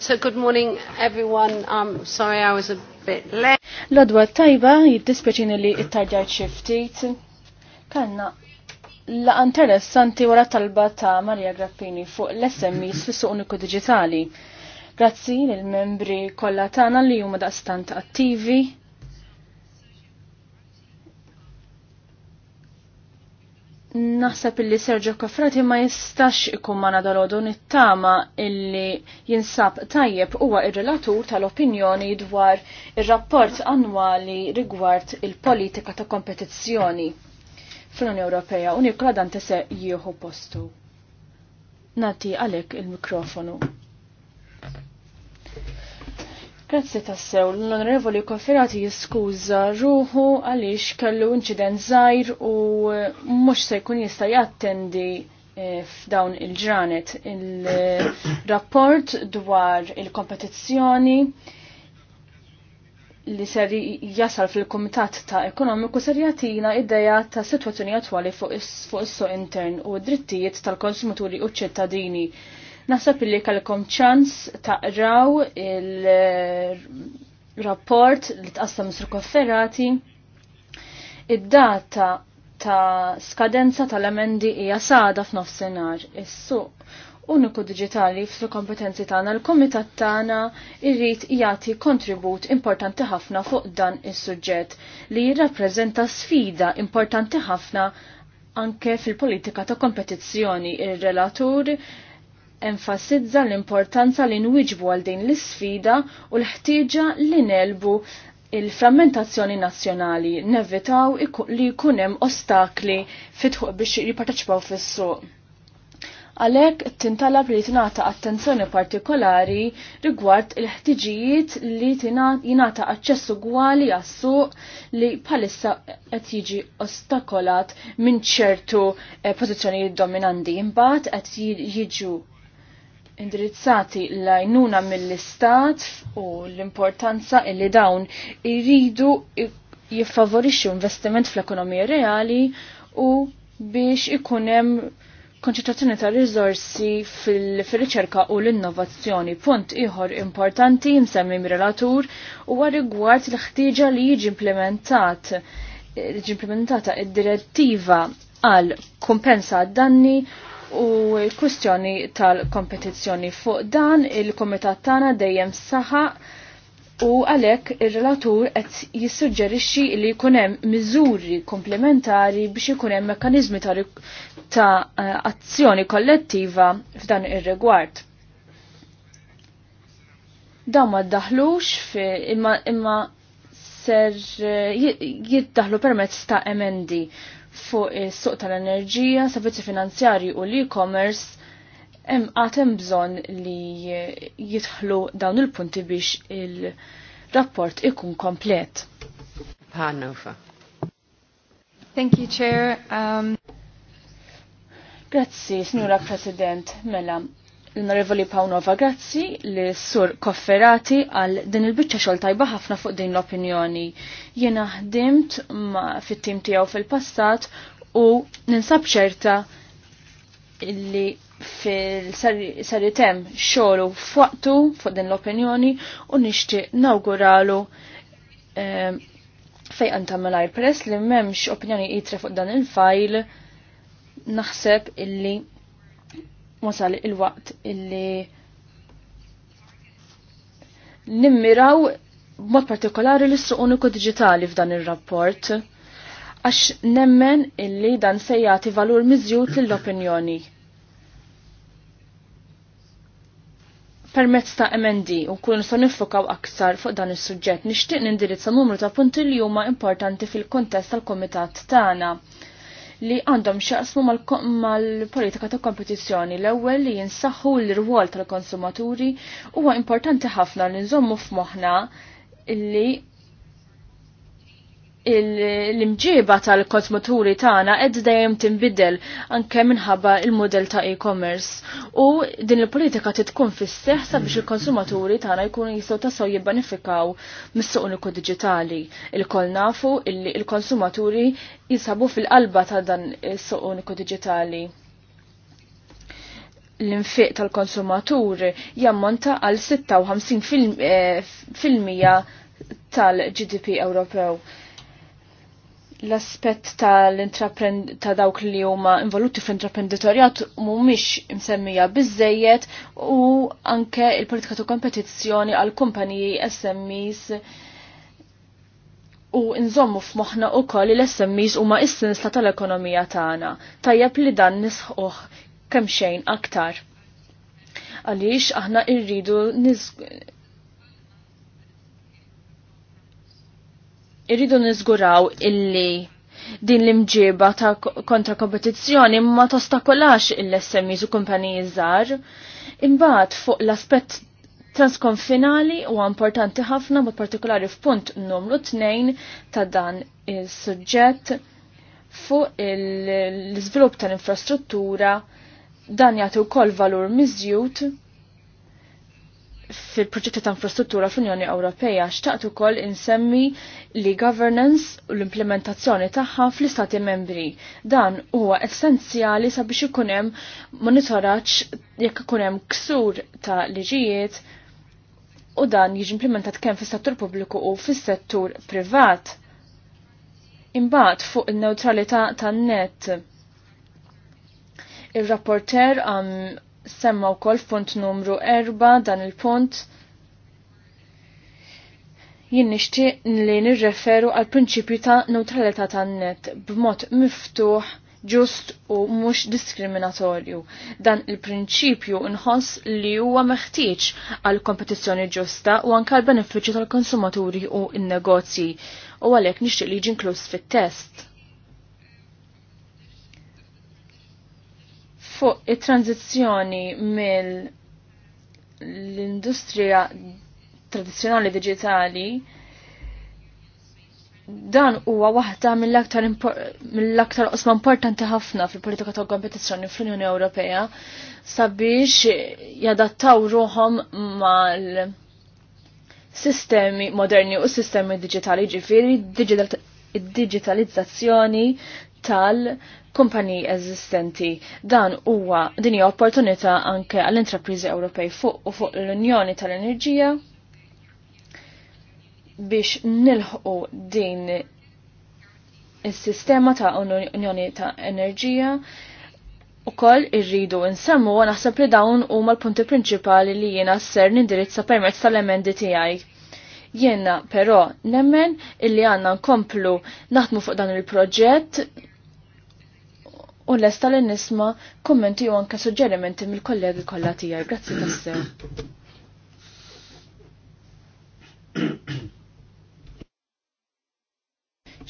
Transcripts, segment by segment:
So good morning everyone. Um, sorry I was a bit late. L-adwa tajba jiddispeċini li it-tarġajt xiftit. Kanna la interessanti wara talba ta' Maria Grappini fuq l-SMEs fis suq uniku digitali. Grazzi lill membri kollha tagħna li huma daqstant attivi naħseb illi Sergio Kafrati ma jistax ikun ma nadalodu nittama illi jinsab tajjeb huwa ir-relatur tal-opinjoni dwar ir-rapport annwali rigward il-politika ta' kompetizzjoni fl-Unjoni Ewropea u Nikola Dante se jieħu postu. Nati għalek il-mikrofonu. Grazzi tassew, l-onorevoli konferati jiskuża ruħu għaliex kellu inċident żgħir u mhux se jkun jista' jattendi eh, f'dawn il-ġranet il-rapport dwar il-kompetizzjoni li ser jasal fil-Komitat ta' Ekonomiku ser jatina id-deja ta' situazzjoni attwali fuq is-suq intern u d-drittijiet tal-konsumaturi u ċittadini. Nasab illi kalkom ċans taqraw il-rapport li tqassam Mr. Kofferati. Id-data ta' skadenza tal-emendi hija sada f'nofsinhar. Is-suq uniku Digitali fil kompetenzi tagħna l-kumitat tagħna irrid jagħti kontribut importanti ħafna fuq dan is-suġġett li jirrappreżenta sfida importanti ħafna anke fil-politika ta' kompetizzjoni ir-relatur enfasizza l-importanza li nwiġbu għal din l-sfida u l-ħtieġa li nelbu il-frammentazzjoni nazzjonali nevitaw li kunem ostakli fitħuq biex jiparteċipaw fis-suq. Għalek tintalab li tingħata attenzjoni partikolari rigward il-ħtiġijiet li jingħata aċċess ugwali għas-suq li palissa qed jiġi ostakolat minn ċertu eh, pożizzjonijiet dominanti. Imbagħad qed jiġu indirizzati l-għajnuna mill-istat u l-importanza illi dawn iridu jiffavorixxu investiment fl-ekonomija reali u biex ikunem konċentrazzjoni ta' rizorsi fil-riċerka u l-innovazzjoni. Punt iħor importanti msemmi relatur u rigward l-ħtieġa li jiġi implementat jiġi implementata id-direttiva għal kumpensa għad-danni u l-kustjoni tal-kompetizzjoni fuq dan il-komitat tagħna dejjem saħa u għalhekk ir-relatur qed jissuġġerixxi li jkun hemm miżuri komplementari biex ikun hemm mekkaniżmi ta' azzjoni kollettiva f'dan ir-rigward. Dawn ma ddaħlux imma ser eh, jiddaħlu permezz ta' emendi fuq is-suq tal-enerġija, servizzi finanzjarji u l-e-commerce hemm għad hemm bżonn li jidħlu dawn il-punti biex il-rapport ikun komplet. Hannover. Thank you, Chair. Um... Grazzi, Signora President, mela, l-Onorevoli Pawnova, grazzi li sur kofferati għal din il-bicċa xol tajba ħafna fuq din l-opinjoni. Jena ħdimt fit-tim tijaw fil-passat u ninsab ċerta li fil-saritem xolu fuqtu fuq din l-opinjoni u nishti nawguralu ehm, fej għanta malaj press li memx opinjoni jitre fuq dan il-fajl naħseb illi wasal il-waqt illi nimmiraw mod partikolari l-issu uniku digitali f'dan il-rapport għax nemmen illi dan sejjati valur miżjut l-opinjoni. Permezz ta' MND u kun nistgħu nifokaw aktar fuq dan is-suġġett nixtieq nindirizza numru ta' punti li huma importanti fil-kontest tal-kumitat tagħna. Ta li għandhom xaqsmu mal-politika ta' kompetizzjoni. L-ewwel li jinsaħħu l-rwol tal-konsumaturi huwa importanti ħafna li nżommu f'moħħna li l-imġiba tal-konsumuturi tagħna qed dejjem tinbidel anke minħabba il-modell ta' e-commerce. U din il-politika titkun fis-seħ sabiex il-konsumaturi tagħna jkunu jistgħu tasaw jibbanifikaw mis-suq uniku diġitali. Il-kol nafu illi il-konsumaturi jinsabu fil-qalba ta' dan is-suq uniku diġitali l-infiq tal-konsumatur jammonta għal 56% eh, fil-mija tal-GDP Ewropew l-aspett tal-intraprend ta' dawk li huma involuti fl-intraprenditorjat mhumiex msemmija biżejjed u anke il-politika ta' kompetizzjoni għal kumpaniji SMEs u nżommu f'moħħna wkoll li l-SMEs huma is-sinsla tal-ekonomija tagħna. Tajjeb li dan nisħuh kemm xejn aktar. Għaliex aħna rridu irridu niżguraw illi din l-imġiba ta' kontra kompetizzjoni ma tostakolax il-SMEs u kumpaniji żgħar. Imbagħad fuq l-aspett transkonfinali u importanti ħafna mod partikolari f'punt numru 2 ta' dan is-suġġett fuq l-iżvilupp tal-infrastruttura dan jagħti wkoll valur miżjud fil-proġetti ta' infrastruttura fl-Unjoni Ewropea xtaqt ukoll insemmi li governance u l-implementazzjoni tagħha fl-Istati membri. Dan huwa essenzjali sabiex ikun hemm monitoraġġ jekk ikun hemm ksur ta' liġijiet u dan jiġi implementat kemm fis-settur pubbliku u fis-settur privat. Imbagħad fuq in-newtralità tan-net. il-rapporter semma wkoll punt numru 4 dan il-punt jien nixtieq li nirreferu għal prinċipju ta' neutralità tan-net b'mod miftuħ ġust u mhux diskriminatorju. Dan il-prinċipju nħoss li huwa meħtieġ għal kompetizzjoni ġusta u anke għal benefiċċju tal-konsumaturi u n-negozji u għalhekk nixtieq li jiġi inkluż fit-test. fuq it-tranzizzjoni mill l-industrija tradizjonali digitali dan huwa waħda mill-aktar mill-aktar qosma importanti ħafna fil-politika ta' kompetizzjoni fl-Unjoni Ewropea sabiex jadattaw ruhom mal sistemi moderni u sistemi digitali ġifiri digitalizzazzjoni tal kumpani eżistenti. Dan huwa din hija opportunità anke għall-intrapriżi Ewropej fuq u fuq l-Unjoni tal-Enerġija biex nilħqu din is-sistema ta' Unjoni ta' Enerġija u koll irridu nsemmu u naħseb li dawn huma l-punti prinċipali li jiena s-ser nindirizza permezz tal-emendi tiegħi. Jiena però nemmen illi għandna nkomplu naħdmu fuq dan il-proġett u lesta l nisma kommenti u anka suġġerimenti mill-kollegi kollha tiegħi. Grazzi tassew.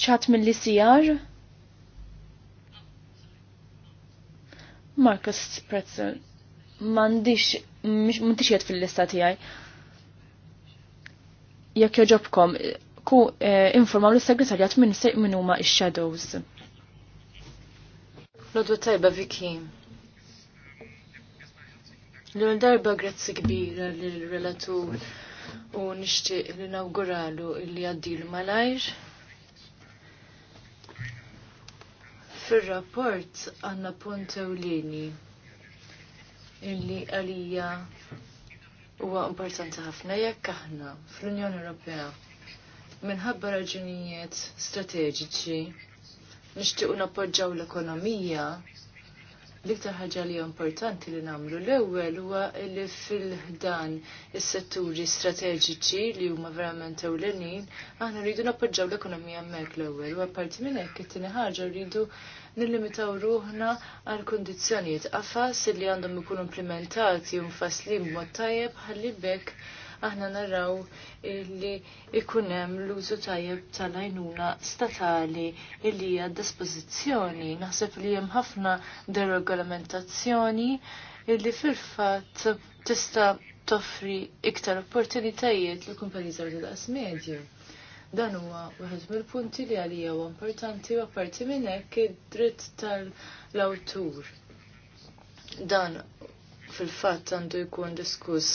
ċat mill sijar? Marcus Pretzel, mandiċ, mandiċ jett fil-lista tijaj. Jek joġobkom, ku eh, informaw l-segretarjat minn se minn huma ix-shadows. Lodwa tajba Viki. L-għal darba grazzi kbira l-relatur u nishtiq l-inauguralu illi għaddilu malajr. Fil-rapport għanna punt ewlieni li għalija huwa importanti ħafna jekk aħna fl-Unjoni Ewropea minħabba raġunijiet strateġiċi nixtiequ nappoġġaw l-ekonomija, l-iktar ħaġa li importanti li nagħmlu l-ewwel huwa li fil dan is-setturi strateġiċi li huma verament ewlenin, aħna rridu nappoġġaw l-ekonomija hemmhekk l-ewwel u apparti minn hekk it-tieni ħaġa rridu nillimitaw ruħna għal kundizzjonijiet qafas li għandhom ikunu implementati u mfasslin b'mod tajjeb ħalli bekk aħna narraw illi ikun hemm l-użu tajjeb tal-għajnuna statali illi hija dispożizzjoni. Naħseb li hemm ħafna deregolamentazzjoni illi fil-fatt tista' toffri iktar opportunitajiet l kumpaniji tal-daqs medju. Dan huwa wieħed mill-punti li għalija huwa importanti u apparti minn hekk id-dritt tal-awtur. Dan fil-fatt għandu jkun diskuss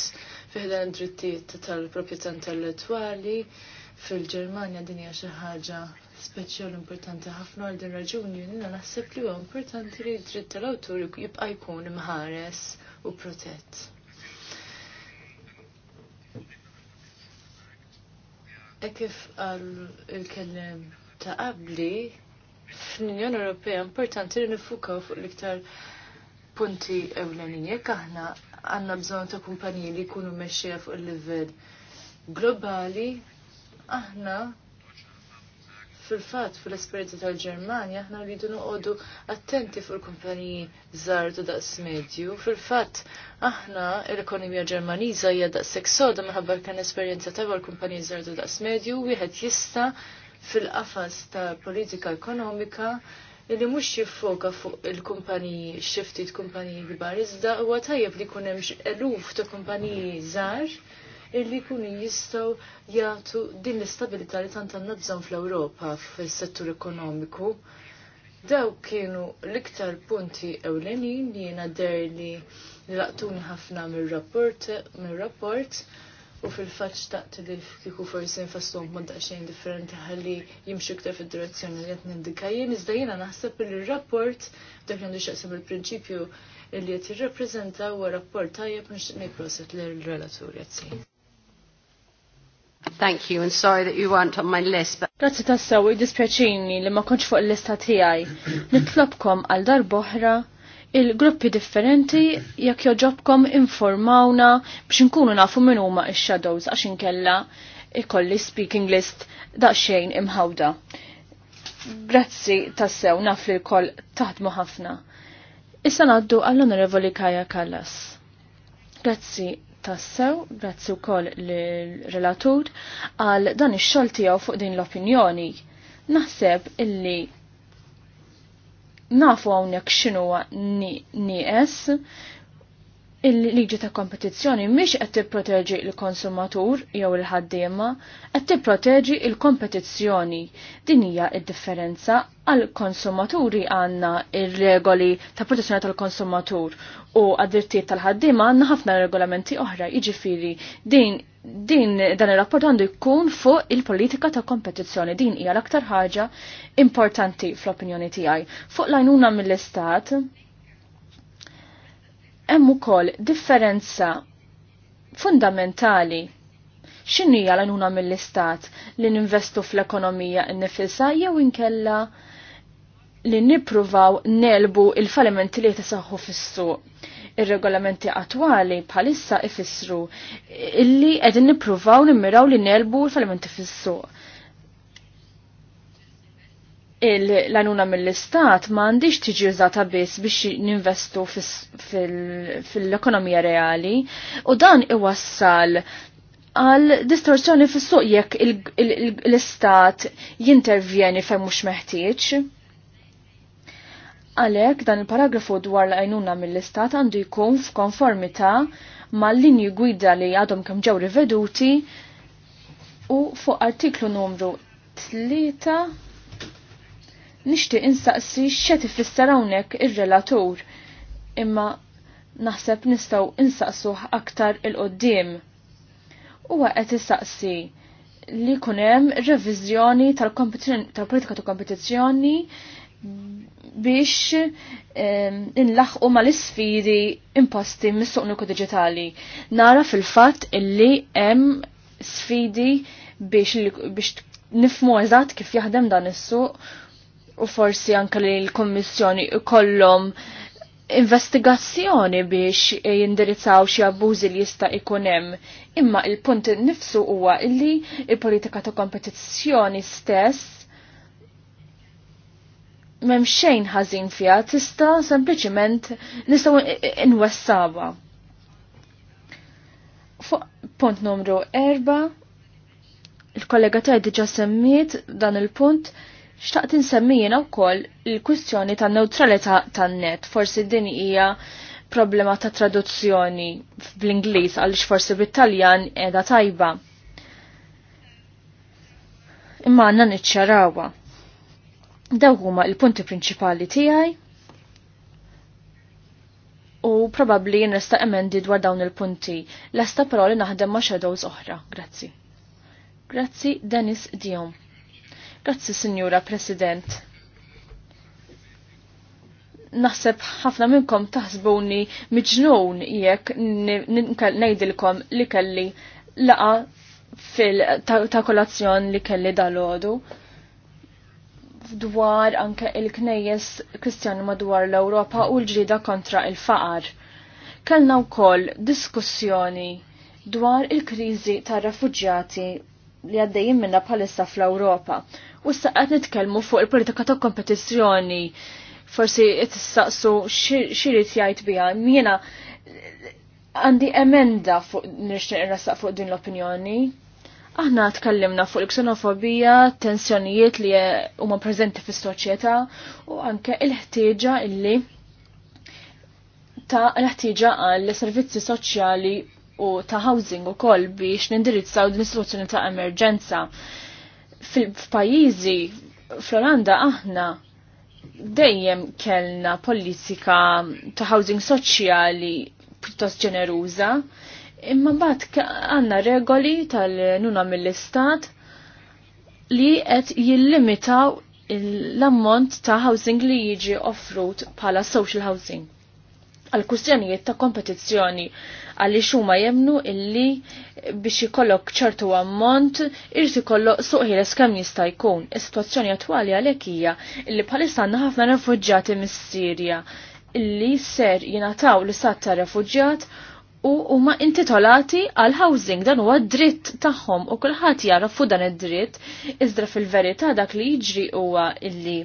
fiħdan drittijiet tal-proprjetà intellettwali fil-Ġermanja din hija xi ħaġa speċjal importanti ħafna għal din raġuni jiena naħseb li huwa importanti li d-dritt tal-awtur jibqa' jkun imħares u protett. E kif għal il-kellem ta' qabli, fl-Unjoni Ewropea importanti li nifukaw fuq l-iktar punti ewlenin kaħna aħna għandna bżonn ta' kumpaniji li jkunu mexxija fuq il-livell globali, aħna fil-fatt fil-esperjenza tal-Ġermanja aħna rridu noqogħdu attenti fuq il-kumpaniji żgħar ta' daqs medju. Fil-fatt aħna l-ekonomija Ġermaniża hija daqshekk soda minħabba kien esperjenza ta' l-kumpaniji żgħar ta' daqs medju wieħed jista' fil-qafas ta' politika ekonomika li mhux jiffoka fuq il-kumpaniji xifti t kumpaniji kbar, iżda huwa tajjeb li jkun hemm eluf ta' kumpaniji żgħar illi jkunu jistgħu jagħtu din l-istabilità li tant għandna bżonn fl-Ewropa fis-settur ekonomiku. Daw kienu l-iktar punti ewlenin li jiena der li laqtuni ħafna mir-rapport mir-rapport. mir rapport mir rapport mir mir rapport U fil fat xtaqt li kiku forsi nfassu b'mod xejn differenti ħalli jimxu ktar fid-direzzjoni li qed nindika jien, iżda jiena naħseb li r-rapport dak għandu xaqseb il-prinċipju li qed jirrappreżenta huwa rapport tajjeb nixtieq ngħid l relatur jazzi. Thank you and sorry that you weren't on my list. But... Grazzi tassaw, id-dispjaċini li ma konċ fuq l-lista tiegħi. Nitlobkom għal darboħra il-gruppi differenti jekk joġobkom informawna biex nkunu nafu minn huma x-shadows għax inkella ikolli speaking list daqsxejn imħawda. Grazzi tassew naf li l taħdmu ħafna. Issa naddu għall-Onorevoli Kaja Kallas. Grazzi tassew, grazzi wkoll l-relatur għal dan ix-xogħol tiegħu fuq din l-opinjoni. Naħseb illi nafu hawnhekk x'inhu nies il-liġi ta' kompetizzjoni mhix qed tipproteġi l-konsumatur jew il-ħaddiema, qed tipproteġi l-kompetizzjoni. Din hija d-differenza għal konsumaturi għandna ir-regoli ta' protezzjoni tal-konsumatur u għad-drittijiet tal-ħaddiema għandna ħafna regolamenti oħra, jiġifieri din din dan ir-rapport għandu jkun fuq il-politika ta' kompetizzjoni. Din hija l-aktar ħaġa importanti fl-opinjoni tiegħi. Fuq lajnuna mill-istat, hemm ukoll differenza fundamentali x'inhija l-għanuna mill-istat li ninvestu fl-ekonomija nnifisha jew inkella li nippruvaw nelbu il-falimenti li jtisaħħu fis-suq. Ir-regolamenti attwali bħalissa ifissru illi qegħdin nippruvaw nimmiraw li nelbu l-falimenti fis-suq l-għanuna mill-istat ma għandix tiġi użata biss biex ninvestu fil-ekonomija reali u dan iwassal għal distorsjoni fis-suq jekk l-istat jintervjeni fejn mhux meħtieġ. Għalhekk dan il-paragrafu dwar l-għajnuna mill-istat għandu jkun f'konformità mal-linji gwida li għadhom kemm ġew riveduti u fuq artiklu numru 3 nixtieq insaqsi x'e tifisser hawnhekk ir-relatur imma naħseb nistgħu insaqsuh aktar il-qoddim. Huwa qed isaqsi li jkun hemm reviżjoni tal-politika tal kompetizzjoni biex ehm, inlaħqu mal isfidi imposti mis-suq digitali. Nara fil-fatt illi hemm sfidi biex, biex nifmu eżatt kif jaħdem dan is-suq u forsi anke li l-Kommissjoni kollom investigazzjoni biex jindirizzaw xi abbużi li jista' ikunem. hemm. Imma il-punt nifsu huwa li il-politika ta' kompetizzjoni stess m'hemm xejn ħażin fiha tista' sempliciment nistgħu nwessawha. Fuq punt numru erba' il-kollega ta' diġà semmiet dan il-punt Xtaqt insemmijina wkoll il-kwistjoni ta' neutralità tan-net, forsi din hija problema ta' traduzzjoni bl-Ingliż għaliex forsi bit-Taljan qiegħda tajba. Imma għandna niċċarawha. Daw huma l-punti prinċipali tiegħi u probabli nista' emendi dwar dawn il-punti. Lesta però li naħdem ma' shadows oħra. Grazzi. Grazzi Dennis Dion. Grazzi, Signora President naħseb ħafna minnkom taħsbuni miġnun jekk ngħidilkom li kelli laqa fil ta' kolazzjon li kelli dal-ħodu dwar anke il-knejjes kristjani madwar l-Ewropa u l-ġrida kontra il-faqar. Kellna wkoll diskussjoni dwar il-kriżi tar-refuġjati li għaddejjim minna bħalissa fl-Ewropa. U s-saqqat nitkellmu fuq il-politika ta' kompetizzjoni, forsi t-saqsu xirrit jgħid biha. Jiena għandi emenda fuq nirxin irrasaq fuq din l-opinjoni. Aħna tkellimna fuq il-ksenofobija, tensjonijiet li huma preżenti fis-soċjetà u anke il-ħtieġa illi ta' l-ħtieġa għal servizzi soċjali u ta' housing u koll biex nindirizzaw din situazzjoni ta' emerġenza. F'pajjiżi fl-Olanda aħna dejjem kellna politika ta' housing soċjali pjuttost ġeneruża, imma mbagħad għandna regoli tal-nuna mill-istat li qed jillimitaw l-ammont ta' housing li jiġi offrut bħala social housing għal kustjonijiet ta' kompetizzjoni għalli xuma jemnu illi biex jikollok ċertu ammont irrid ikollok suqħieles kemm jista' jkun. Is-sitwazzjoni attwali għalhekk hija illi bħalissa għandna ħafna refuġġjati mis-Sirja illi ser jingħataw li sat ta' refuġġjat u huma intitolati għal housing dan huwa dritt tagħhom u kulħadd jara fu dan id-dritt iżda fil-verità dak li jiġri huwa illi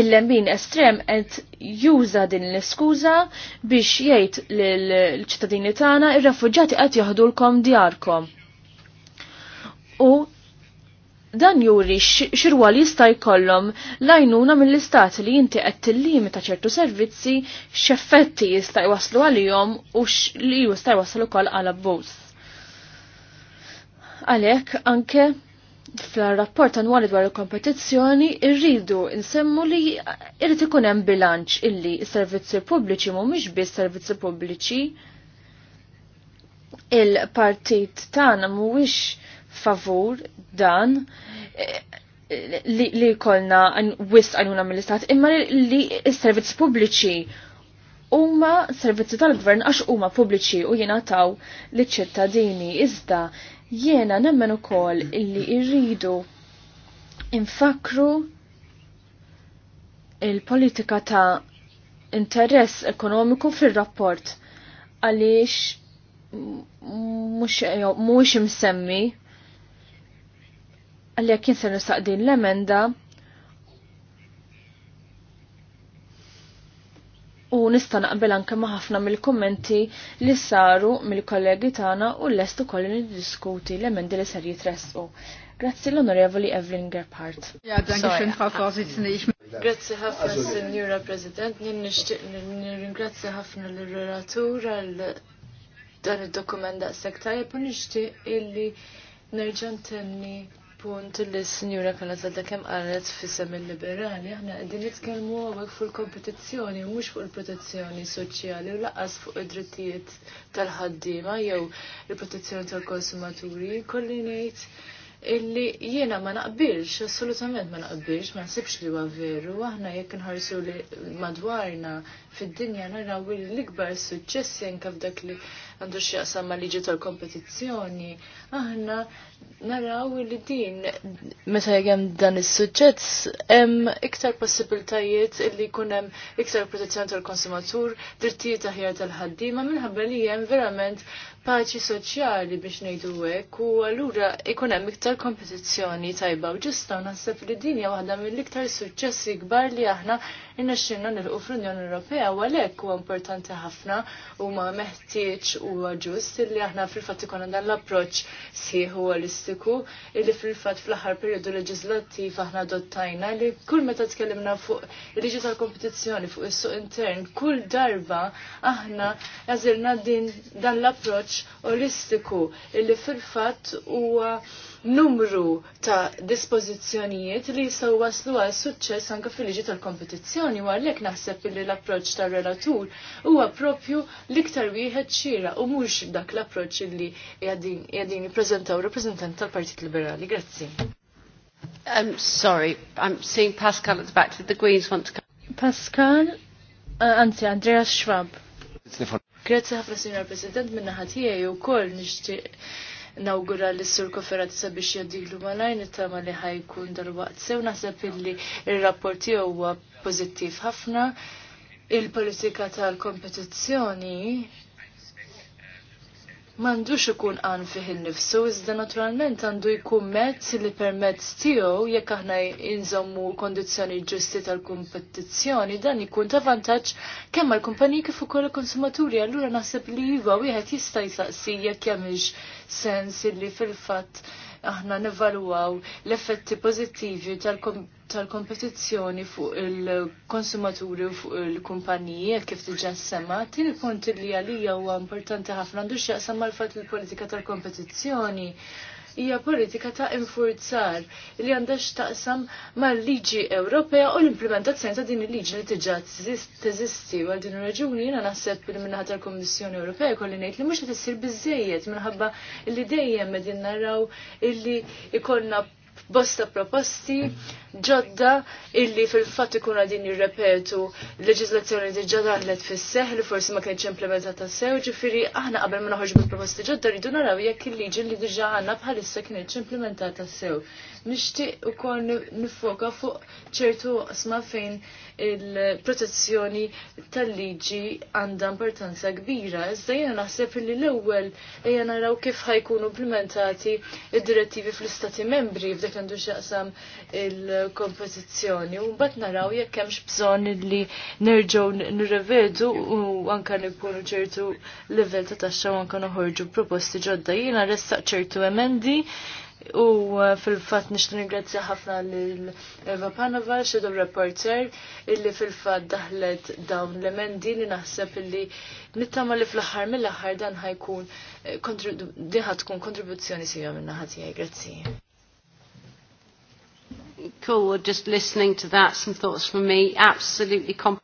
il-lemmin estrem qed juża din l-iskuża biex jgħid l ċittadini tagħna ir-refuġġati qed jaħdulkom djarkom. U dan juri li jista' jkollhom lajnuna mill-istat li inti qed ta' ċertu servizzi x'effetti jista' jwaslu għalihom u li jista' jwaslu ukoll għal abbuż. Għalhekk anke fl-rapport annwali dwar il-kompetizzjoni irridu insemmu li irrid ikun hemm bilanċ illi s-servizzi pubbliċi mhumiex biss servizzi pubbliċi il-partit tagħna mhuwiex favur dan eh, li, jkollna kolna wisq għajnuna mill-istat imma li s-servizzi pubbliċi huma servizzi tal-gvern għax huma pubbliċi u jingħataw liċ-ċittadini iżda Jiena nemmen ukoll illi irridu infakru il-politika ta' interess ekonomiku fil-rapport għaliex mux imsemmi għalli jek jinsen nistaqdin l-emenda u nista' naqbel anke ma' ħafna mill-kummenti li saru mill-kollegi tagħna u lest ukoll niddiskuti l-emendi li ser jitresqu. Grazzi l-Onorevoli Evelyn Gerhardt. Ja, Frau Vorsitzende. Grazzi ħafna, Signora President. Nien nixtieq nirringrazzja ħafna l-relatur għal dan id-dokument daqshekk tajjeb u nixtieq illi nerġa' ntenni punt li s-Sinjura Kanazalda kem għalet fissem il-liberali, aħna għedin nitkelmu għawek fuq il-kompetizzjoni, mux fuq il-protezzjoni soċjali, u laqas fuq id-drittijiet tal-ħaddima, jew il-protezzjoni tal-konsumaturi, kolli nejt illi jiena ma naqbilx, assolutament ma naqbilx, ma nsibx li huwa veru, aħna jekk nħarsu li madwarna fid-dinja naraw li l-ikbar suċċessi jenka f'dak li għandu xieqsam ma' liġi tal-kompetizzjoni, aħna naraw li din meta jgħem dan is-suġġett hemm iktar possibiltajiet li jkun hemm iktar protezzjoni tal-konsumatur, drittijiet aħjar tal-ħaddiema minħabba li hemm verament paċi soċjali biex ngħidu hekk u allura ikun hemm iktar kompetizzjoni tajba u ġusta naħseb li din jgħu waħda l iktar suċċessi kbar li aħna rnexxinna nilqu fl-Unjoni Ewropea u għalhekk huwa importanti ħafna huma meħtieġ huwa ġust illi aħna fil-fatt ikonna dan l-approċċ sħiħ u holistiku illi fil-fatt fl-aħħar perjodu leġislattiv aħna adottajna li kull meta tkellimna fuq il-liġi tal-kompetizzjoni fuq is-suq intern kull darba aħna għażilna din dan l-approċċ holistiku illi fil-fatt huwa numru ta' dispozizjonijiet li jistgħu waslu għal suċċess anke fil-liġi tal-kompetizzjoni u għalhekk naħseb li l-approċċ tar-relatur huwa propju l-iktar wieħed xira u mhux dak l-approċċ li qegħdin jippreżentaw rappreżentant tal-Partit Liberali. Grazzi. I'm sorry, I'm seeing Pascal at the back. Did the Greens want to come? Pascal, uh, anzi, Andreas Schwab. Grazie ħafna, Signor President, minna ħatijaj u koll nishtiq nawgura li s-sur koferat sabiex jaddilu malajn it-tama li ħajkun dal sew naħseb illi il-rapporti huwa pozittiv ħafna. Il-politika tal-kompetizzjoni mandux ikun għan fih il-nifsu, iżda naturalment għandu jkun mezz li permezz tiegħu jekk aħna inżommu kondizzjoni ġusti tal-kompetizzjoni, dan ikun ta' vantaġġ kemm għall-kumpaniji kif ukoll il-konsumaturi. Allura naħseb li iva wieħed jista' jsaqsi jekk hemmx sens li fil-fatt aħna nevaluaw l-effetti pożittivi tal-kompetizzjoni tal-kompetizzjoni fuq il-konsumaturi u fuq il-kumpaniji kif diġà semma, tieni punt li għalija huwa importanti ħafna għandu x'jaqsam mal-fatt il-politika tal-kompetizzjoni hija politika ta' infurzar li għandha x'taqsam mal-liġi Ewropea u l-implementazzjoni ta' din il-liġi li tiġà teżisti għal din ir-raġuni jiena naħseb li minnaħat tal-Kummissjoni Ewropea jkolli ngħid li mhux qed issir biżejjed minħabba li dejjem qegħdin naraw illi ikollna bosta proposti ġodda illi fil-fatt ikun għadin jirrepetu leġizlazzjoni li ġodda għallet fis-seħ li forsi ma kienx implementata sew, ġifieri aħna qabel ma noħorġu bil-proposti ġodda rridu naraw jekk il-liġi li diġà għandna bħalissa kienx implementata sew u ukoll nifoka fuq ċertu qasma fejn il-protezzjoni tal-liġi għandha importanza kbira. Iżda jiena naħseb li l-ewwel ejja naraw kif ħajkunu implementati id-direttivi fl-istati membri f'dak għandu x'jaqsam il kompożizzjoni U mbagħad naraw jekk hemmx bżonn li nerġgħu nirrevedu u anke nkunu ċertu livell ta' taxxa u anke noħorġu proposti ġodda. Jiena ressaq ċertu emendi U uh, fil-fat nishtu ningrazzja ħafna l-Eva Panova, xedu reporter, illi fil-fat daħlet dawn l-emendi li naħseb illi nittama li fl-ħar mill-ħar dan ħajkun, eh, diħat tkun kontribuzzjoni sija minna ħatijaj, grazzi. Cool, just listening to that, some thoughts from me, absolutely comp.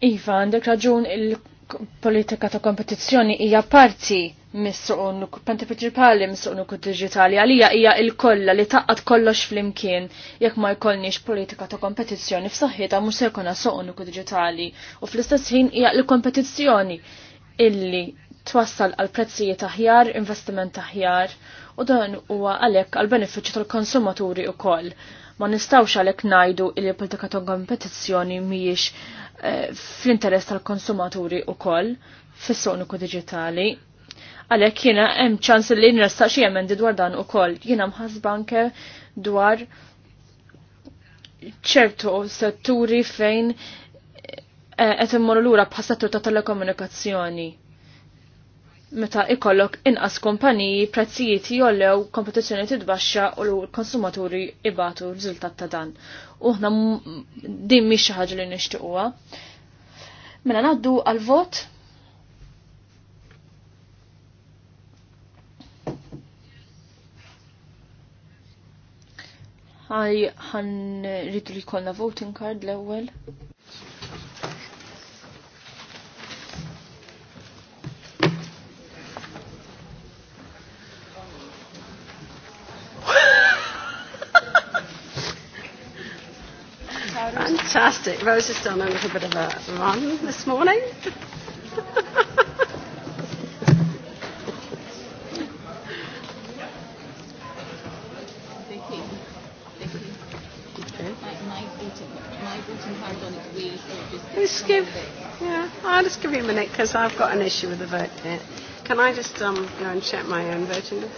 Iva, għandek raġun il-politika ta' kompetizzjoni hija parti mis-suq nukkupenti principali mis digitali għalija hija il kolla li taqqat kollox flimkien jekk ma jkollniex politika ta' kompetizzjoni f'saħħitha mhux se jkun suq nukkut digitali u fl-istess ħin hija l-kompetizzjoni illi twassal għal prezzijiet aħjar, investiment aħjar u dan huwa għalhekk għal benefiċċju tal-konsumaturi wkoll. Ma nistawx għalhekk ngħidu li politika ta' kompetizzjoni mhijiex eh, fl-interess tal-konsumaturi wkoll fis soqnuku digitali għalhekk jiena hemm ċans li nresta xi emendi dwar dan ukoll. Jiena mħassba anke dwar ċertu setturi fejn eh, qed immorru lura bħas-settur ta' telekomunikazzjoni. Meta ikollok inqas kumpaniji prezzijiet jollew kompetizzjoni tidbaxxa u l-konsumaturi ibatu riżultat ta' dan. U ħna din mhix xi ħaġa li nixtiequha. Mela ngħaddu għal vot Għaj għan rridu li kolna voting card l-ewel. Fantastic. Rose has done a little bit of a run this morning. I'll just give you a minute because I've got an issue with the vote Can I just um, go and check my own voting list?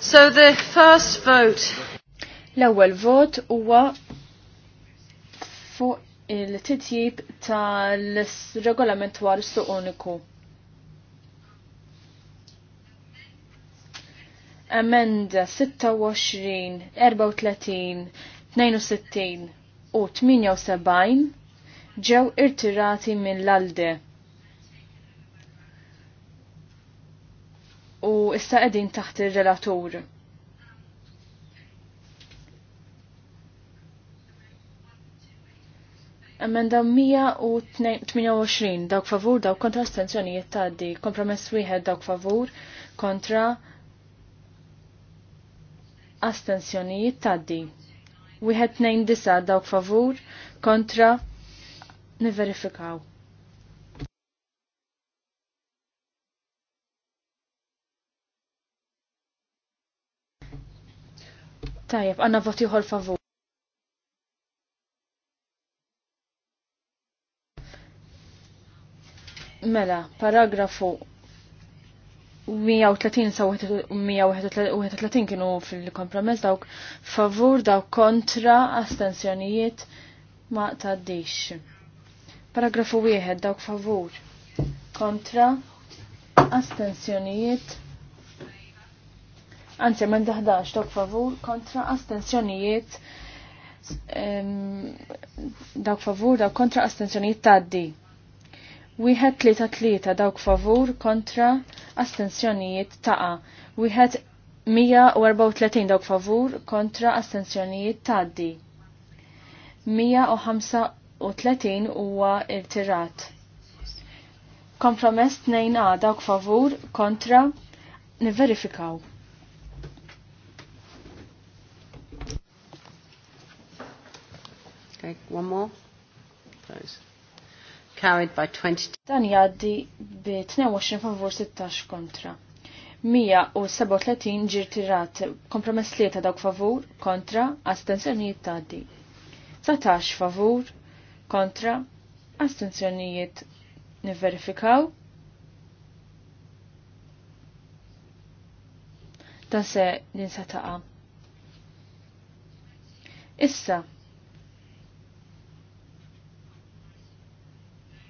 So the first vote. L-ewwel vot huwa fuq il-titjib tal-regolament dwar suq uniku. Amenda 26, 34, 62 u 78 ġew irtirati mill-alde. issa qegħdin taħt ir-relatur. Emenda 128 dawk favur dawk kontra astenzjonijiet tgħaddi, kompromess wieħed dawk favur kontra astenzjonijiet tgħaddi. Wieħed tnejn disa dawk favur kontra niverifikaw. Tajjeb, għanna voti ħol favur. Mela, paragrafu 130 sa 131 kienu fil-kompromess dawk favur dawk kontra astensjonijiet ma taddix. Paragrafu 1 dawk favur kontra astensjonijiet Anzi, men daħdax dawk favur kontra astenzjonijiet dawk favur dawk kontra astenzjonijiet taddi. Wieħed tlieta tlieta dawk favur kontra astenzjonijiet taqa. Wieħed 134 dawk favur kontra astenzjonijiet taddi. 135 huwa irtirat. Kompromess 2 dawk favur kontra niverifikaw. Okay, one more. Close. Carried by 22. Dan jaddi bi 22 favur 16 kontra. 137 ġir tirat kompromess li ta' dawk favur kontra astensjonijiet di. 19 favur kontra astensjonijiet niverifikaw. Dan se ta' Issa,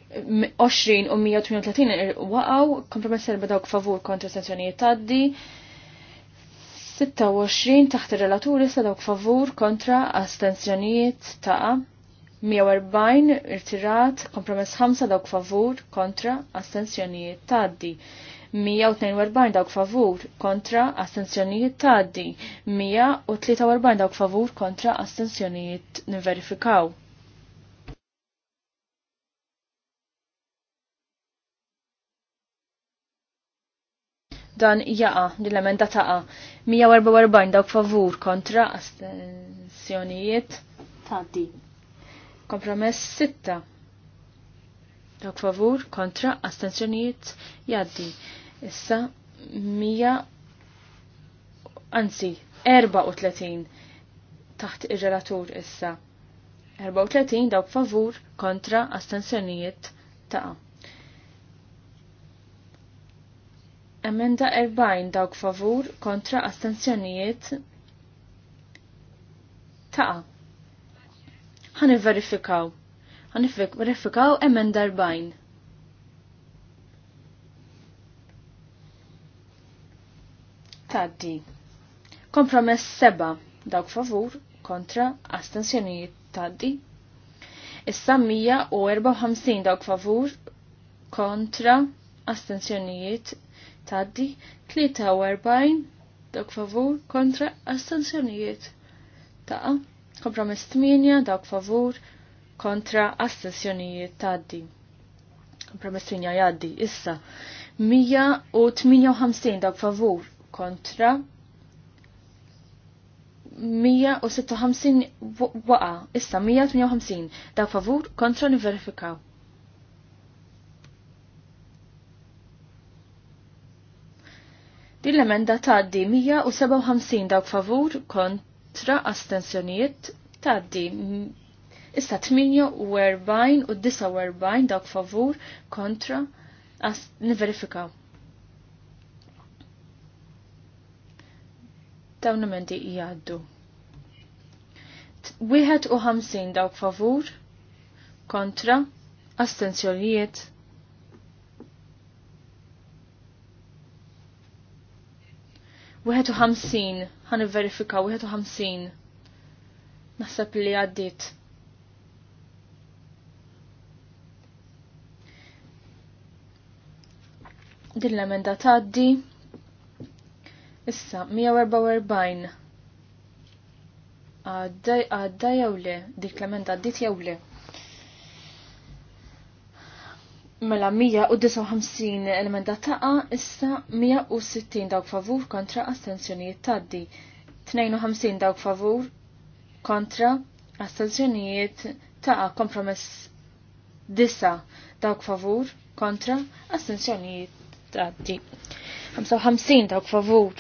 20 u 138 waqaw, kompromess serba dawk favur kontra sanzjonijiet taddi, 26 taħt ir-relaturi sadaw dawk favur kontra astenzjonijiet taqa, 140 irtirat, kompromess 5 dawk favur kontra astenzjonijiet taddi. 142 dawk favur kontra astenzjonijiet taddi, 143 dawk favur kontra astenzjonijiet niverifikaw. dan jaqa, l-emenda taqa. 144 dawk favur kontra astensjonijiet taddi. Kompromess 6. Dawk favur kontra astensjonijiet jaddi. Issa 100 anzi 34 taħt ir-relatur issa. 34 dawk favur kontra astensjonijiet taqa. Emenda 40 dawk favur kontra astenzjonijiet ta' ħan verifikaw ħan verifikaw emenda 40. Taddi. Kompromess seba dawk favur kontra astenzjonijiet taddi. Issa 154 dawk favur kontra astenzjonijiet taddi 43 dawk favur kontra astensjonijiet taqa kompromess 8 dawk favur kontra astensjonijiet taddi kompromess 8 jaddi issa 158 dawk favur kontra 156 waqa issa 158 dawk favur kontra niverifikaw Din l-emenda taddi 157 dawk favur kontra astensjonijiet taddi issa 48 u 49 dawk favur kontra as niverifikaw. Dawn emendi jgħaddu. 51 dawk favur kontra astensjonijiet 51 ħan verifika 51 naħseb li għaddit. Din l-emenda tgħaddi. Issa 144 għaddaj jew le dik l-emenda għaddit jew le. Mela 159 elementa taqa, issa 160 dawk favur kontra astenzjonijiet taddi. 52 dawk favur kontra astenzjonijiet taqa kompromess disa dawk favur kontra astenzjonijiet taddi. 55 dawk favur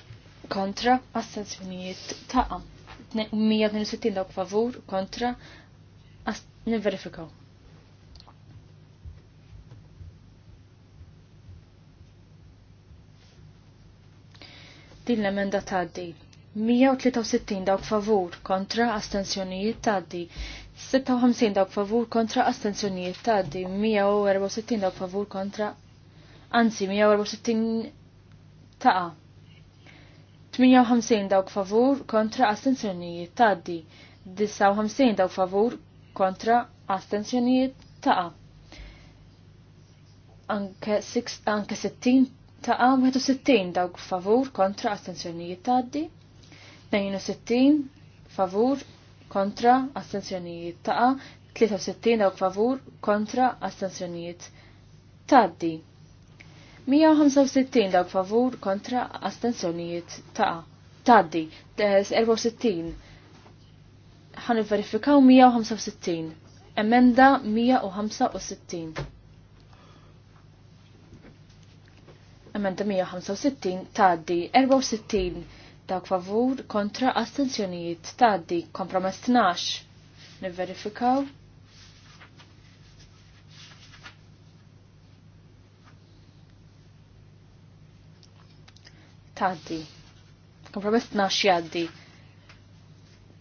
kontra astenzjonijiet taqa. 162 dawk favur kontra nivverifikaw. Din l-emenda taddi. 163 dawk favur kontra astensjonijiet taddi. 56 dawk favur kontra astensjonijiet taddi. 164 dawk favur kontra Anzi, 164 taqa. 58 dawk favur kontra astensjonijiet taddi. 59 dawk favur kontra astensjonijiet taqa. Anke, six, 60 Taqa 61 dawk favur kontra astenzjonijiet taddi. 62 favur kontra astenzjonijiet ta' 63 dawk favur kontra astenzjonijiet taddi. 165 dawk favur kontra astenzjonijiet ta' Taddi. 64 ħan verifikaw 165. Emenda 165. Emenda 165 taddi 64 dawk favur kontra astenzjonijiet taddi kompromess 12. Nivverifikaw. Taddi. Kompromess 12 jaddi.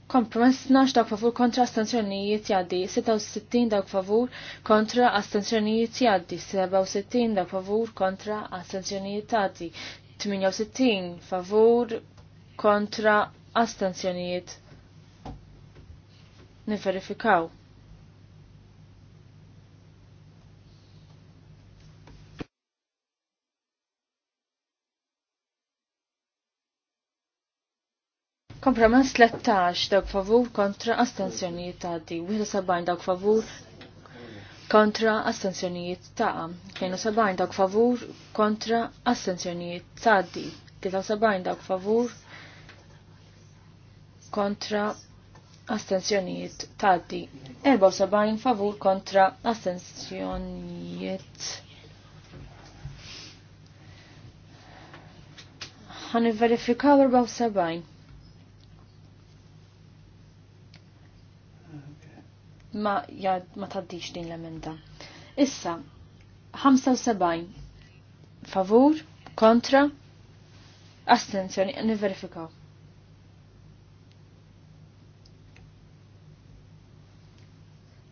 Kompromess 12 dawk favur kontra astenzjonijiet jaddi, 66 dawk favur kontra astenzjonijiet jaddi, 67 dawk favur kontra astenzjonijiet jaddi, 68 favur kontra astenzjonijiet niverifikaw. Kompromess 13 dawk favur kontra astensjonijiet di, 71 dawk favur kontra astensjonijiet taqa, 72 dawk favur kontra astensjonijiet di, 73 dawk favur kontra astensjonijiet di, 74 favur kontra astensjonijiet ħan verifikaw 74. ma, ja, ma taddix din l-emenda. Issa, 75 favur, kontra, astenzjoni, niverifikaw.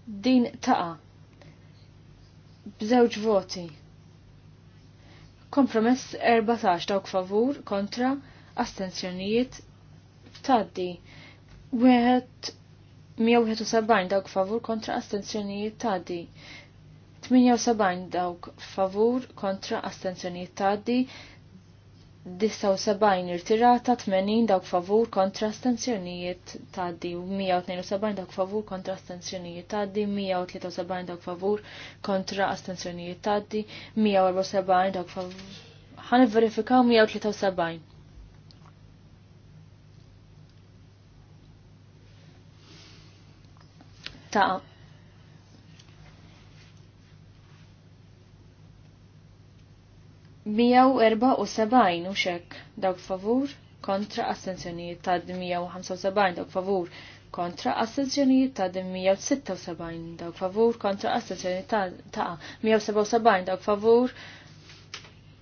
Din taqa bżewġ voti. Kompromess 14 dawk favur, kontra, astenzjonijiet, taddi. Wieħed 171 dawk favur kontra astenzjonijiet tadi. 78 dawk favur kontra astenzjonijiet tadi. 79 irtirata, 80 dawk favur kontra astenzjonijiet tadi. 172 dawk favur kontra astenzjonijiet taddi, 173 dawk favur kontra astenzjonijiet taddi, 174 dawk favur. Ħan verifikaw 173. taqa. Mijaw erba u sebajn u xek dawk favur kontra astenzjonijiet ta' 175 dawk favur kontra astenzjonijiet ta' 176 dawk favur kontra astenzjonijiet ta' 177 dawk favur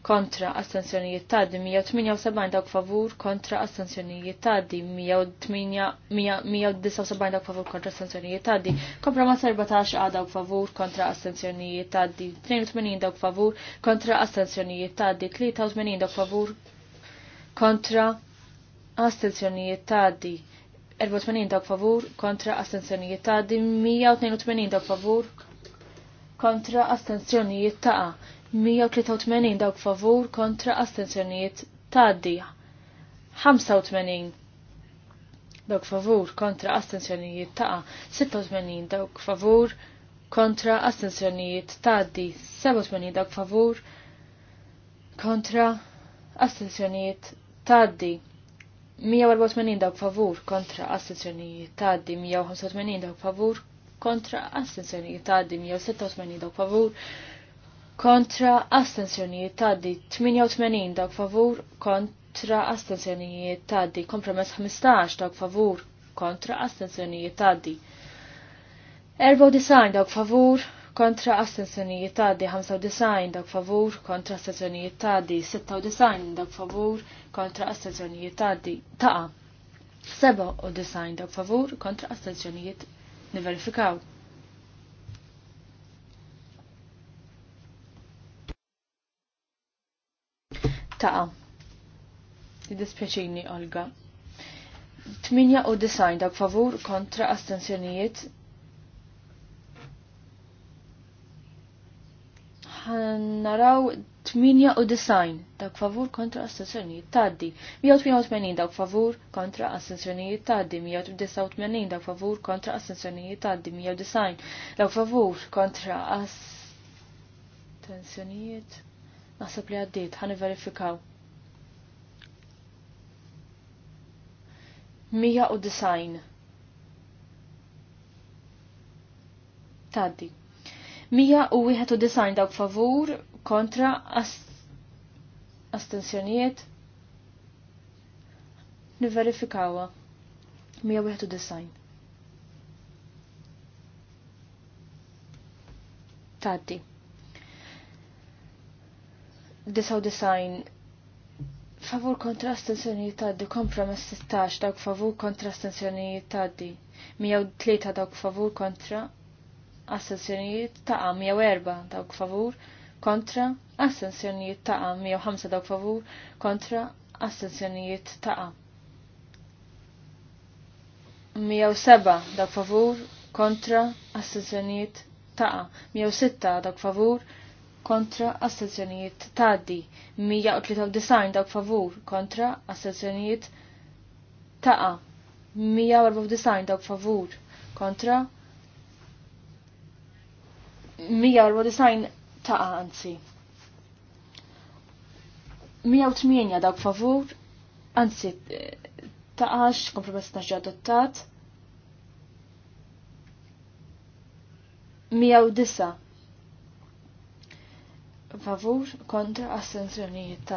kontra astensjonijiet taddi 178 dawk favur kontra astensjonijiet taddi 179 dawk favur kontra astensjonijiet taddi kompromess 14 għad dawk favur kontra astensjonijiet taddi 82 dawk favur kontra astensjonijiet taddi 83 dawk favur kontra astensjonijiet taddi 84 dawk favur kontra astensjonijiet taddi 182 dawk favur kontra astensjonijiet ta'. 183 dawk favur kontra astenzjonijiet taddi. 85 dawk favur kontra astenzjonijiet taqa. 86 dawk favur kontra astenzjonijiet taddi. 87 dawk favur kontra astenzjonijiet taddi. 184 dawk favur kontra astenzjonijiet taddi. 185 dawk favur kontra astenzjonijiet għaddi. 186 dawk favur kontra astensjonijiet taddi 88 dawk favur kontra astensjonijiet taddi kompromess 15 dawk favur kontra astensjonijiet taddi 49 dawk favur kontra astensjonijiet taddi 95 dawk favur kontra astensjonijiet taddi 96 dawk favur kontra astensjonijiet taddi taqa 97 dawk favur kontra astensjonijiet niverifikaw. Taqa. id dispieċini Olga. 8 u design dak favur kontra astensjonijiet naraw 8 u design dak favur kontra astensjonijiet taddi 188 dak favur kontra astensjonijiet taddi 189 dak favur kontra astensjonijiet taddi disajn dak favur kontra astensjonijiet Naħseb li għaddiet, ħani verifikaw. Mija u design. Taddi. Mija u wieħed u design dawk favur kontra astensjonijiet. Niverifikawa. Mija u wieħed u design. Taddi. 99 favur kontra astensjonijiet għaddi kompromess 16 dawk favur kontra astensjonijiet taddi, 103 dawk favur kontra assenzjonijiet taqa, 104 dawk favur kontra astensjonijiet taqa, 105 dawk favur kontra astensjonijiet taqa. 107 dawk favur kontra astensjonijiet taqa, 106 dawk favur kontra kontra astenzjonijiet taddi, 193 dawk favur kontra astenzjonijiet taqa, 194 dawk favur kontra 194 taqa anzi. 180 dawk favur, anzi eh, taqax, kompromess naġġa adottat, 109 favur kontra astenzjonijiet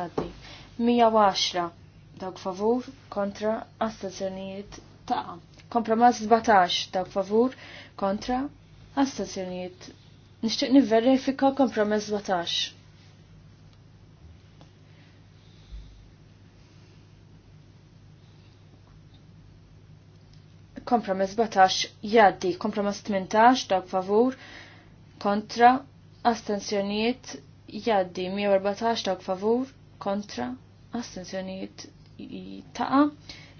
Mija waxra, dawk favur kontra astenzjonijiet ta' kompromess 17 dawk favur kontra astenzjonijiet. Nixtieq nivverifika kompromess 17. kompromess 17 jaddi, kompromess 18 dawk favur kontra astenzjonijiet jaddi 114 ta' favur kontra astenzjonijiet taqa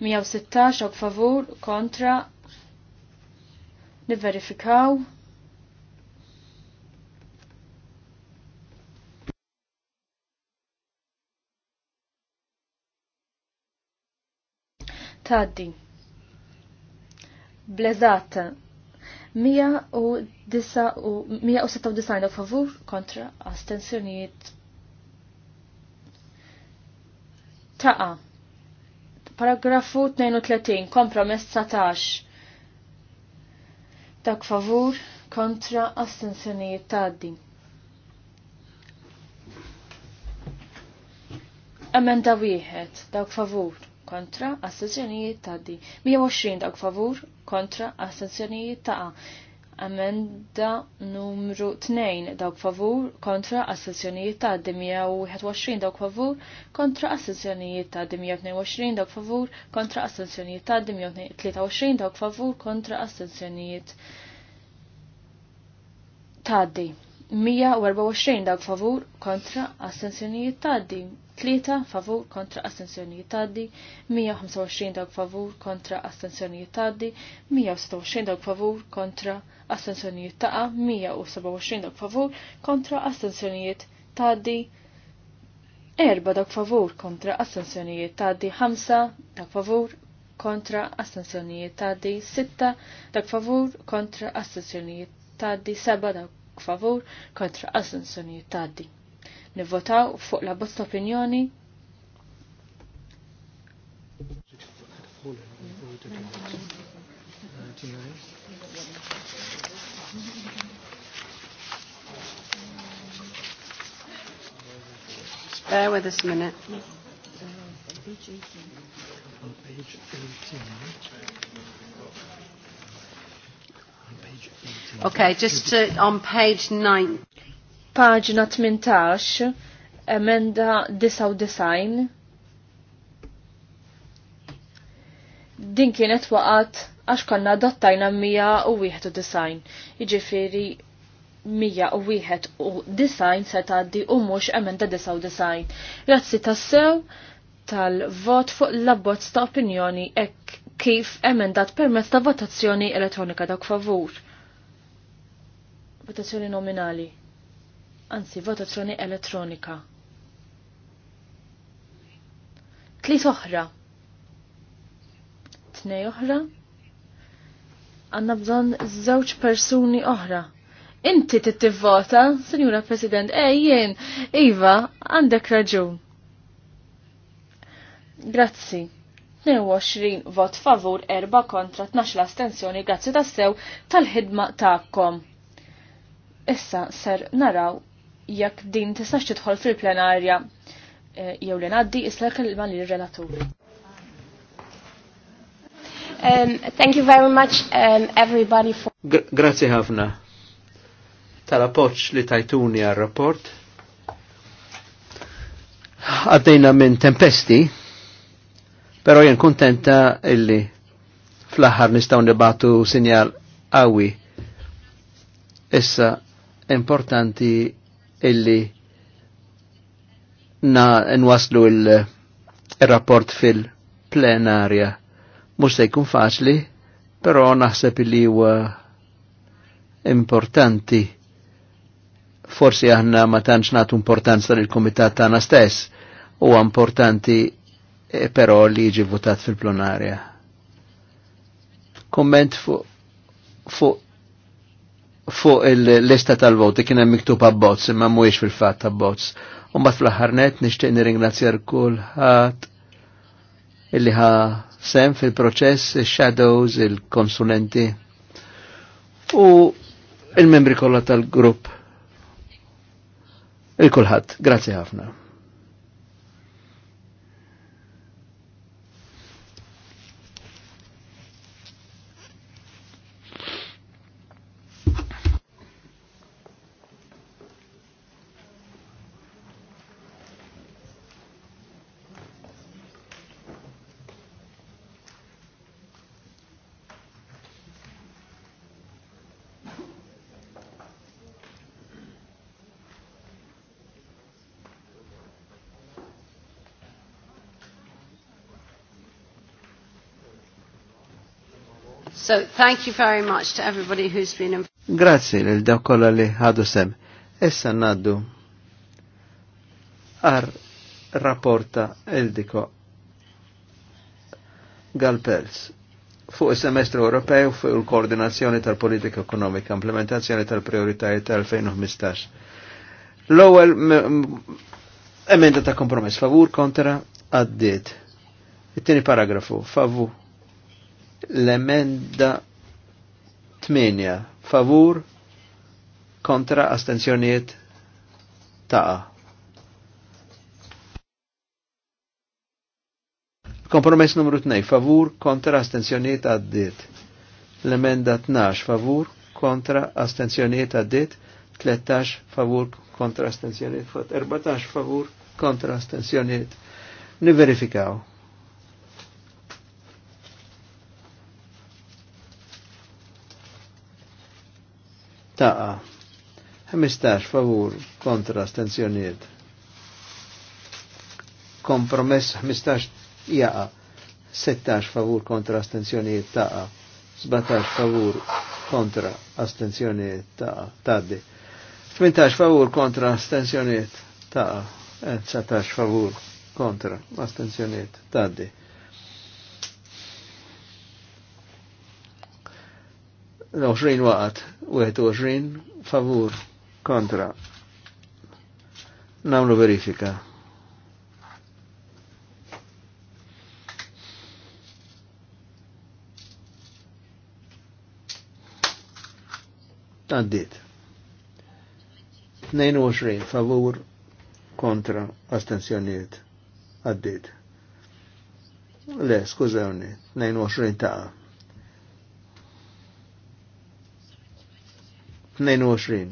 116 ta' favur kontra niverifikaw taddi blezat 196 favur kontra astensjoniet. taqa. Paragrafu 32, kompromess 19. Dak favur kontra astensjoniet taddi. Emenda wieħed, dak favur kontra assenzjonijiet ta' di. 120 dak favur kontra ta' a. Amenda numru 2 dawk favur kontra ta' di 121 dawk favur kontra ta' di 122 dawk favur kontra assenzjonijiet ta' di 123 dawk favur kontra ta' di. 124 dawk favur kontra assenzjonijiet taddi, 3 favur kontra assenzjonijiet taddi, 125 dawk favur kontra assenzjonijiet taddi, 126 dawk favur kontra assenzjonijiet taqa, 127 dawk favur kontra assenzjonijiet taddi, 4 dawk favur kontra assenzjonijiet taddi, 5 dawk favur kontra assenzjonijiet taddi, 6 dawk favur kontra assenzjonijiet taddi, 7 dawk favur kontra assenzjonijiet jittaddi. Nivvotaw fuq la bosta opinjoni Bear with us a minute. On page 18. Okay, just uh, on page 9. Paġna 18, emenda 99. Din kienet waqat għax konna dattajna 191. Iġifiri 101 u design se taddi u mux emenda 99. Grazzi tassew tal-vot fuq l-abbozz ta' opinjoni ek kif emendat permezz ta' votazzjoni elettronika dak favur votazzjoni nominali, anzi votazzjoni elettronika. Tliet oħra, tnej oħra, għanna bżon żewġ persuni oħra. Inti t-tivvota, Sinjura President, ejjen, eh, Iva, għandek raġun. Grazzi. 22 vot favur, 4 kontra, 12 astensjoni, grazzi tassew tal-ħidma ta'kom. Issa ser naraw jekk din tistax tidħol fil-plenarja e, jew li ngħaddi isla kelma lir relatur. Um, thank you very much um, everybody for Grazie ħafna tal-appoġġ li tajtuni għar-rapport. Għaddejna minn tempesti, pero jien kontenta illi fl-aħħar nistgħu nibatu sinjal qawwi. Issa importanti illi na nwaslu il-rapport il rapport fil plenarja Mux se jkun faċli, però naħseb illi huwa importanti. Forsi aħna ma tantx nagħtu importanza lil kumitat tagħna stess, huwa importanti eh, però li jiġi votat fil-plenarja. Komment fuq fu fuq il-lista tal-voti kien hemm miktub abbozz imma mhuwiex fil-fatt abbozz. U mbagħad fl-aħħar net nixtieq nirringrazzja kulħadd illi ħa sem fil-proċess il-shadows, il-konsulenti u il-membri kollha tal-grupp. Il-kulħadd, grazzi ħafna. So thank you very much to everybody who's been involved. Grazie lil daw kollha li ħadu sem. Issa ngħaddu ar rapporta Eldiko Galpels fuq il-semestru Ewropew fuq il-koordinazzjoni tal-politika ekonomika, implementazzjoni tal-prioritajiet tal-2015. L-ewwel emenda ta' kompromess favur kontra għaddiet. It-tieni paragrafu favur L-emenda 8 favur kontra astenzjoniet ta' Kompromess numru 2, favur kontra astenzjoniet għaddit. L-emenda 12, favur kontra astenzjoniet għaddit. 13, favur kontra astenzjoniet. 14, favur kontra astenzjoniet. Niverifikaw. verifikaw taqa 15 favur kontra stenzjoniet. kompromess 15 jaqa 16 favur kontra astenzjoniet taqa 17 favur kontra astenzjoniet taqa taddi 18 favur kontra astenzjoniet taqa 19 eh, favur kontra astenzjoniet taddi 20 waqat, 21 favur, kontra. Namlu verifika. Għaddit. 22 favur, kontra, astensjoniet. Għaddit. Le, skużawni, 22 ta' 22.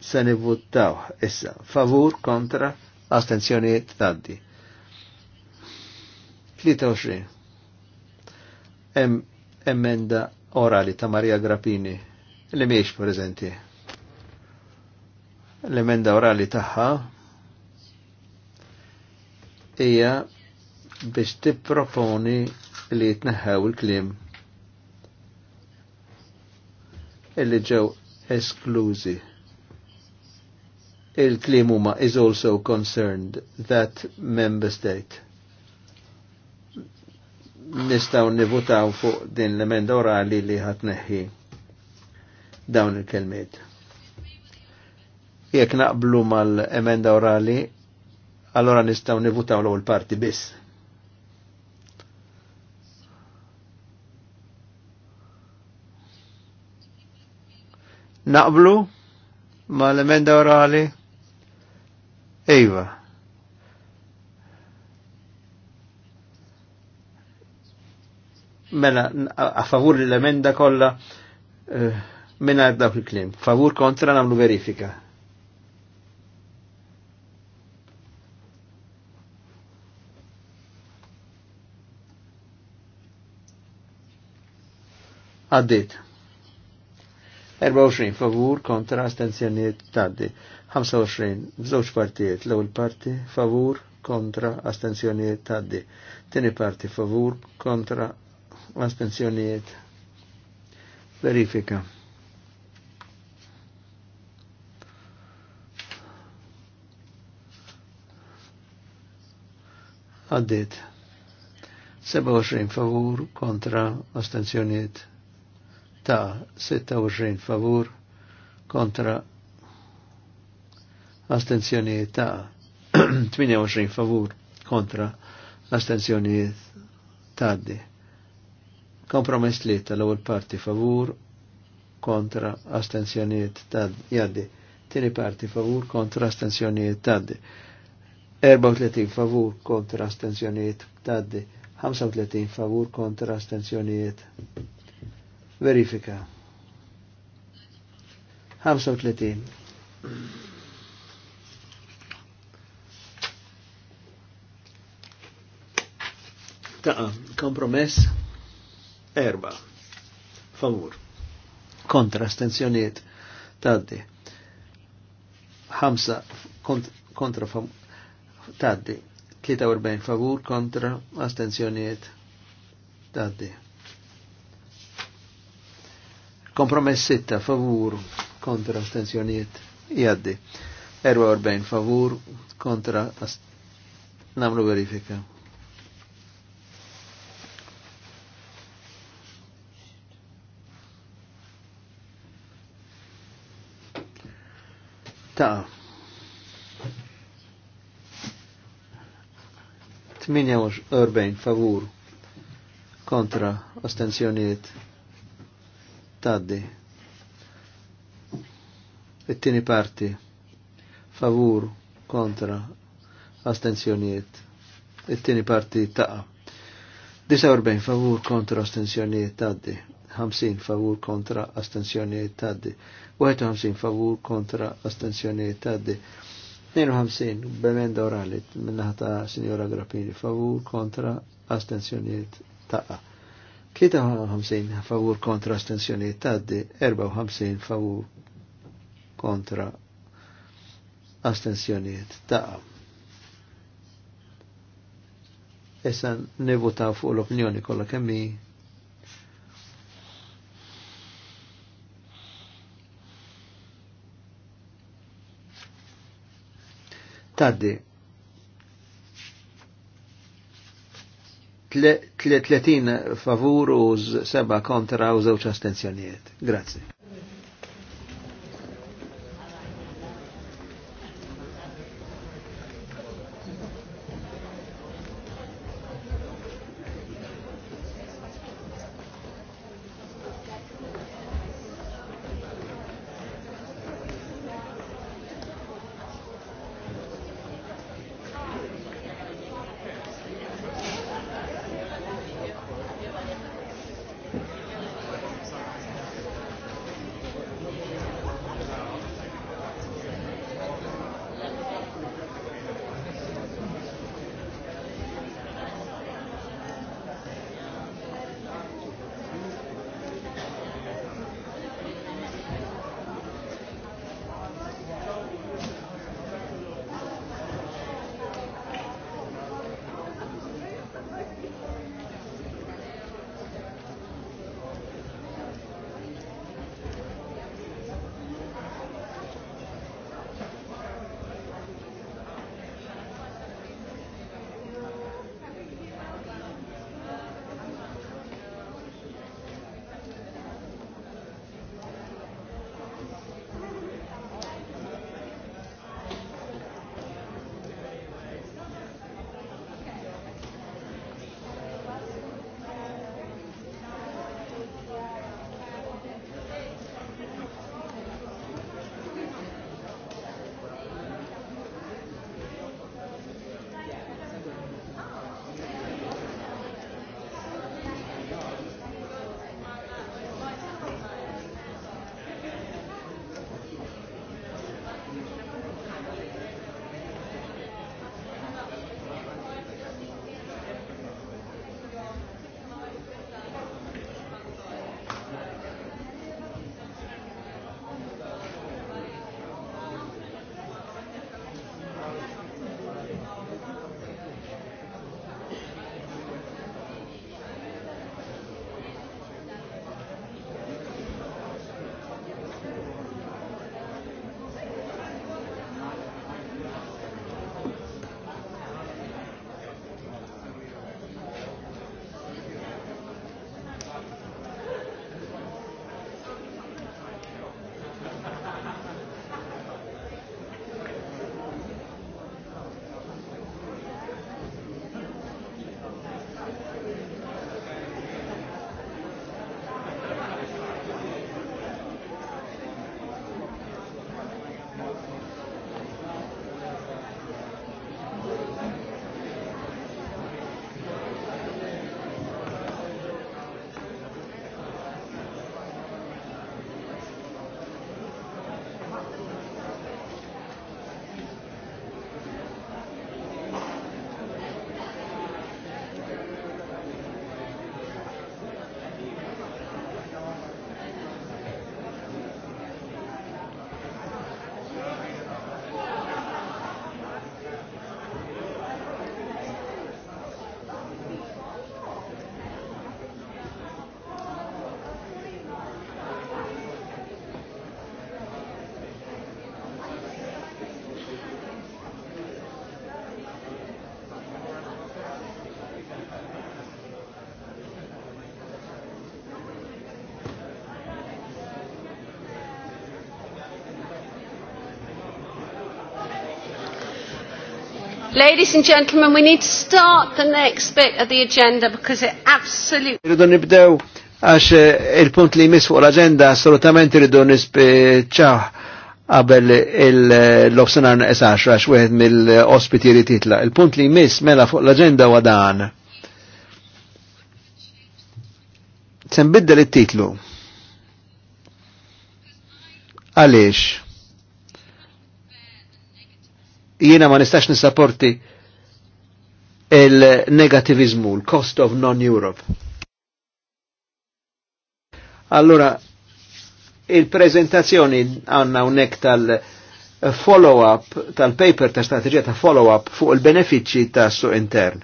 Se nivvuttaw issa. Favur kontra astenzjonijiet taddi. 23. Em, emenda orali ta' Maria Grappini li miex prezenti. L-emenda orali taħħa hija biex tipproponi li jitneħħew il-klim illi ġew esklużi. Il-klim huma is also concerned that member state. Nistaw nivutaw fuq din l-emenda orali li ħatneħħi dawn il-kelmiet. Jekk naqblu mal-emenda orali, allora nistaw nivutaw l-ewwel parti biss Naqblu ma l-emenda orali? Iva. Mela, a favur l-emenda kolla eh, minna dak il-klim. Favur kontra namlu verifika. Għaddit. 24 favur kontra astenzjoniet taddi. 25 f'żewġ partijiet l-ewwel parti favur kontra astenzjoniet taddi. Tieni parti favur kontra astenzjoniet. Verifika. Għaddit. 27 favur kontra astenzjoniet ta' 26 favur kontra astenzjoniet ta' 28 favur kontra astenzjoniet taddi. Kompromess li tal-ewwel parti favur kontra astenzjoniet jaddi. Tieni parti favur kontra astenzjoniet taddi. 34 favur kontra astenzjoniet taddi. 35 favur kontra astenzjoniet taddi. Verifika. 35. Ta' kompromess 4. Favur. Kontra, stenzjoniet. Taddi. 5. kontra, taddi. 43 favur, kontra, astenzjoniet. Taddi. Kompromess 6 favur kontra astensjonijiet jaddi. 44 favur kontra namlu verifika. Ta' 48 favur kontra ostensjoniet taddi. It-tieni parti favur kontra astenzjonijiet. It-tieni parti taqa. 49 favur kontra astenzjonijiet taddi. 50 favur kontra astenzjonijiet taddi. 51 favur kontra astenzjonijiet taddi. 52 b'emenda orali minnaħta Signora Grappini favur kontra astenzjonijiet taqa. 53 favur kontra astensjoniet taddi, 54 favur kontra astensjoniet ta' Issa nivutaw fuq l-opinjoni kollha kemm hi. taddi 30 favur u 7 kontra u 2 astenzjonijiet. Grazie. Ladies and gentlemen, we need to start the next bit of the agenda because it absolutely... Irridu nibdew għax eh, il-punt li jmiss fuq l-agenda assolutament iridu nispeċaw qabel l-obsenar naqsax għax wieħed mill-ospiti li titla. Il-punt li jmiss mela fuq l-agenda wadan. Sen biddel it-titlu. Għaliex? jiena ma nistax nisapporti il-negativizmu, l-cost of non-Europe. Allora, il-prezentazzjoni għanna unnek tal-follow-up, tal-paper ta' strategija ta' follow-up fuq il benefici ta' su intern.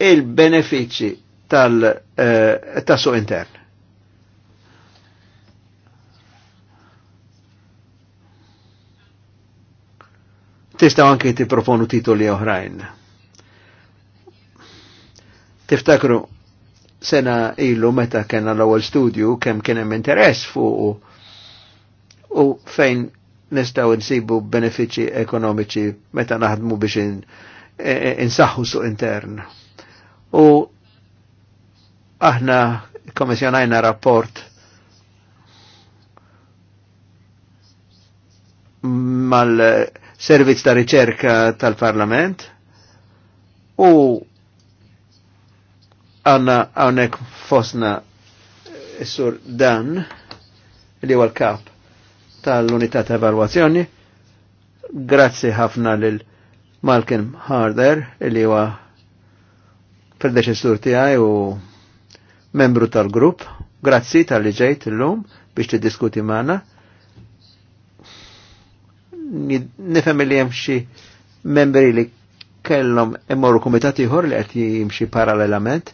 il benefici tal-tassu eh, intern. Tistaw anki ti proponu titoli oħrajn. Tiftakru sena ilu meta kena l-ewwel studju kemm kien hemm interess fuq u fejn nistgħu nsibu benefiċċji ekonomiċi meta naħdmu biex e- e- insaħħu su suq intern. U aħna komissjonajna rapport mal servizz ta' riċerka tal-Parlament u għanna għonek fosna sur Dan li huwa l-kap tal-unità ta' evalwazzjoni. Grazzi ħafna lil Malcolm Harder li huwa predeċessur tiegħi u membru tal-grupp. Grazzi tal-li ġejt l-lum biex tiddiskuti magħna nifem li hemm xi membri li kellhom immorru komitati ieħor li qed jimxi parallelament.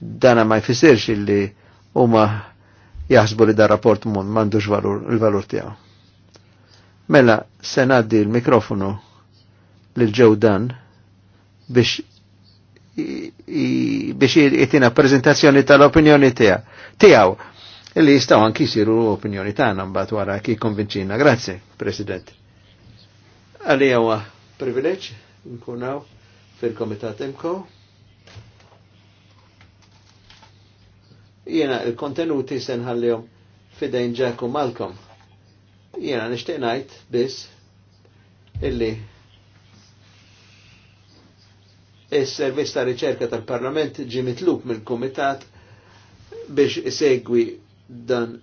Dana ma jfissirx li huma jaħsbu li dar rapport mund m'għandux valur il-valur tiegħu. Mela se ngħaddi l-mikrofonu lil ġewdan biex biex jitina prezentazzjoni tal-opinjoni tijaw. Tiegħu illi jistaw anki jisiru opinjoni tagħna mbagħad wara ki konvinċina. Grazzi, President. Għalli huwa privileġġ nkunaw fil-Komitat Imko. Jiena il-kontenuti se nħallihom fidejn ġaku malkom. Jiena nixtieq ngħid biss illi il-Servizz ta' Riċerka tal-Parlament ġimitluk mitlub mill-Kumitat biex isegwi dan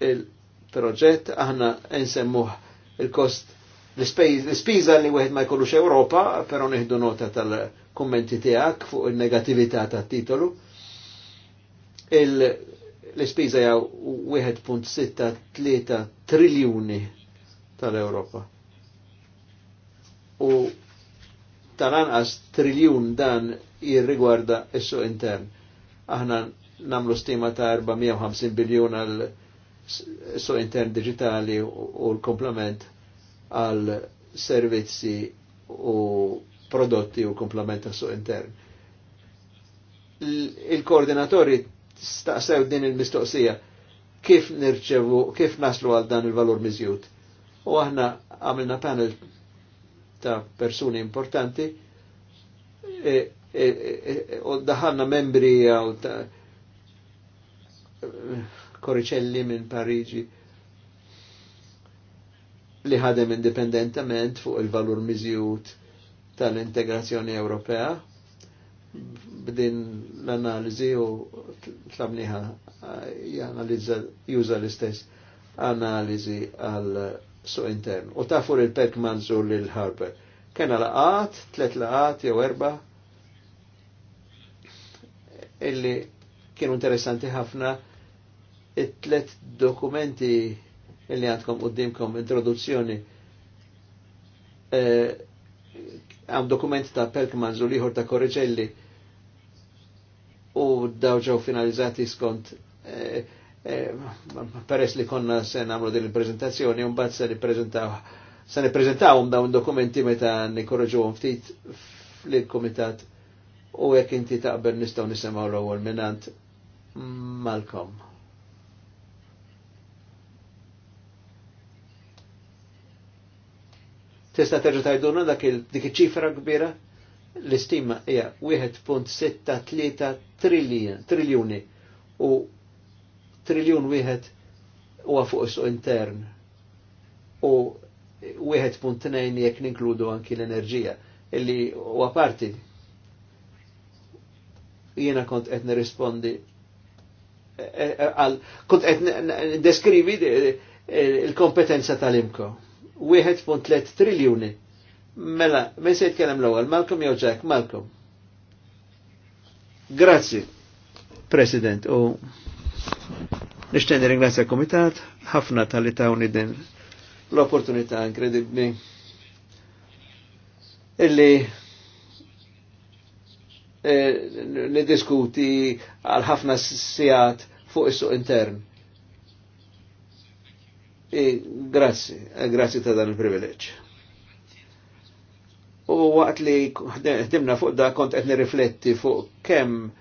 il-proġett aħna nsemmuh il-kost l-spiża li wieħed ma jkollux Ewropa, però nieħdu nota tal-kummenti tiegħek fuq il-negatività tat-titolu. L-ispiża jew 1.63 triljuni tal-Ewropa. U tal-anqas triljun dan jirrigwarda s suq intern. Aħna namlu stima ta' 450 biljun għal so intern digitali u l-komplement għal servizzi u prodotti u komplement ta' so intern. Il-koordinatori staqsew din il-mistoqsija kif nirċevu, kif naslu għal dan il-valur mizjut. U aħna għamilna panel ta' persuni importanti u e, e, e, e membri għaw ta' Koriċelli minn Parigi li ħadem indipendentament fuq il-valur miżjut tal-integrazzjoni Ewropea b'din l-analizi u tlabniħa eh, janalizza juża l-istess analizi għal su intern. U tafur il-perk manżur lil Harper. Kena laqat, tlet laqat jew erba' illi kienu interessanti ħafna it-tlet dokumenti li għandkom qoddimkom introduzzjoni eh, għam e, dokumenti ta' Pelkman u liħor ta' Korriġelli. u dawġaw finalizzati skont e, e, peress li konna se namlu din il-prezentazzjoni un bat se nippreżentaw. se nippreżentawhom dawn dokumenti meta nikorreġuhom ftit fil-komitat u jekk inti taqbel nistgħu nisemgħu l-ewwel minant Malcolm. Tista' terġa' tajduna dak dik iċifra ċifra kbira? L-istima hija 1.63 triljun triljuni u triljun wieħed huwa fuq is intern u 1.2 jekk ninkludu anki l-enerġija illi huwa parti jiena kont qed nirrispondi għal kont qed deskrivi il-kompetenza tal-imko. 1.3 triljuni. Mela, me se jitkellem l-ewwel, Malcolm jew Jack, Malcolm. Grazzi, President, u nixtendi ringrazzja l-Komitat, ħafna tal-li tawni din l-opportunità inkredibbli illi Eh, nidiskuti għal ħafna sijat fuq is-suq intern. Grazzi, eh, grazzi ta' dan il-privileġġ. U waqt li ħdimna fuq da kont qed nirrifletti fuq kemm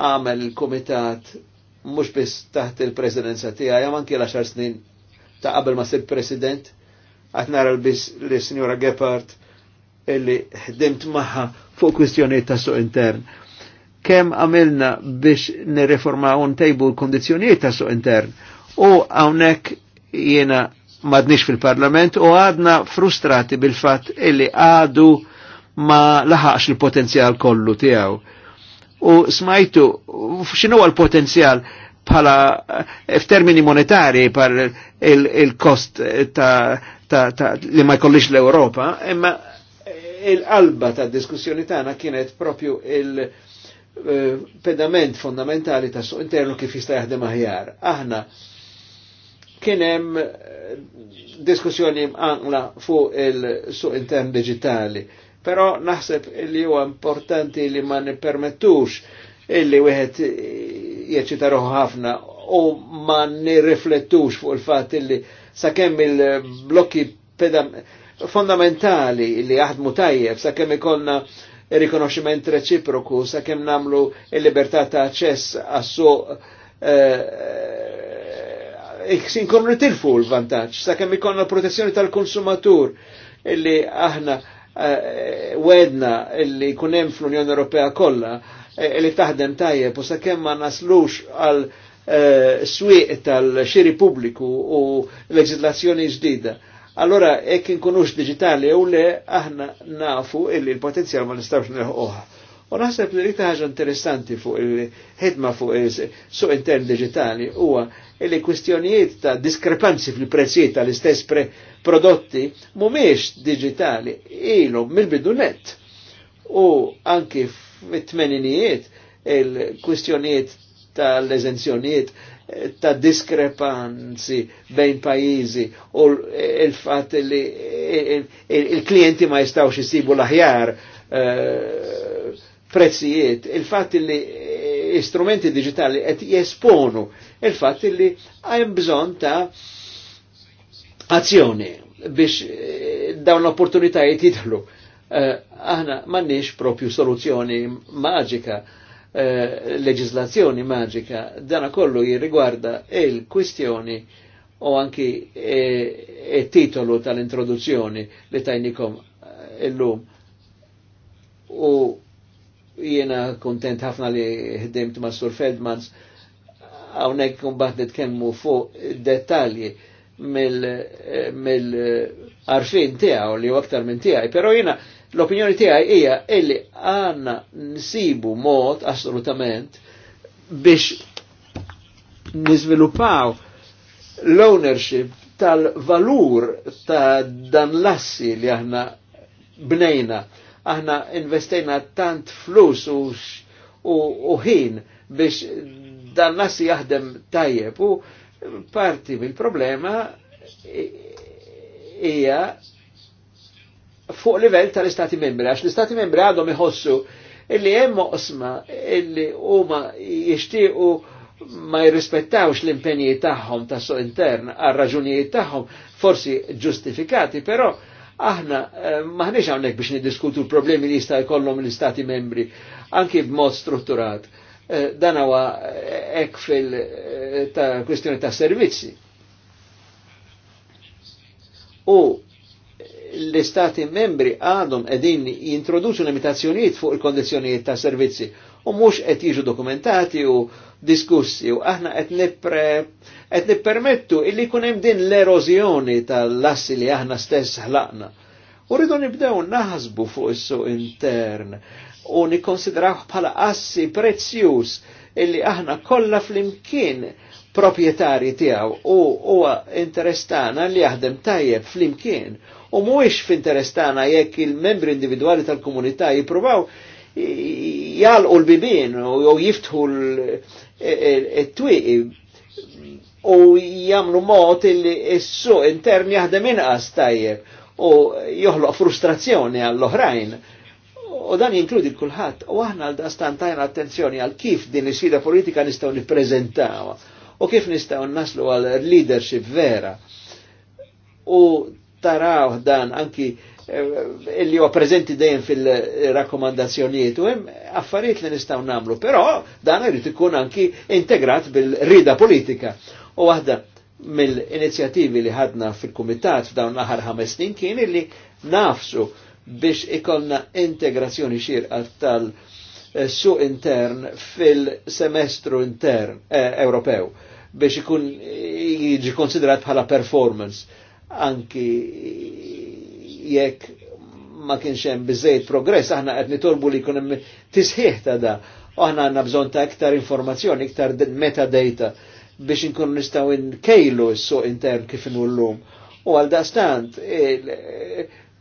għamel komitat mhux biss taħt il-presidenza tiegħi hemm anke l snin ta' qabel ma sir president qed nara l-bis li Sinjora Gephardt illi ħdimt maħħa fuq kwistjonijiet ta' suq intern. Kemm għamilna biex nirreformaw ntejbu l-kondizzjonijiet ta' suq intern. U hawnhekk jiena madnix fil-parlament u għadna frustrati bil-fat illi għadu ma laħax il-potenzjal kollu tiegħu. U smajtu, xinu għal-potenzjal bħala eh, f'termini monetari par il-kost il ta, ta, ta, li ma jkollix l-Europa, imma il-qalba ta' diskussjoni tagħna kienet propju il-pedament eh, fondamentali ta' suq internu kif jista' jaħdem aħjar. Aħna kien hemm eh, diskussjoni mqanqla fuq il-suq intern digitali, però naħseb li huwa importanti li ma nippermettux illi wieħed jeċita roħu ħafna u ma nirriflettux fuq il-fatt illi sakemm il-blokki pedament fondamentali li jaħdmu tajjeb sakemm ikollna rikonoxximent reċiproku sakemm nagħmlu l-libertà ta' aċċess għas-suq iksin eh, eh, nitilfu l-vantaġġ sakemm ikollna protezzjoni tal-konsumatur illi aħna eh, wedna illi jkun hemm fl-Unjoni Ewropea kollha li taħdem tajjeb u sakemm ma naslux għal swieq tal-xiri pubbliku u leġislazzjoni ġdida Allora, kien e oh. nkunux digitali u e le aħna nafu illi l-potenzjal ma nistawx nilħuħa. U naħseb li rita ħaġa interessanti fuq il-ħidma fuq il-suq intern digitali huwa li kwistjonijiet ta' diskrepanzi fil-prezzijiet tal-istess prodotti mumiex digitali ilu mill-bidu net. U anki fit-tmeninijiet il-kwistjonijiet tal-eżenzjonijiet ta' diskrepanzi bejn pajizi u il-fat li il-klienti ma jistawx jisibu l-aħjar eh, prezzijiet, il-fat li eh, istrumenti digitali qed jesponu il-fat li għajem bżon ta' azzjoni biex eh, dawn l-opportunitajiet jidħlu. Aħna mannix propju soluzzjoni maġika legislazzjoni eh, leġislazzjoni maġika, dana kollu jirrigwarda il-kwistjoni u anki eh, il-titolu tal-introduzzjoni li tajnikom eh, illum. U jiena kontent ħafna li ħdimt ma' Sur Feldmans għawnek kumbat tkemmu fuq dettalji mill-arfin mil tijaw li u aktar minn tijaj, pero jiena L-opinjoni tiegħi hija illi għanna nsibu mod assolutament biex niżviluppaw l-ownership tal-valur ta' dan lassi li aħna bnejna. Aħna investejna tant flus u, u, ħin biex dan lassi jaħdem tajjeb u parti mill-problema hija fuq livell tal-Istati membri, għax l-Istati membri għadhom iħossu illi hemm moqsma illi huma jixtiequ ma jirrispettawx l impenijiet tagħhom tas so intern għal raġunijiet tagħhom forsi ġustifikati, però aħna eh, maħniex hawnhekk biex niddiskutu l-problemi li jista' jkollhom l-Istati membri anki b'mod strutturat. Eh, dan huwa eh, hekk fil-kwistjoni ta' servizzi. U l-istati membri għadhom edin jintroduċu limitazzjonijiet fuq il-kondizjonijiet ta' servizzi u mux qed jiġu dokumentati u diskussi u aħna qed nippermettu illi jkun hemm din l-erożjoni tal-assi li aħna stess ħlaqna. U rridu nibdew naħsbu fuq is intern u nikkonsidrawh bħala assi prezzjuż illi aħna kollha flimkien proprietari tiegħu u u interestana li jaħdem tajjeb flimkien u mhuwiex interestana jekk il-membri individwali tal-komunità jippruvaw jalqu l-bibin u jiftħu l-twiqi u jgħamlu mod il-su intern jaħdem inqas tajjeb u joħloq frustrazzjoni għall-oħrajn. U dan jinkludi kulħadd. U aħna għal dastan tajna attenzjoni għal kif din is-sfida politika nistgħu nippreżentawha u kif nistaw naslu għal leadership vera. U taraw dan anki eh, illi huwa preżenti dejjem fil-rakkomandazzjonijiet u hemm affarijiet li nistgħu nagħmlu, però dan irid ikun anki integrat bil-rida politika. U waħda mill-inizjattivi li ħadna fil-kumitat f'dawn l-aħħar ħames snin kien illi nafsu biex ikollna integrazzjoni xirqa tal- suq intern fil-semestru intern eh, Ewropew biex ikun jiġi konsiderat bħala performance anki jekk ma kienx hemm biżejjed progress aħna qed nitolbu li jkun hemm tisħiħ ta' da aħna għandna bżonn ta' iktar informazzjoni, iktar metadata biex inkun nistgħu nkejlu s-suq intern kif llum. U għal dastant,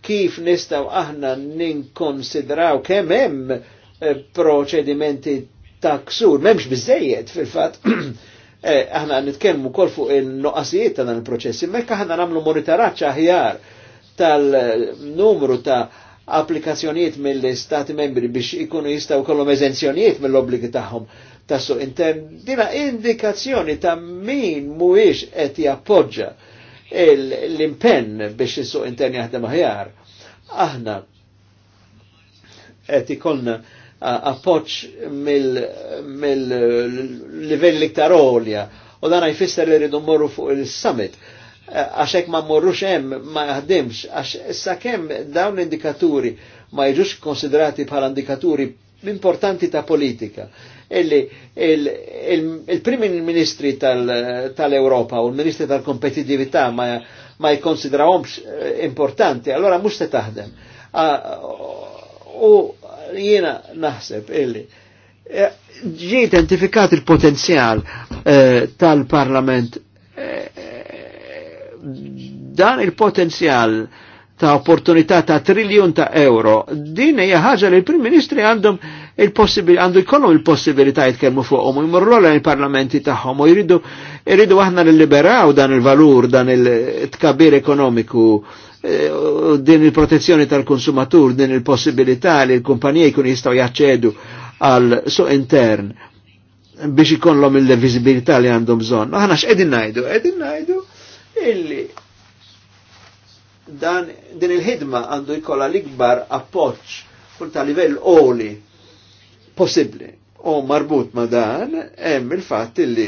kif nistgħu aħna ninkonsidraw kemm hemm eh, proċedimenti ta' ksur, m'hemmx biżejjed fil fatt Eh, aħna nitkellmu kol fuq il-noqasijiet ta' dan il-proċess, imma aħna nagħmlu monitoraġġ aħjar tal-numru ta' applikazzjonijiet mill-Stati membri biex ikunu jistgħu kollhom eżenzjonijiet mill-obbligi tagħhom tas-suq intern, dina indikazzjoni ta' min mhuwiex qed jappoġġa l-impenn biex is-suq intern jaħdem aħjar. Aħna qed ikollna appoċ mill-livell mil olja. U dan jfisser li rridu morru fuq il-summit għaxek ma morrux hemm ma jaħdimx, għax sakemm dawn l-indikaturi ma jġux konsiderati bħala indikaturi importanti ta' politika. Illi il-primi ministri tal-Europa u l-ministri tal-kompetitività ma, ma eh, importanti, allora mux se taħdem. U jiena naħseb illi eh, ġi identifikat il-potenzjal eh, tal-Parlament eh, dan il-potenzjal ta' opportunità ta' triljun ta' euro. Din hija ħaġa li l-Prim-Ministri għandhom għandu jkollhom il-possibilità jitkellmu fuqhom u jmorru l parlamenti tagħhom u jridu jridu aħna nilliberaw dan il-valur, dan il tkabir ekonomiku Eh, din il-protezzjoni tal-konsumatur, din il-possibilità li l-kumpanija jkun jistaw jaċċedu għal suq intern biex ikollhom il vizibilità li għandhom bżonn. Aħna x'qegħdin najdu, Qegħdin ngħidu illi dan din il-ħidma għandu jkollha l-ikbar appoċ kull ta' livell oli possibbli. U marbut ma' dan hemm il-fatt illi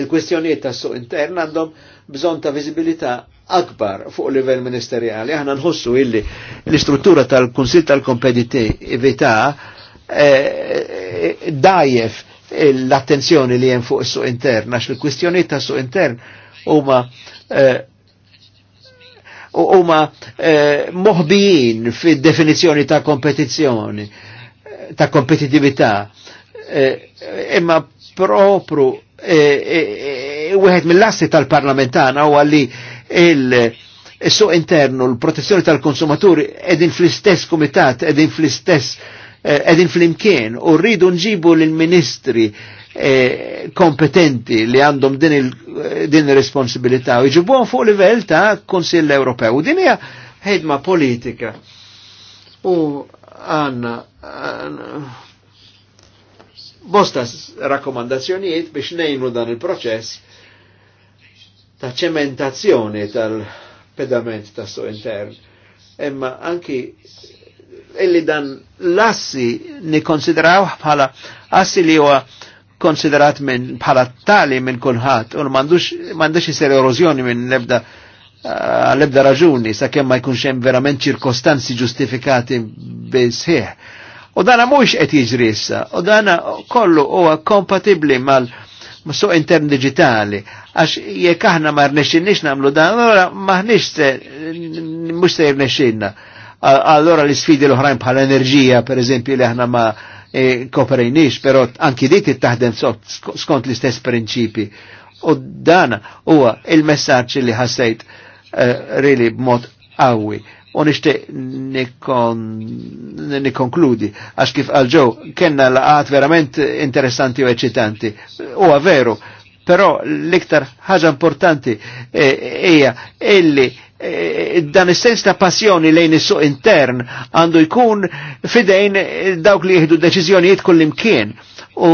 il-kwestjonijiet tas suq intern għandhom bżonn ta' vizibilità akbar fuq livell ministerjali. Aħna nħossu illi l-istruttura tal-Kunsil tal-Kompetitività eh, eh, dajef l-attenzjoni li hemm fuq is-suq intern, għax il-kwistjoniet ta' suq intern huma eh, huma moħbijin fid-definizzjoni ta' kompetizzjoni, ta' kompetitività. Imma eh, propru wieħed mill-assi tal-parlamentana huwa li il so internu, l-protezzjoni tal-konsumaturi edin fl-istess komitat, edin fl-istess eh, edin fl-imkien u rridu nġibu l-ministri eh, kompetenti li għandhom din il-responsibilità u għan fuq livell ta' Konsill Ewropew. Din hija ħedma politika. U għanna bosta rakkomandazzjonijiet biex nejnu dan il-proċess ta' ċementazzjoni tal-pedament ta' suq intern. Emma anki illi dan l-assi ni konsideraw bħala assi li huwa konsiderat minn bħala tali minn kulħat, u m'għandux jisir erozjoni minn l-ebda eh, l-ebda raġuni sakemm ma jkunx hemm verament ċirkostanzi ġustifikati bisħieħ. U dana mhux qed jiġri issa, u dana kollu huwa kompatibbli mal- ma' suq intern digitali. Għax jekk aħna ma rnexxinniex nagħmlu dan, allora maħniex se mhux se jirnexxinna. Allora l-isfidi l-oħrajn bħal enerġija, per eżempju, li aħna ma e, koperejniex, però anki dik taħdem skont l-istess prinċipi. U dan huwa il-messaġġ li ħassejt e, really b'mod qawwi u nishtiq nikonkludi, għax kif għalġo, kena laqat verament interessanti u eċitanti. U veru, però l-iktar ħaġa importanti hija e, illi e, dan is-sens ta' passjoni lejn is-suq intern għandu jkun fidejn dawk li jieħdu deċiżjonijiet kullimkien. U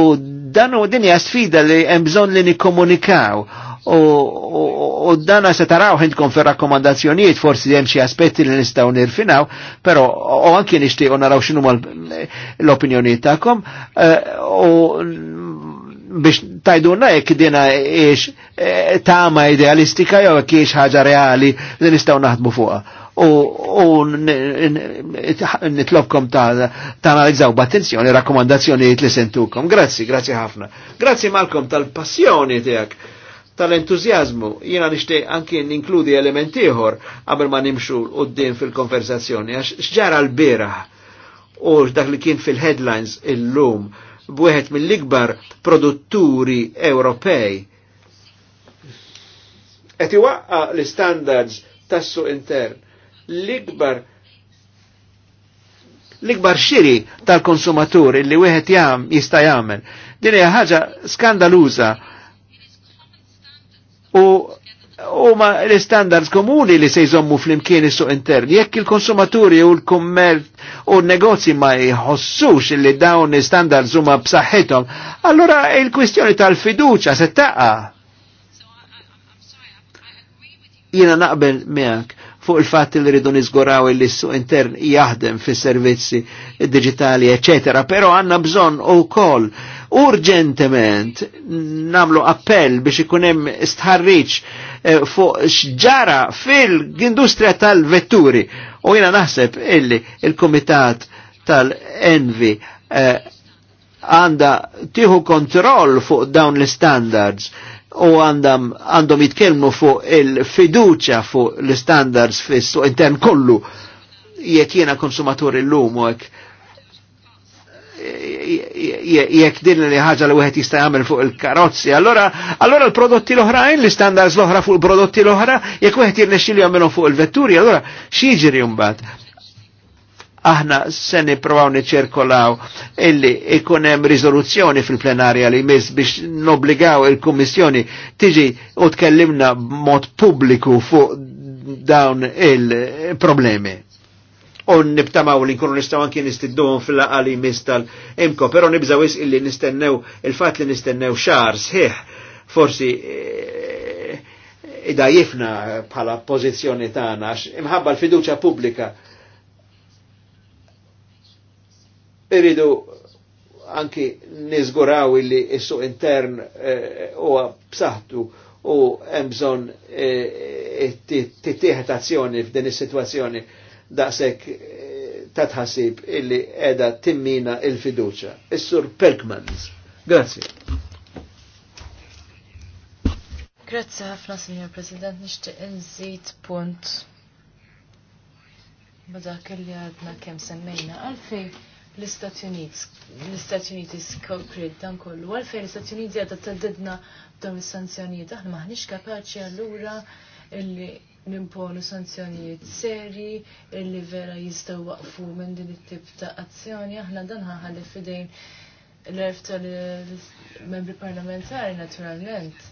dan u dinja sfida li hemm bżonn li nikkomunikaw u dana se taraw ħintkom fi rakkomandazzjonijiet forsi hemm xi aspetti li nistgħu nirfinaw, pero u anki u naraw x'inhu l-opinjonijiet tagħkom eh, u biex tajdunna jekk dina ix eh, tama idealistika jew jek ix ħaġa reali li nistgħu naħdmu fuqha. U nitlobkom ta' analizzaw b'attenzjoni rakkomandazzjonijiet li sentukom. Grazzi, grazzi ħafna. Grazzi Malkom tal-passjoni tiegħek tal-entuzjazmu. Jiena nixtieq anki ninkludi elementiħor qabel ma nimxu qudiem fil-konversazzjoni għax x'ġara l-bieraħ u dak li kien fil-headlines illum b'wieħed mill-ikbar produtturi Ewropej. Qed iwaqqa l-standards tassu intern l-ikbar l-ikbar xiri tal-konsumatur illi wieħed jam jista' jagħmel. Din hija ħaġa skandaluża u huma l-standards komuni li se jżommu fl-imkien is-suq intern. Jekk il-konsumaturi u l-kummerċ u n-negozji ma jħossux li dawn l-standards huma b'saħħithom, allura il-kwistjoni tal-fiduċa se taqa'. Jiena naqbel miegħek fuq il fat li rridu nizguraw il suq intern jaħdem fis servizzi digitali, eccetera, però għanna bżon u koll urġentement namlu appell biex ikunem stħarriċ eh, fuq xġara fil-industrija tal-vetturi. U jena naħseb illi il-komitat tal-envi eh, għanda tiħu kontroll fuq dawn l-standards u għandam għandhom jitkellmu fuq il-fiduċa fuq l-standards fis-suq intern kollu jekk jiena konsumatur l-lum u hekk jekk din li ħaġa li wieħed jista' jagħmel fuq il-karozzi, allora allora l-prodotti l-oħrajn, l-istandards l-oħra fuq il-prodotti l-oħra, jekk wieħed jirnexxi li jagħmelhom fuq il-vetturi, allora x'jiġri mbagħad? aħna se nippruvaw niċirkolaw illi ikun hemm riżoluzzjoni fil-plenarja li miss biex nobbligaw il-Kummissjoni tiġi u tkellimna b'mod pubbliku fuq dawn il-problemi u nibtamaw li nkunu nistaw anki nistidduhom fil-laqali mistal imko pero nibżaw is illi nistennew, il-fat li nistennew xar sħiħ, forsi eh, idajifna bħala pozizjoni tagħna imħabba l-fiduċa pubblika irridu anki nizguraw illi issu intern eh, u b'saħħtu u hemm bżonn eh, tittieħed azzjoni f'din is-sitwazzjoni daqshekk eh, ta' tħassib illi edha timmina il-fiduċa. Is-Sur Perkmans. Grazzi. Grazzi ħafna, Signor President, nixtieq inżid punt Bada kelli għadna kem semmejna, għalfej l istati Uniti l dan kollu, għalfej l istati Uniti għadda t-tadidna dom il-sanzjonijiet, aħna m'aħniex kapaċi għallura illi nimponu sanzjonijiet seri illi vera jistaw waqfu minn din it-tip ta' azzjoni aħna dan ħaħalli fidejn l-erf tal-membri parlamentari naturalment.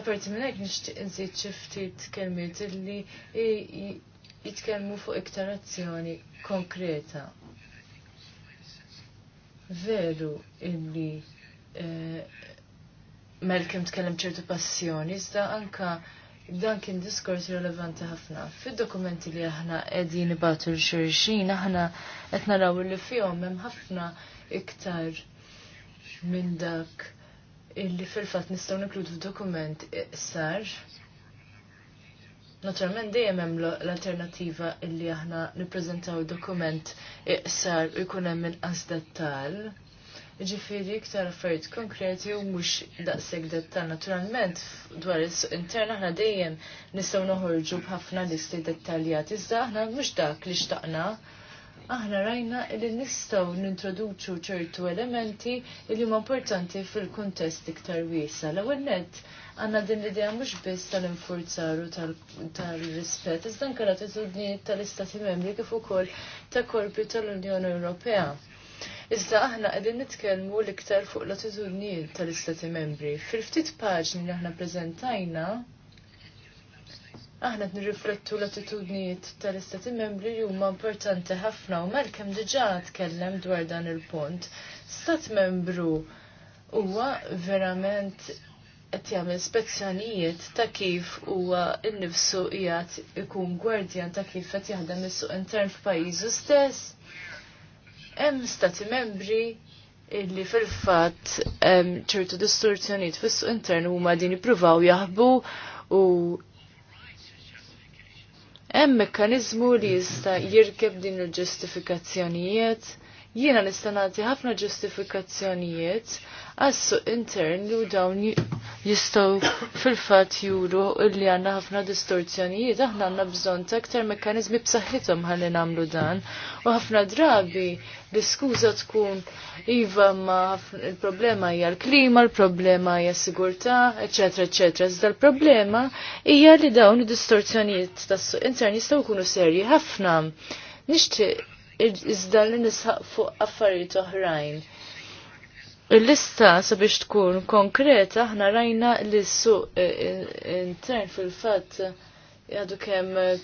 Aparti minn hekk nixtieq nżid xi ftit kelmiet illi jitkellmu fuq iktar azzjoni konkreta. Veru illi eh, Malcolm tkellem ċertu passjoni, iżda anka dan kien diskors relevanti ħafna. Fid-dokumenti li aħna qegħdin nibatu l xurxin aħna qed naraw li fihom hemm ħafna iktar minn dak illi fil-fatt nistgħu nikludu f'dokument sar. Naturalment dejjem hemm l alternattiva illi aħna nippreżentaw dokument iqsar u jkun hemm inqas dettall ġifiri iktar affarijiet konkreti u mhux daqshekk detta Naturalment dwar is-suq Interna aħna dejjem nistgħu noħorġu b'ħafna listi dettaljati, iżda aħna mhux dak li xtaqna aħna rajna li nistgħu nintroduċu ċertu elementi li huma importanti fil-kuntest iktar wiesa. L-ewwel nett għandna din l-idea mhux biss tal-infurzar u tal-rispett, iżda anke l tal-Istati Membri kif ukoll ta' korpi tal-Unjoni Ewropea. Iżda aħna qegħdin nitkellmu l-iktar fuq l-attitudnijiet tal-Istati Membri. Fil-ftit paġni li aħna preżentajna, aħna qed nirriflettu l-attitudnijiet tal-Istati Membri li huma importanti ħafna u mal kemm diġà tkellem dwar dan il-punt. Stat Membru huwa verament qed jagħmel spezzjonijiet ta' kif huwa nnifsu qiegħed ikun gwardjan ta' kif qed jaħdem is-suq intern f'pajjiżu stess hemm stati membri illi fil-fatt ċertu distorzjoniet fis-suq intern huma din jippruvaw jaħbu u hemm mekkaniżmu li jista' jirkeb din il-ġustifikazzjonijiet Jiena nista' nagħti ħafna ġustifikazzjonijiet għas-suq intern li dawn jistgħu fil-fatt juru li għandna ħafna distorzjonijiet aħna għandna bżonn ta' aktar mekkaniżmi b'saħħithom ħalli nagħmlu dan u ħafna drabi l-iskuża tkun iva ma il-problema hija l-klima, l-problema hija sigurtà, eċetera, eċetera. Iżda l-problema hija li dawn id-distorzjonijiet tas-suq intern jistgħu jkunu serji ħafna. Nixtieq iżda li nisħaq fuq affarijiet oħrajn. Il-lista sabiex tkun konkreta aħna rajna li suq eh, eh, intern fil-fatt għadu kemm eh,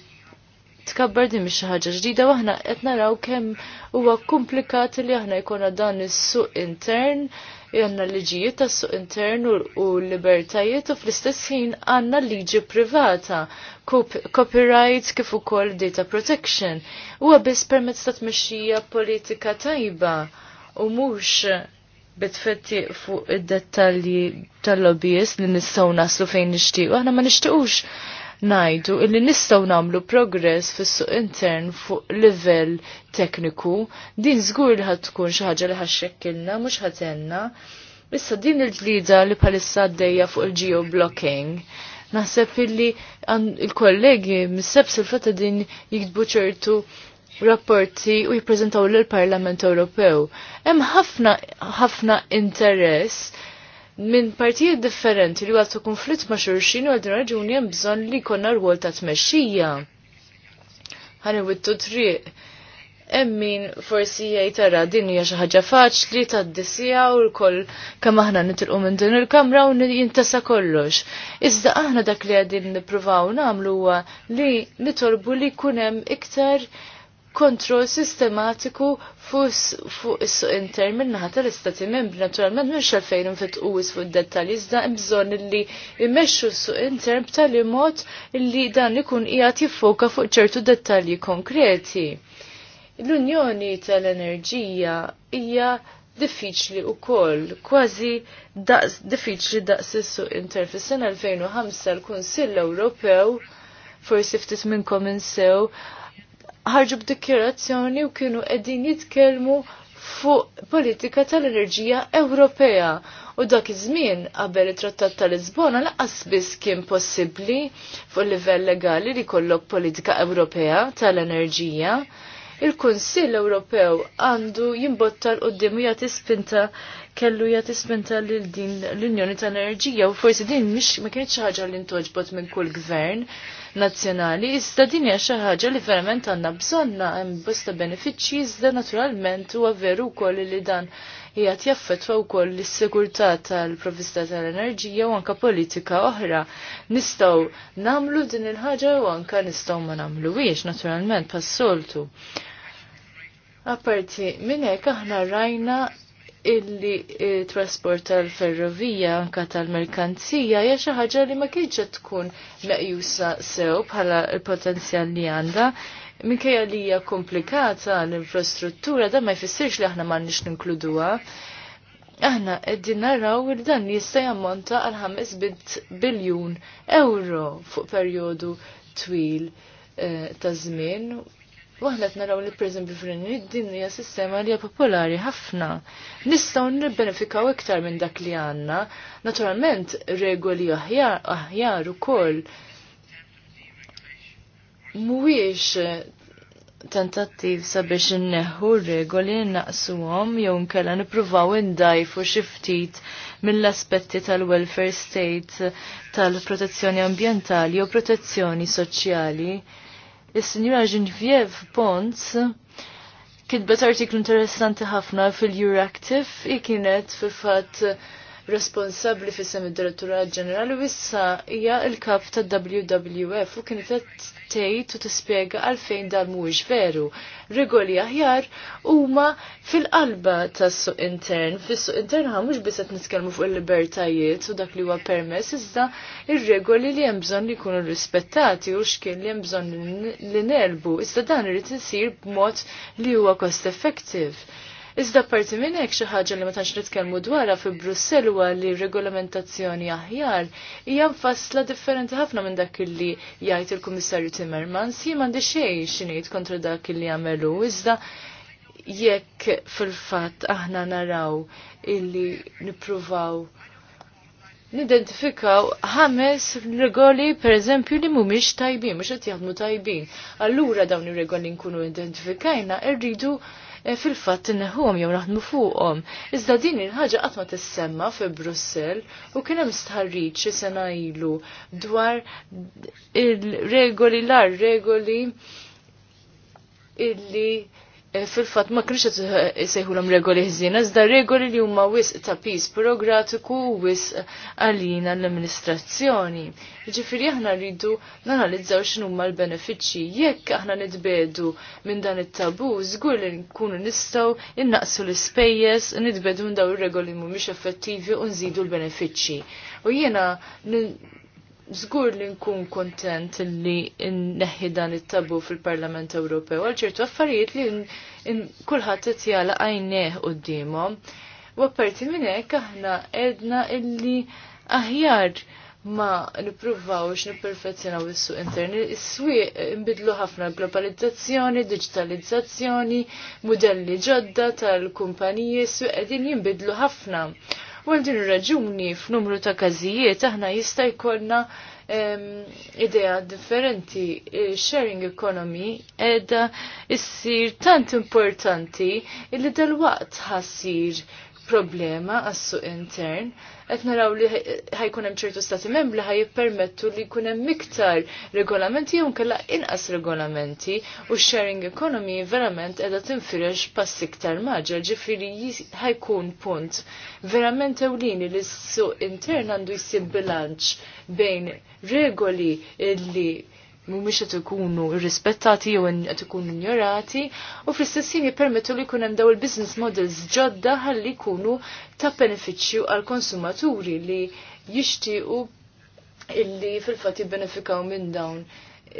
tkabber din mhix ħaġa ġdida waħna qed naraw kemm huwa komplikat li aħna jkollna dan is-suq intern għandna liġijiet tas suq intern u l-libertajiet u fl-istess ħin għanna liġi privata Copyrights kif ukoll data protection. Huwa biss permezz ta' tmexxija politika tajba u mhux bitfetti fuq id-dettalji tal-lobbyist li nistgħu naslu fejn nixtiequ. Aħna ma nixtiequx najdu illi nistgħu nagħmlu progress fis-suq intern fuq livell tekniku, din żgur li ħad tkun xi ħaġa li ħaxxekkilna mhux ħatenna. Issa din il-ġlida li bħalissa għaddejja fuq il-geoblocking Naħseb illi il-kollegi mis-sebs il-fatta din jiktbu ċertu rapporti u jiprezentaw l-Parlament Ewropew. Hemm ħafna ħafna interess minn partijiet differenti li għaltu konflitt ma' xurxin u għal raġuni hemm bżonn li jkollna rwol ta' tmexxija. Ħanewittu triq emmin forsi jajtara din hija xi ħaġa faċli tad-disija u l-koll kemm aħna nitilqu minn din il-kamra u jintesa kollox. Iżda aħna dak li għadin nippruvaw nagħmlu huwa li nitolbu li jkun hemm iktar kontroll sistematiku fuq is-suq inter minnaħa tal-istati membri naturalment mhux għalfejn infetqu fuq id-dettalji iżda bżonn illi jmexxu s-suq intern b'tali mod illi dan ikun qiegħed jiffoka fuq ċertu dettalji konkreti. L-Unjoni tal-Enerġija hija diffiċli u koll, kważi diffiċli daqs is-suq Fis-sena 2005 l-Kunsill Ewropew, forsi ftit minnkom insew, ħarġu b'dikjerazzjoni u kienu qegħdin jitkellmu fuq politika tal-enerġija Ewropea. U dak iż-żmien qabel it-Trattat tal-Lisbona laqas biss kien possibbli fuq livell legali li kollok politika Ewropea tal-enerġija il-Kunsill Ewropew għandu jimbotta l-qoddim u jagħti spinta kellu jagħti spinta lil din l-Unjoni tal-Enerġija u forsi din mish, ma kienx ħaġa li ntoġbot minn kull gvern nazzjonali, iżda din hija xi ħaġa li verament għandna bżonna hemm bosta benefiċċji iżda naturalment huwa veru wkoll li dan jgħat jaffetwa wkoll is sigurtà tal-provista tal-enerġija u anka politika oħra. Nistgħu namlu din il-ħaġa u anka nistgħu ma namlu naturalment pas-soltu. Apparti minn hekk aħna rajna illi trasport tal-ferrovija anka tal-merkanzija hija xi ħaġa li ma kienx tkun meqjusa sew bħala l-potenzjal li għandha. Minkejja li hija komplikata l-infrastruttura dan ma jfissirx li aħna m'għandniex ninkluduha. Aħna qegħdin naraw li dan jista' jammonta għal 5 biljun euro fuq perjodu twil eh, ta' żmien Waħnet naraw li preżem bifrinni, din hija sistema li hija popolari ħafna. Nistgħu nibbenefikaw iktar minn dak li għandna. Naturalment regoli aħjar ukoll mhuwiex tentattiv sabiex inneħħu regoli naqsuhom jew nkella nippruvaw indajfu xi ftit mill-aspetti tal-welfare state tal-protezzjoni ambjentali u protezzjoni soċjali Is-Sinjura Genevieve Pons kitbet artiklu interessanti ħafna fil-Euractiv i kienet fil-fatt responsabbli fi sem id-Direttura Ġenerali u issa hija l-kap ta' wwf u kienet qed tgħid u tispjega għalfejn dan mhuwiex veru. Regoli aħjar huma fil-qalba tas-suq intern. Fis-suq intern ha mhux biss qed nitkellmu fuq il-libertajiet u dak li huwa permess iżda ir-regoli li hemm bżonn li jkunu rispettati u x'kien li hemm bżonn li nelbu. Iżda dan irid isir b'mod li huwa cost effective. Iżda parti minn hekk xi ħaġa li ma tantx nitkellmu dwarha fi Brussell huwa li regolamentazzjoni aħjar hija mfassla differenti ħafna minn dak illi jgħid il-Kummissarju Timmermans jien m'għandi xejn x'ingħid kontra dak illi jagħmelu iżda jekk fil-fatt aħna naraw illi nippruvaw nidentifikaw ħames regoli per eżempju li mhumiex tajbin, mhux qed jaħdmu tajbin. Allura dawn ir-regoli nkunu identifikajna rridu er Eh, fil-fatt inneħuhom jew naħdmu fuqhom. Iżda din il-ħaġa qatt ma tissemma fi Brussell u kien hemm stħarriġ xi sena ilu dwar il-regoli l-ar regoli illi Eh, fil-fat ma kienx qed isejħulhom eh, regoli ħżiena, iżda regoli li huma wisq ta' peace burokratiku u wisq għalina l-amministrazzjoni. Ġifieri aħna rridu nanalizzaw x'inhu huma l-benefiċċji. Jekk aħna nitbedu minn dan it-tabu, żgur li nkunu nistgħu innaqsu l-ispejjeż, nitbedu minn dawn ir-regoli mhumiex effettivi u nżidu l-benefiċċji. U jiena Zgur li nkun kontent li neħi dan it-tabu fil-Parlament Ewropew, għal ċertu affarijiet li kullħat qed jala d qudiemhom. U apparti minn hekk aħna edna illi aħjar ma nippruvawx nipperfezzjonaw is-suq interni, is-swieq inbidlu ħafna globalizzazzjoni, digitalizzazzjoni, modelli ġodda tal-kumpaniji, is-suq qegħdin jinbidlu ħafna. U għal din ir-raġuni f'numru ta' każijiet aħna jista' jkollna idea differenti. E, sharing economy edha issir tant importanti illi dal-waqt ħassir problema għassu intern, qed naraw li ħajkun hemm ċertu stati membri ħaj permettu li jkun hemm iktar regolamenti jew kalla inqas regolamenti u sharing economy verament qiegħda tinfirex pass iktar maġġel ġifieri ħajkun punt verament ewlini li s-suq intern għandu jsib bilanċ bejn regoli li mhumiex qed ikunu irrispettati jew qed ikunu ignorati u fl-istess ħin jippermettu li jkun hemm daw il-business models ġodda ħalli jkunu ta' benefiċċju għall konsumaturi li jixtiequ illi fil-fatt jibbenefikaw minn dawn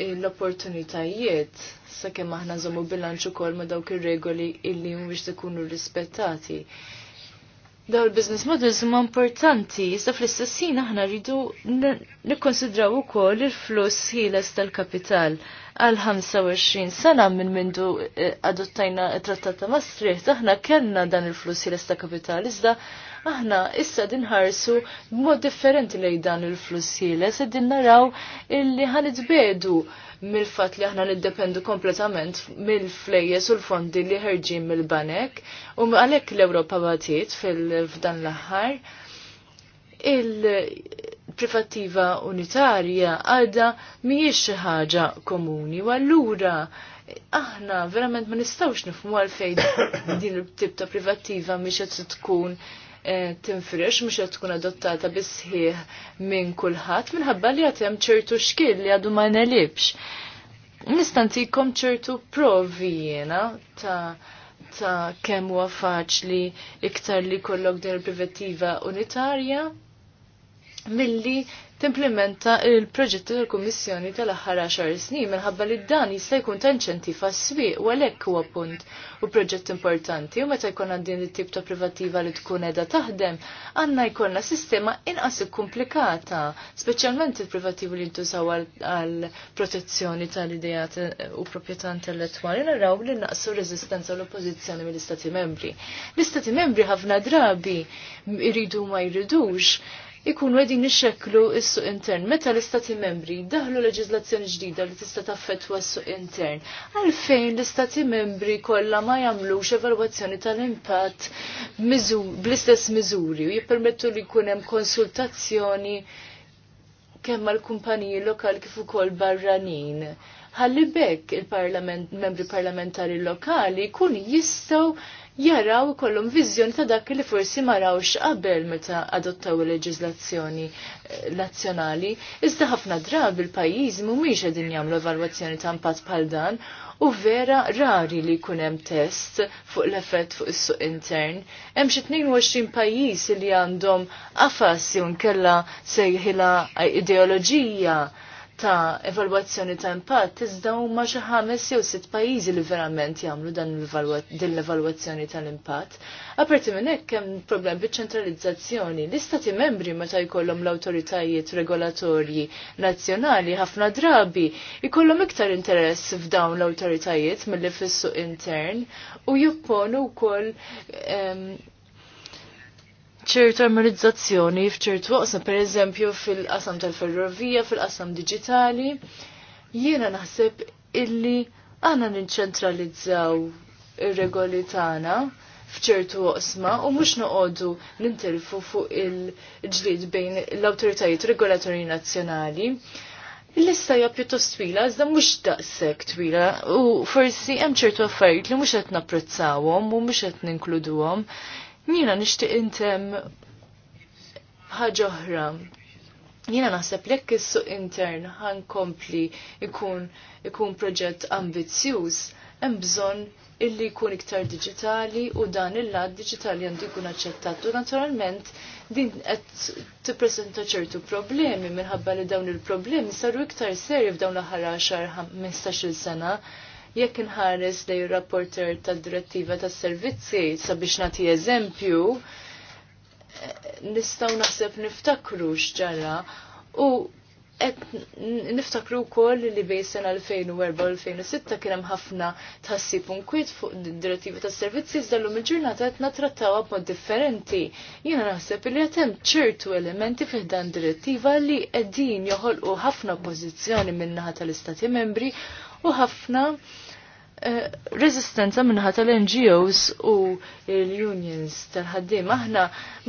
l-opportunitajiet sakemm aħna żommu bilanċ ukoll ma' dawk ir-regoli illi mhumiex ikunu rispettati daw il-business models huma importanti, iżda fl-istess ħin aħna rridu nikkonsidraw ukoll il-fluss ħieles tal-kapital għal 25 sena minn mindu eh, adottajna trattat ta' Maastricht, aħna kellna dan il-fluss ħieles tal kapital, iżda aħna issa dinħarsu b'mod differenti lejn dan il-fluss ħieles, din naraw illi ħanitbedu mill-fat li aħna niddependu kompletament mill-flejjes u l-fondi li ħerġin mill-banek u għalhekk l-Ewropa batiet fil-fdan l-aħħar il-privattiva unitarja għadha mhijiex xi ħaġa komuni u allura aħna verament ma nistgħux nifhmu għalfejn din il-tip ta' privattiva mhix qed tkun Eh, tinfresh mhux qed tkun adottata bisħieħ minn kulħadd minħabba li qed hemm ċertu xkil li għadu ma nelibx. Nistantikom ċertu provi jiena ta' ta' kemm huwa faċli iktar li kollok din il-privettiva unitarja milli timplementa il-proġetti tal-Kummissjoni tal-aħħar 10 snin minħabba li dan jista' jkun ta' inċentiv għas-swieq u għalhekk huwa punt u proġett importanti u meta jkollna din it-tip ta' privattiva li tkun qiegħda taħdem għandna jkollna sistema inqas ikkumplikata, speċjalment il-privattivi li ntużaw għal protezzjoni tal-idejat u proprjetà intellettwali naraw li naqsu reżistenza u l-oppożizzjoni mill-Istati Membri. L-Istati Membri ħafna drabi jridu ma jridux ikunu għedin nixeklu s-suq intern. Meta l-istati membri daħlu leġizlazzjoni ġdida li tista taffetwa s-suq intern, għalfejn l-istati membri kollha ma jagħmlux evalwazzjoni tal-impatt bl-istess miżuri u jippermettu li jkun hemm konsultazzjoni kemm mal-kumpaniji lokali kif ukoll barranin ħalli bekk il-membri parlament, parlamentari lokali kun jistaw jaraw kollum vizjoni ta' dak li forsi ma rawx qabel meta adottaw il-leġizlazzjoni eh, nazzjonali. Iżda ħafna drabi il-pajjiż mhumiex qegħdin jagħmlu evalwazzjoni ta' impatt bħal dan u vera rari li jkun hemm test fuq l-effett fuq is-suq intern. Hemm xi 22 pajjiż li għandhom qafas kella nkella sejħila ideoloġija ta' evalwazzjoni ta' impatt iżda huma xi ħames jew sitt pajjiżi li verament jagħmlu dan din l-evalwazzjoni tal-impatt. Aperti minn hekk hemm problem biċ-ċentralizzazzjoni. L-istati membri meta jkollhom l-awtoritajiet regolatorji nazzjonali ħafna drabi jkollhom iktar interess f'dawn l-awtoritajiet milli fis intern u jipponu wkoll ehm, ċertu armonizzazzjoni f'ċertu waqsam, per eżempju fil-qasam tal-ferrovija, fil-qasam digitali, jiena naħseb illi għana ninċentralizzaw ir-regoli tagħna fċertu oqsma u mux noqodu nintilfu fuq il-ġlid bejn l-autoritajiet regolatori nazzjonali. L-lista hija pjuttost twila, iżda mhux daqshekk twila u forsi hemm ċertu affarijiet li mhux qed napprezzawhom u mhux qed ninkluduhom. Jiena nixtieq intem ħaġa oħra. Jiena naħseb jekk is intern ħan kompli ikun ikun proġett ambizzjuż, hemm bżonn illi jkun iktar digitali u dan il-lad digitali għandu jkun aċċettat. U naturalment din qed tippreżenta ċertu problemi minħabba li dawn il-problemi saru iktar seri f'dawn l-aħħar 10-15 sena jekk inħares lej rapporter tad-direttiva tas-servizzi sabiex nagħti eżempju, eh, nistgħu naħseb niftakru x'ġara u qed niftakru wkoll li bej sena 2004 u 2006 kien hemm ħafna tħassib nkwiet fuq id-direttiva tas-servizzi iżda llum il-ġurnata qed natrattawha b'mod differenti. Jiena naħseb li qed hemm ċertu elementi fih dan direttiva li qegħdin joħolqu ħafna oppożizzjoni min-naħa tal-Istati Membri u ħafna Eh, resistenza minnaħa tal-NGOs u l-unions tal-ħaddim. Aħna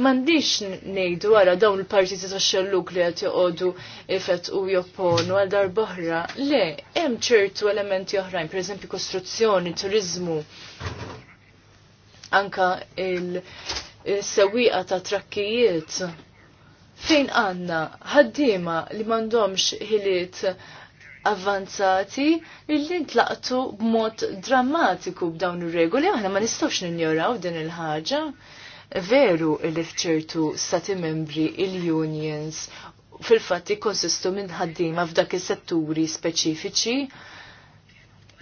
mandiċ nejdu għara dawn il-partiti ta' xelluk li għat joqodu ifet u jopponu għal dar boħra. Le, hemm ċertu elementi oħrajn, per eżempju kostruzzjoni, turizmu, anka il-sewiqa ta' trakkijiet. Fejn għanna ħaddima li mandomx ħiliet avvanzati illi ntlaqtu b'mod drammatiku b'dawn ir-regoli aħna ma nistgħux ninjoraw din il-ħaġa. Veru li fċertu stati membri il-unions fil-fatt konsistu minn ħaddiema f'dak is-setturi speċifiċi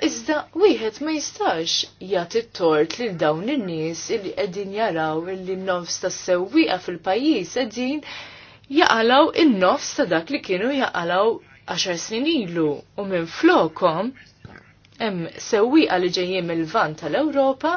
Iżda wieħed ma jistax jagħti tort lil dawn in-nies li qegħdin jaraw illi n-nofs tas-sewwieqa fil-pajjiż qegħdin jaqalaw in-nofs ta' dak li kienu jaqalaw Għaxar snin ilu u minn flokom hemm sewwieqa li ġejjin mill-vant tal-Ewropa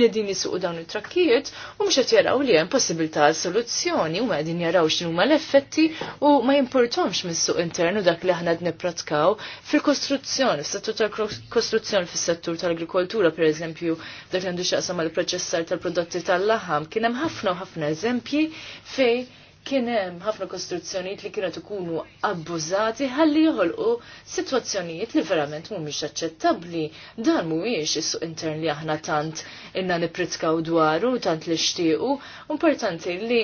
li din jisuqu dawn it-trakkijiet u mhux qed jaraw li hemm possibilità għal soluzzjoni u qegħdin jaraw x'inhuma l-effetti u ma jimpurtomx mis-suq internu dak li aħna nippratkaw fil-kostruzzjoni, fis-settur tal-kostruzzjoni fis-settur tal-agrikoltura pereżempju dak li għandu x'aqsam mal-proċessar tal-prodotti tal-laħam kien hemm ħafna u ħafna eżempji fejn kien hemm ħafna kostruzzjonijiet li kienu ikunu abbużati ħalli joħolqu sitwazzjonijiet li verament mhumiex aċċettabbli. Dan mhuwiex is-suq intern li aħna tant inna nippritkaw dwaru tant li xtiequ, importanti li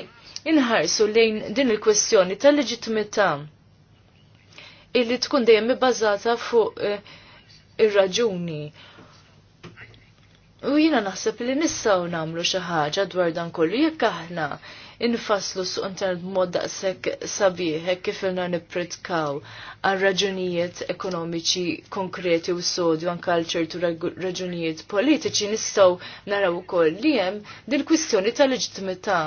inħarsu lejn din il-kwestjoni tal-leġittimità illi tkun dejjem ibbażata fuq eh, ir-raġuni. U jiena naħseb li nistgħu nagħmlu xi ħaġa dwar dan kollu jekk aħna infaslu suq mod b'mod daqshekk sabiħ kif ilna nippritkaw għal raġunijiet ekonomiċi konkreti u sodju anke għal ċertu raġunijiet politiċi nistgħu naraw ukoll li hemm din kwistjoni ta' leġitimità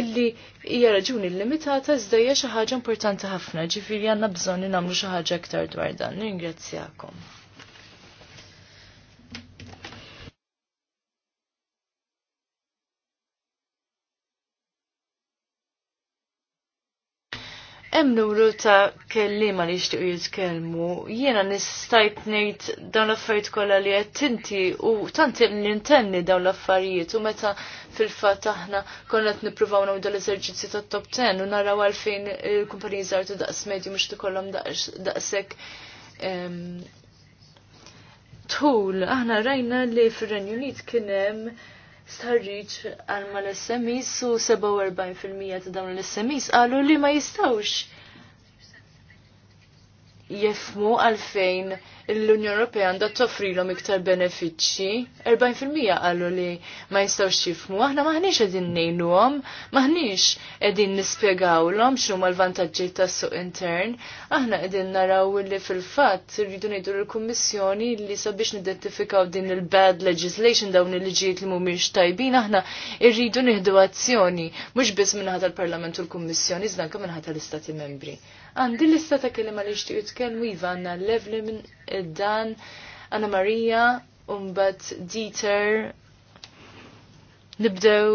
illi hija raġuni limitata iżda xi ħaġa importanti ħafna, ġifieri għandna bżonn li nagħmlu xi ħaġa aktar dwar dan. Ningrazzjakom. Hemm numru ta' kellima li jixtiequ jitkellmu, jiena nistajt ngħid dawn l-affarijiet kollha li qed inti u tant nintenni dawn l-affarijiet u meta fil-fatt aħna konna qed nippruvaw nagħmlu l-eżerċizzju tat-top 10 u naraw għalfejn il-kumpaniji żgħar ta' daqs medju mhux tikollhom daqshekk ehm, tul aħna rajna li fir-Renju Unit kien hemm starriċ għal ma l-SMIs u 47% ta' dawn l-SMIs għalu li ma jistawx jefmu għalfejn l-Unjoni Ewropea għandha toffrilhom iktar benefiċċji. 40% qalu li ma jistgħux jifmu, aħna maħniex qegħdin ngħinuhom, maħniex qegħdin nispjegawhom x'huma l-vantaġġi tas-suq intern, aħna qegħdin naraw li fil-fatt irridu ngħidu lill-Kummissjoni li sabiex nidentifikaw din il-bad legislation dawn il-liġijiet li mhumiex tajbin, aħna rridu nieħdu azzjoni mhux biss minħata l-Parlament u l-Kummissjoni, iżda anke minħata l-Istati Membri. Għandi lista ta' kelima li xtiq jitkellmu iva għandna Levlin, Dan, Anna Marija, umbat Dieter, nibdew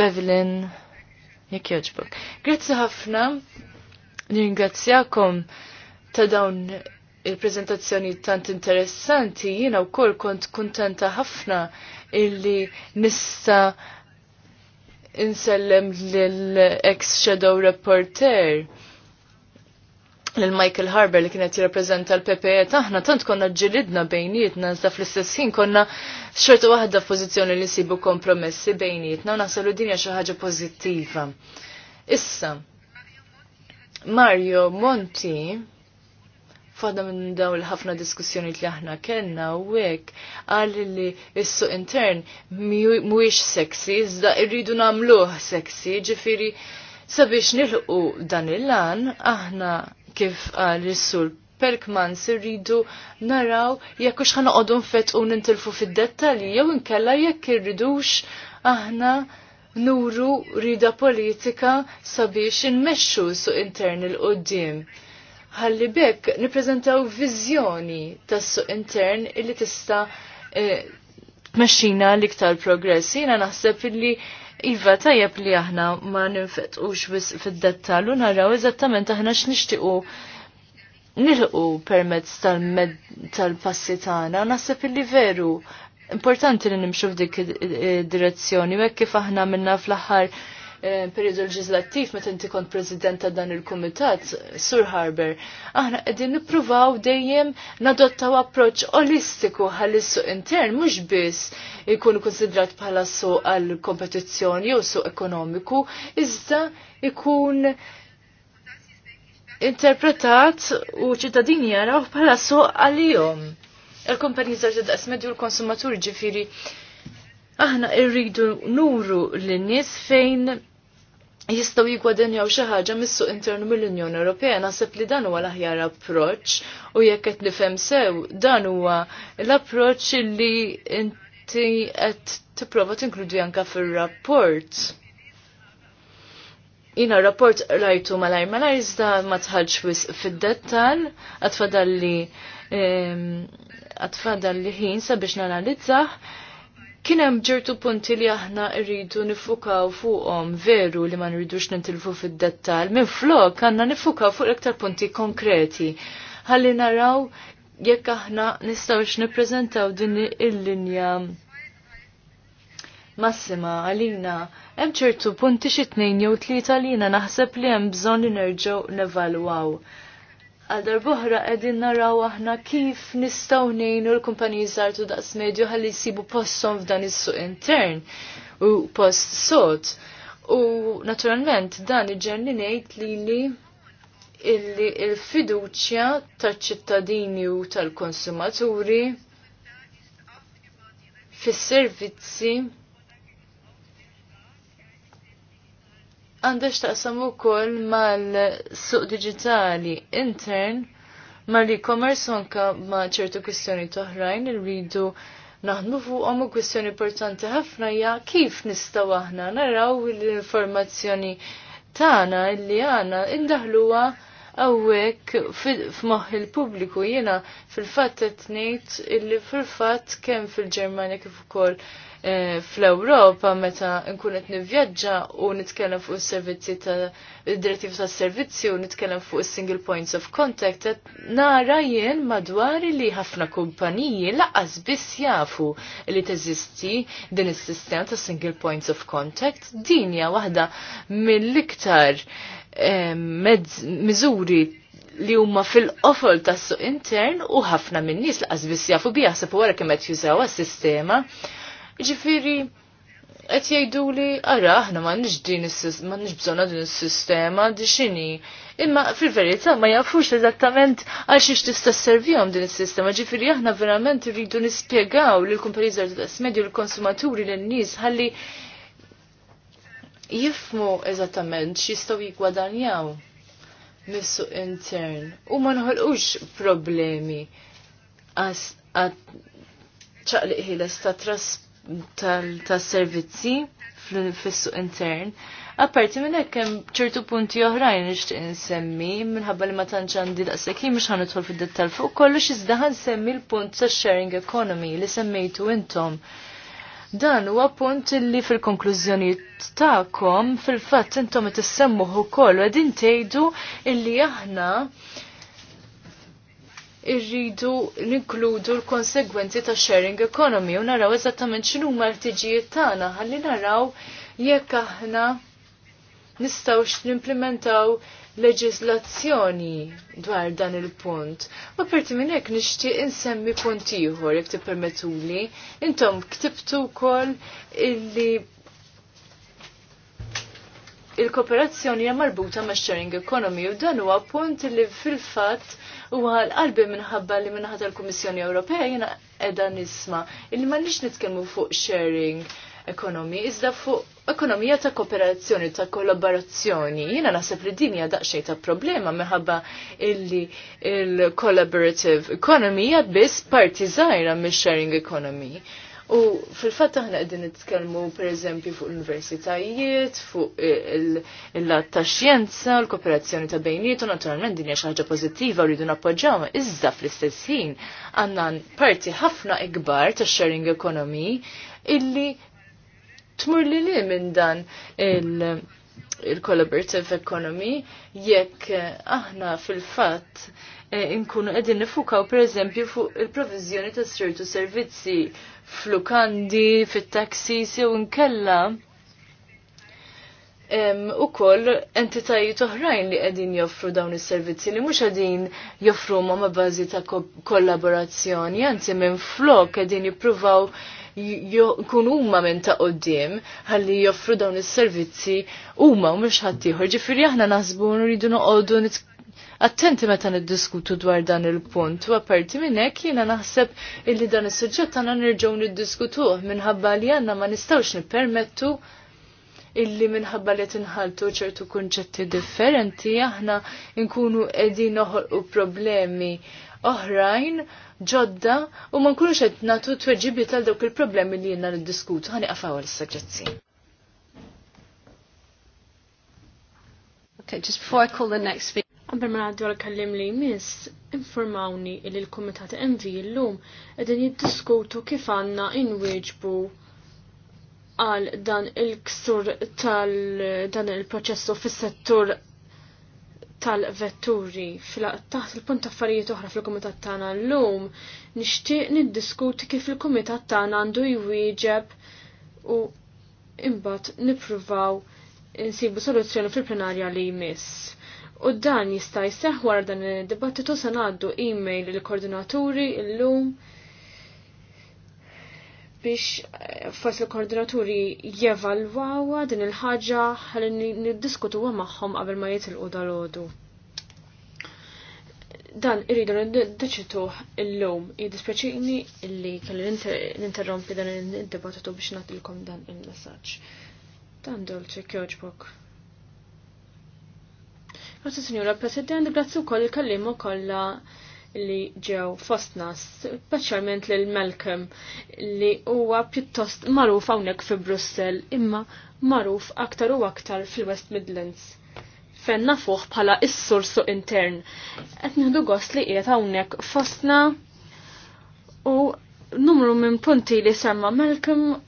Bevelin, jekk joġbok. Grazzi ħafna, ringrazzjakom ta' dawn il-prezentazzjoni tant interessanti, jiena wkoll kont kuntenta ħafna illi nista nsellem l-ex shadow reporter l-Michael Harber li kienet jirrapprezenta l-PPE taħna tant konna ġilidna bejnietna iżda fl-istess ħin konna xorta waħda f'pożizzjoni li nsibu kompromessi bejnietna u naħseb li dinja xi ħaġa pożittiva. Issa, Mario Monti fada minn daw l-ħafna diskussjoni li aħna kellna u hekk qal li s-suq intern mhuwiex sexy, iżda rridu nagħmluh sexy, ġifiri sabiex nilħu dan il-lan aħna kif għal rissul sur Perkman sirridu naraw jekk hux ħanoqogħdu nfettqu nintilfu fid-dettalji jew nkella jekk irridux aħna nuru rida politika sabiex inmexxu suq intern il qudiem Ħalli bekk nippreżentaw viżjoni tas-suq intern illi tista' eh, tmexxina l-iktar progress. Jiena naħseb illi Iva, tajjeb li aħna ma ninfetqux wis fid-dettal u naraw eżattament aħna x'nixtiequ nilqu permezz tal-passi tagħna. Naħseb illi veru importanti li nimxu f'dik id-direzzjoni u kif aħna minna fl-aħħar Eh, periodu leġislattiv meta inti kont president ta' dan il-kumitat, Sur Harber, aħna qegħdin nippruvaw dejjem nadottaw approċċ olistiku għall-issuq intern mhux biss ikun konsidrat bħala suq għal kompetizzjoni jew suq ekonomiku, iżda ikun interpretat u ċittadini jaraw bħala suq għalihom. Il-kumpaniji żgħar daqs medju l-konsumaturi ġifieri aħna irridu nuru l-nies fejn jistaw jigwadenjaw xi ħaġa mis-suq internu mill-Unjoni Ewropea naħseb li dan huwa l-aħjar approċċ u jekk qed nifhem sew dan huwa l-approċċ li inti qed tipprova tinkludi anke fir-rapport. Jina rapport rajtu malaj malaj iżda ma tħallx wis fid-dettal għatfadalli għatfadalli ħin sabiex nanalizzah. Kien hemm ġertu punti li aħna rridu nifukaw fuqhom veru li ma nridux nintilfu fid-dettal. Minn flok għandna nifukaw fuq iktar punti konkreti. Ħalli naraw jekk aħna nistgħux nippreżentaw din il-linja massima għalina. Hemm ċertu punti xi tnejn jew tlieta għalina naħseb li hemm bżonn li nerġgħu nevalwaw għal darbohra qegħdin naraw aħna kif nistgħu ngħinu l-kumpaniji żartu daqs medju ħalli jsibu posthom f'dan is-suq intern u post sot. U naturalment dan iġenni ngħid lili illi il-fiduċja tal-ċittadini u tal-konsumaturi fis-servizzi għandax taqsam ukoll mal-suq digitali intern mal-e-commerce anka ma' ċertu kwistjoni toħrajn irridu naħdmu fuqhom u kwistjoni importanti ħafna ja kif nistaw aħna naraw l-informazzjoni tagħna li għandna indaħluha għawek f'moħħ il-pubbliku jiena fil-fatt qed ngħid illi fil-fatt kemm fil-Ġermanja kif ukoll Eh, fl-Ewropa meta nkunet qed nivvjaġġa u nitkellem fuq is-servizzi ta' direttiva tas servizzi u nitkellem fuq is-single points of contact qed nara jien madwar li ħafna kumpaniji laqas biss jafu li teżisti din is-sistema ta' single points of contact din hija waħda mill-iktar eh, miżuri li huma fil-qofol tas-suq intern u ħafna min-nies laqas biss jafu biha sabu wara kemm qed jużaw sistema Ġifiri, qed jajdu li ara aħna nix din nix bżonna din is-sistema di xini. Imma fil-verità ma jafux eżattament għax ix tista' servihom din is-sistema. Ġifieri aħna verament irridu nispjegaw lil kumpaniżar tas medju l-konsumaturi lin nies ħalli jifmu eżattament x'jistgħu jiggwadanjaw mis-suq intern u ma nħolqux problemi għat ċaqliq ħiles ta' trasport tal-servizzi fis-suq intern. Apparti minn hekk hemm ċertu punti oħrajn nixtieq insemmi minħabba li ma tantx għandi daqshekk jien mhux ħanidħol fid-dettall fuq kollox iżda ħansemmi l-punt tax-sharing economy li semmejtu intom. Dan huwa punt li fil-konklużjonijiet tagħkom fil-fatt intom qed issemmuh ukoll qegħdin tgħidu illi aħna irridu ninkludu l-konsegwenzi ta' sharing economy u naraw eżattament x'inhu l-tiġijiet tagħna ħalli naraw jekk aħna nistgħux nimplementaw leġislazzjoni dwar dan il-punt. Ma perti minn hekk nixtieq insemmi punt ieħor jekk tippermetuli Intom ktibtu wkoll illi il-kooperazzjoni hija marbuta ma' sharing economy u dan huwa punt li fil-fatt u għal-qalbi minħabba li minħat l-Kummissjoni Ewropea jena edha nisma li ma nix nitkellmu fuq sharing ekonomi, iżda fuq ekonomija ta' kooperazzjoni, ta' kollaborazzjoni. Jena naħseb li din hija daqsxejn ta' problema minħabba illi il-collaborative economy hija biss parti żgħira mix-sharing economy. U fil-fatt aħna qegħdin nitkellmu pereżempju fuq l-universitajiet, fuq il-lat ta' xjenza, l-kooperazzjoni ta' bejnietu, naturalment din hija xi ħaġa pożittiva rridu nappoġġawha, iżda fl-istess ħin għandna parti ħafna ikbar ta' sharing economy illi tmur li li minn dan il- il-collaborative economy jekk aħna fil-fatt eh, inkunu qegħdin nifukaw pereżempju fuq il-proviżjoni ta' sirtu servizzi flukandi, fit-taxis, jew nkella u koll entitajiet oħrajn li għedin joffru dawn is-servizzi li mhux għedin joffru ma ma bażi ta' kollaborazzjoni, anzi minn flok għedin jippruvaw kun huma minn ta' qoddim ħalli joffru dawn is-servizzi huma u mhux ħaddieħor. Ġifieri aħna naħsbu nridu noqogħdu attenti meta niddiskutu dwar dan il-punt. U apparti minn hekk jiena naħseb illi dan is-suġġett għandna nerġgħu niddiskutuh minħabba li għandna ma nistgħux nippermettu illi minħabba li tinħaltu ċertu kunċetti differenti aħna nkunu qegħdin noħolqu problemi oħrajn ġodda u ma nkunux qed nagħtu tweġibi tal dawk il-problemi li jiena niddiskutu ħani qafaw għal-sagġazzi. Okay, just before I call the next speaker. Għabber ma għaddu għal-kallim li jmiss, informawni il l-Komitat MV l-lum edin jiddiskutu kif għanna inwieġbu għal dan il-ksur tal dan il-proċessu fis-settur tal-vetturi taħt il-punt affarijiet oħra fil-Kumitat tagħna llum nixtieq niddiskuti kif il-Kumitat tagħna għandu jwieġeb u imbagħad nippruvaw insibu soluzzjoni fil-plenarja li jmiss U dan jista' jseħħ wara dan id-dibattitu se ngħaddu email lill-koordinaturi llum biex eh, forsi l-koordinaturi jevalwawa din il-ħaġa ħalli niddiskutuha magħhom qabel ma jitilqu dal-għodu. Dan irridu niddeċitu illum jiddispjaċini illi kelli ninterrompi dan id-dibattitu biex nagħtilkom dan il-messaġġ. Dan dolċi kjoġbok. Grazie Signora President, u wkoll il u kollha li ġew fostna, li lil Malcolm li huwa pjuttost magħruf hawnhekk fi Brussel imma maruf aktar u aktar fil-West Midlands. Fenna fuħ bħala is-sur suq intern. Qed nieħdu gost li qiegħed hawnhekk fostna u numru minn punti li semma Malcolm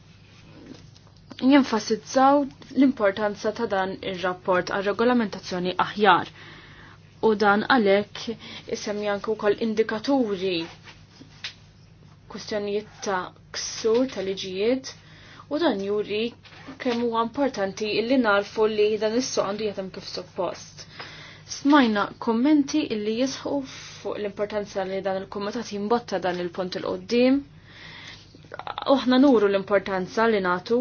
jenfasizzaw l-importanza ta' dan ir-rapport għal regolamentazzjoni aħjar. U dan għalek isemmi anke wkoll indikaturi kwestjonijiet ta' ksur ta' liġijiet u dan juri kemm huwa importanti illi narfu li dan is għandu jatem kif suppost. Smajna kommenti illi jisħu fuq l-importanza li dan il-kumitat jimbotta dan il-punt il-qoddim. Uħna nuru l-importanza li natu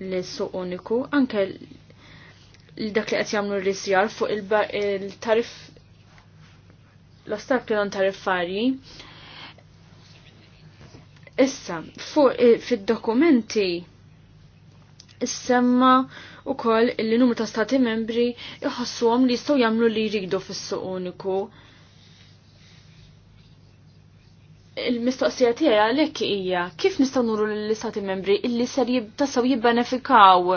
l-suq uniku, anke dak li qed jagħmlu r riżjar fuq il-tarif l-ostak kienu tariffarji. Issa, fuq fid-dokumenti Issemma u koll il-numru ta' stati membri iħossuhom li jistgħu jagħmlu li jridu fis-suq uniku il-mistoqsija tiegħi għalhekk hija kif nistgħu nuru lill-istati membri illi ser tassew jibbenefikaw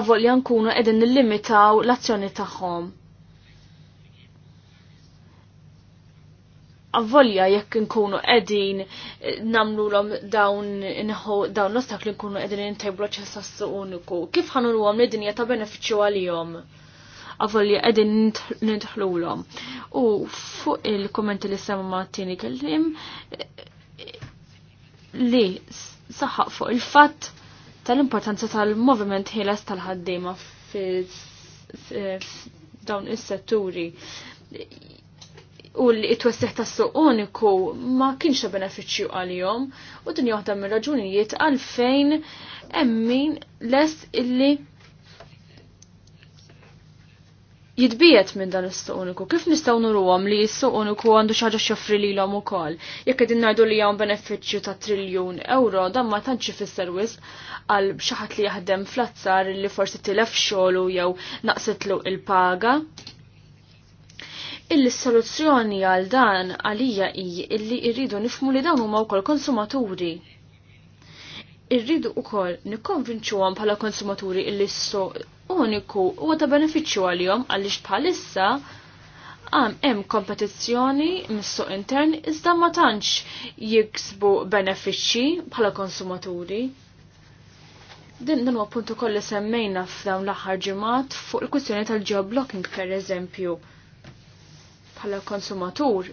avolja nkunu qegħdin nillimitaw l-azzjoni tagħhom. Avolja jekk nkunu qegħdin namlulhom dawn inħu dawn l-ostakli nkunu qegħdin intajblu ċess uniku, kif ħanulhom li dinja ta' benefiċċju għalihom? li għedin nidħlulom. U fuq il-kommenti li semma mattini kellim li saħaq fuq il-fatt tal-importanza tal-moviment ħilas tal-ħaddima f'dawn is-setturi u li it itwessiħ ta' suq uniku ma kienx benefiċċju għalihom u din joħda mir raġunijiet għalfejn emmin lest illi jitbiet minn dan is-suq uniku. Kif nistgħu nuruhom li s-suq uniku għandu xi ħaġa xjoffri lilhom ukoll? Jekk qegħdin ngħidu li hawn benefiċċju ta' triljun euro dan ma tantx ifisser wisq għal xi ħadd li jaħdem fl-azzar li forsi tilef xogħlu jew naqsitlu il-paga. Il-soluzzjoni għal dan għalija hi illi rridu nifmu li dawn huma wkoll konsumaturi irridu u koll nikonvinċu pala konsumaturi illi s uniku u ta' beneficju għal-jom għalix bħalissa għam hemm kompetizzjoni mis-suq intern iżda ma tantx jiksbu benefiċċji bħala konsumaturi. Din dan huwa kolli semmejna f'dawn l-aħħar ġimgħat fuq il-kwistjoni tal-geoblocking pereżempju. Bħala konsumatur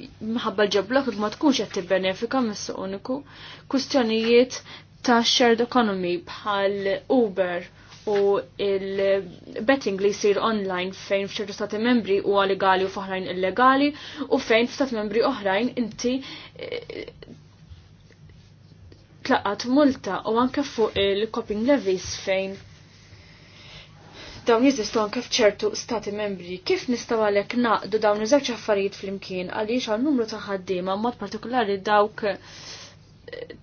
minħabba l-geoblocking ma tkunx qed tibbenefika mis uniku. Kwistjonijiet ta' shared economy bħal Uber u il-betting li jisir online fejn f'ċertu stati membri huwa legali u faħrajn illegali u fejn f'stati membri oħrajn inti eh, tlaqat multa u anke fuq il coping levies fejn dawn jizistu anke f'ċertu stati membri. Kif nistgħu għalhekk naqdu dawn iż-żewġ affarijiet flimkien għaliex għal numru ta' ħaddiema mod partikolari dawk eh,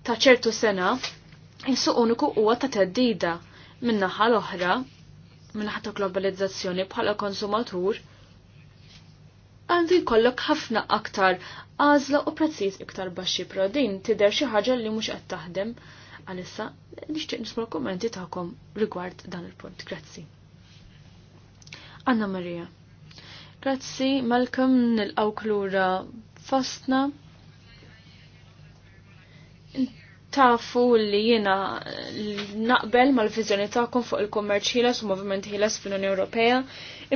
ta' ċertu sena is huwa ta' teddida Minnaħa l-oħra, minnaħa ta' globalizzazzjoni bħala konsumatur, għandu jkollok ħafna aktar għażla u prezzijiet iktar baxxi pro din tidher xi ħaġa li mhux qed taħdem Alissa nixtieq nisma' l kommenti tagħkom rigward dan il-punt. Grazzi. Anna Maria. Grazzi, Malcolm nil awklura fastna. fostna tafu li jina naqbel mal-vizjoni ta'kom fuq il-kommerċ ħilas u moviment ħilas fl-Unjoni Ewropea,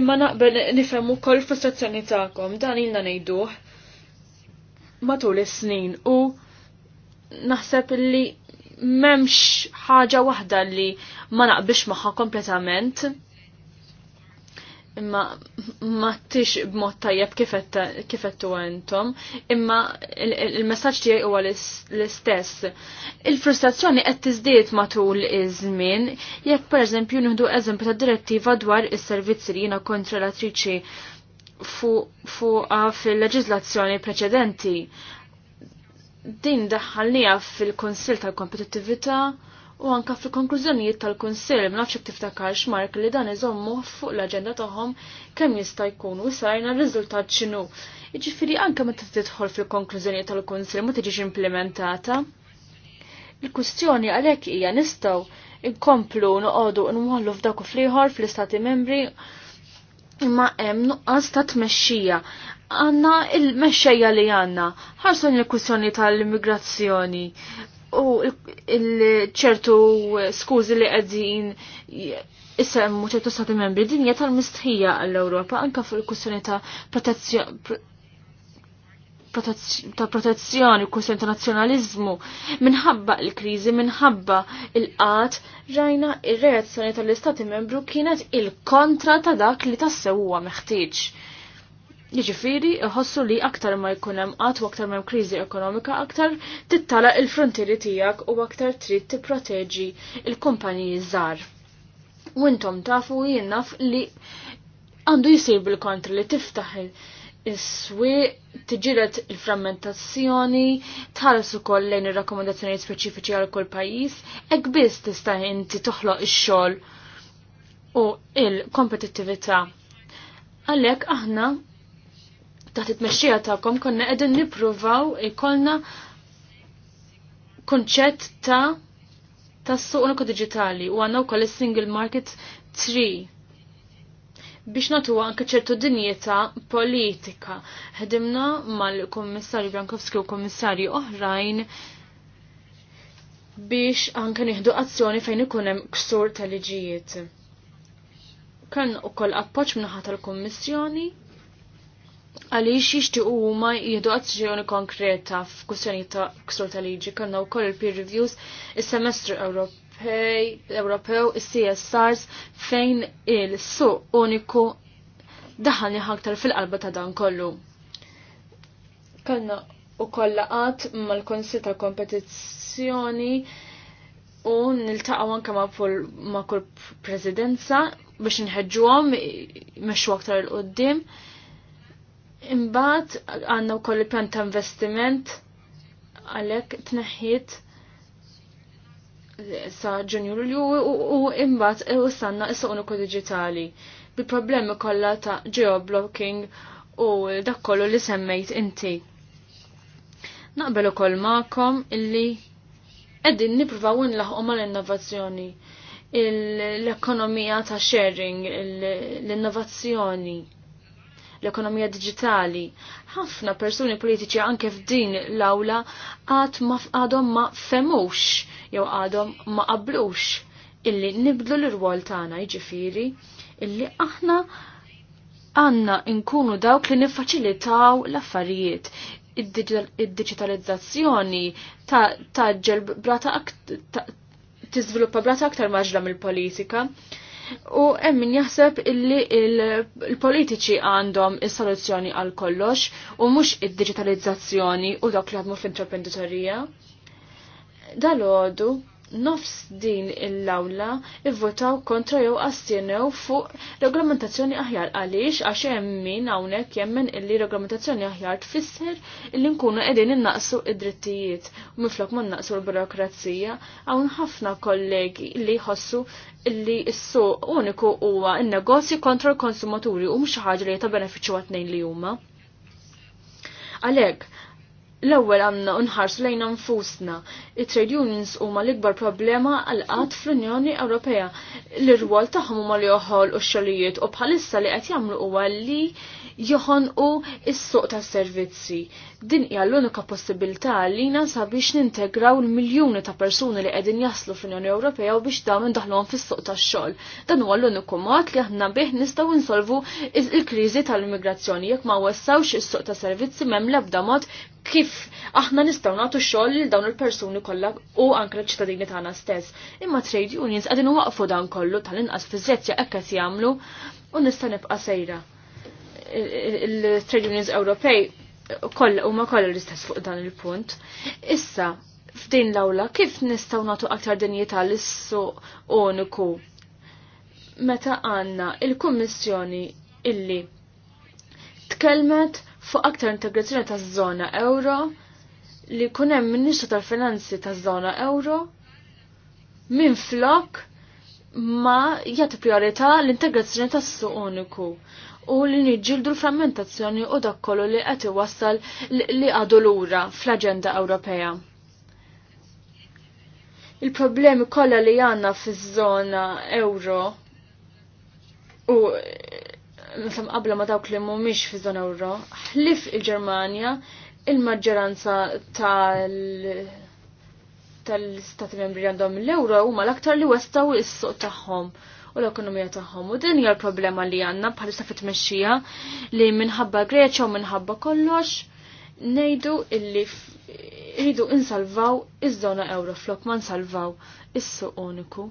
imma naqbel nifhem ukoll frustrazzjoni ta'kom dan ilna ngħiduh matul is-snin u naħseb li memx ħaġa waħda li ma naqbix magħha kompletament imma ma tix b'mod tajjeb kifettu għentom, imma il-messagġ tiegħi huwa l-istess. Il-frustrazzjoni qed tiżdied matul iż-żmien, jekk pereżempju nieħdu eżempju ta' direttiva dwar is-servizzi li jiena kontralatriċi fuqa fil-leġiżlazzjoni preċedenti. Din daħħalnija fil-Konsil tal-Kompetittività U anka fi konklużjonijiet tal-Kunsill nafx jekk tiftakarx Mark li dan iżommu fuq l-aġenda tagħhom kemm jista' jkun u sajna r-riżultat x'inhu. Jiġifieri anke meta tidħol fil-konklużjonijiet tal-Kunsill ma tiġix implementata. il kwistjoni għalhekk hija nistgħu inkomplu noqogħdu nwallu f'dak u fl-ieħor fl-istati membri imma hemm nuqqas ta' tmexxija. Għanna il-mexxejja li għanna, ħarsu l-kwistjoni tal-immigrazzjoni, u ċertu skużi li għedin issemmu ċertu stati membri dinja tal-mistħija għall-Europa anka fuq il-kussjoni ta' ta' protezzjoni, kussjoni ta' nazjonalizmu, minħabba il-krizi, minħabba il-qat, rajna il-reazzjoni tal-istati membru kienet il-kontra ta' dak li tassew huwa meħtieġ. Jiġifieri iħossu li aktar ma jkun hemm qatt u aktar m'hemm kriżi ekonomika aktar tittala il-frontieri tiegħek u aktar trid tipproteġi il-kumpaniji żgħar. U intom tafu jien naf li għandu jisir bil-kontra li tiftaħ is-swieq tiġilet il-frammentazzjoni, tħares ukoll lejn ir-rakkomandazzjonijiet speċifiċi għal kull pajjiż, hekk biss tista' inti toħloq ix-xogħol u il-kompetittività. Għalhekk aħna taħt it-mexxija tagħkom konna qegħdin nippruvaw ikollna kunċett ta' tas-suq uniku diġitali u għandna wkoll is-Single Market Tree. biex natu anke ċertu dinjeta politika. Ħedimna mal-Kummissarju Brankowski u Kommissarju oħrajn biex anke nieħdu azzjoni fejn ikun hemm ksur tal-liġijiet. Kellna wkoll appoġġ minħata tal-Kummissjoni għaliex jixtiequ huma jieħdu azzjoni konkreta f'kwistjoni ta' ksur ta' liġi kellna wkoll il-peer reviews is-semestru Ewropej, Ewropew, is-CSRs fejn il-suq uniku daħan ħaktar fil-qalba ta' dan kollu. Kellna u kollaqat mal-konsil ta' kompetizzjoni u niltaqgħu anke ma' kull presidenza biex nħeġġuhom mexxu aktar il-qoddim. il qudiem qoddim Imbagħad għandna wkoll il-pjan ta' investiment għalhekk tneħħiet sa ġunju l u imbagħad u sanna issa uniku diġitali bi problemi kollha ta' geoblocking u dak kollu li semmejt inti. Naqbel ukoll magħkom illi qegħdin nippruvaw inlaħqu mal-innovazzjoni l-ekonomija ta' sharing, l-innovazzjoni l-ekonomija digitali. Ħafna persuni politiċi anke f'din l-awla għad ma għadhom ma femux jew għadhom ma qablux illi nibdlu l-rwol tagħna jiġifieri illi aħna għanna nkunu dawk li niffaċilitaw l-affarijiet. Id-digitalizzazzjoni ta' ġelb brata tiżviluppa brata aktar maġla mill-politika. U emmin jaħseb illi il-politiċi għandhom il-soluzzjoni għal kollox u mux id-digitalizzazzjoni u dak li għadmu fl-intraprenditorija. Dal-għodu, nofs din il-lawla ivvotaw kontra jew astjenew fuq reglamentazzjoni aħjar għaliex għax hemm min hawnhekk jemmen illi reglamentazzjoni aħjar tfisser illi nkunu qegħdin innaqsu id-drittijiet u miflok ma naqsu l-burokrazija hawn ħafna kollegi li jħossu illi s-suq uniku huwa n-negozji kontra l-konsumaturi u mhux ħaġa li ta' benefiċċju għat-tnejn li huma. Għalhekk, L-ewwel għandna nħarsu lejn nfusna. Il-trade unions huma l-ikbar problema għal qatt fl-Unjoni Ewropea. L-irwol tagħhom huma li joħol u xogħlijiet u bħalissa li qed jagħmlu huwa li joħonqu is-suq tas-servizzi. Din hija l-unika possibilità li nasa biex nintegraw il-miljuni ta' persuni li qegħdin jaslu fl-Unjoni Ewropea u biex dawn indaħluhom fis-suq tax-xogħol. Dan huwa l-uniku mod li aħna bih nistgħu insolvu il-kriżi tal-immigrazzjoni jekk ma wessawx is-suq ta' servizzi m'hemm l-ebda mod kif aħna nistgħu nagħtu xogħol lil dawn il-persuni kollha u anke l-ċittadini tagħna stess. Imma trade unions qegħdin waqfu dan kollu tal-inqas fiż-żezzja hekk qed jagħmlu u nista' nibqa' sejra il-Trade Unions Ewropej u huma koll l-istess fuq dan il-punt. Issa, f'din l-awla kif nistgħu natu aktar dinjità lis issu uniku meta għandna il-Kummissjoni illi tkellmet fuq aktar integrazzjoni taż zona euro li kunem hemm ministru tal-finanzi taż zona euro minn flok ma jagħti priorità l-integrazzjoni tas-suq uniku u li niġġieldu l-frammentazzjoni u dak kollu li qed iwassal li għadu lura fl-Aġenda Ewropea. Il-problemi kollha li għandna fiż-żona euro u nisam qabla ma dawk li mhumiex fiż-żona euro, ħlif il-Ġermanja il-maġġoranza tal- tal-istati membri għandhom l-euro huma l-aktar li westaw is-suq tagħhom u l-ekonomija tagħhom. U din hija l-problema li għandna bħalissa fit-tmexxija li minħabba Greċja u minħabba kollox ngħidu illi rridu insalvaw iż-żona euro flok ma nsalvaw is-suq uniku.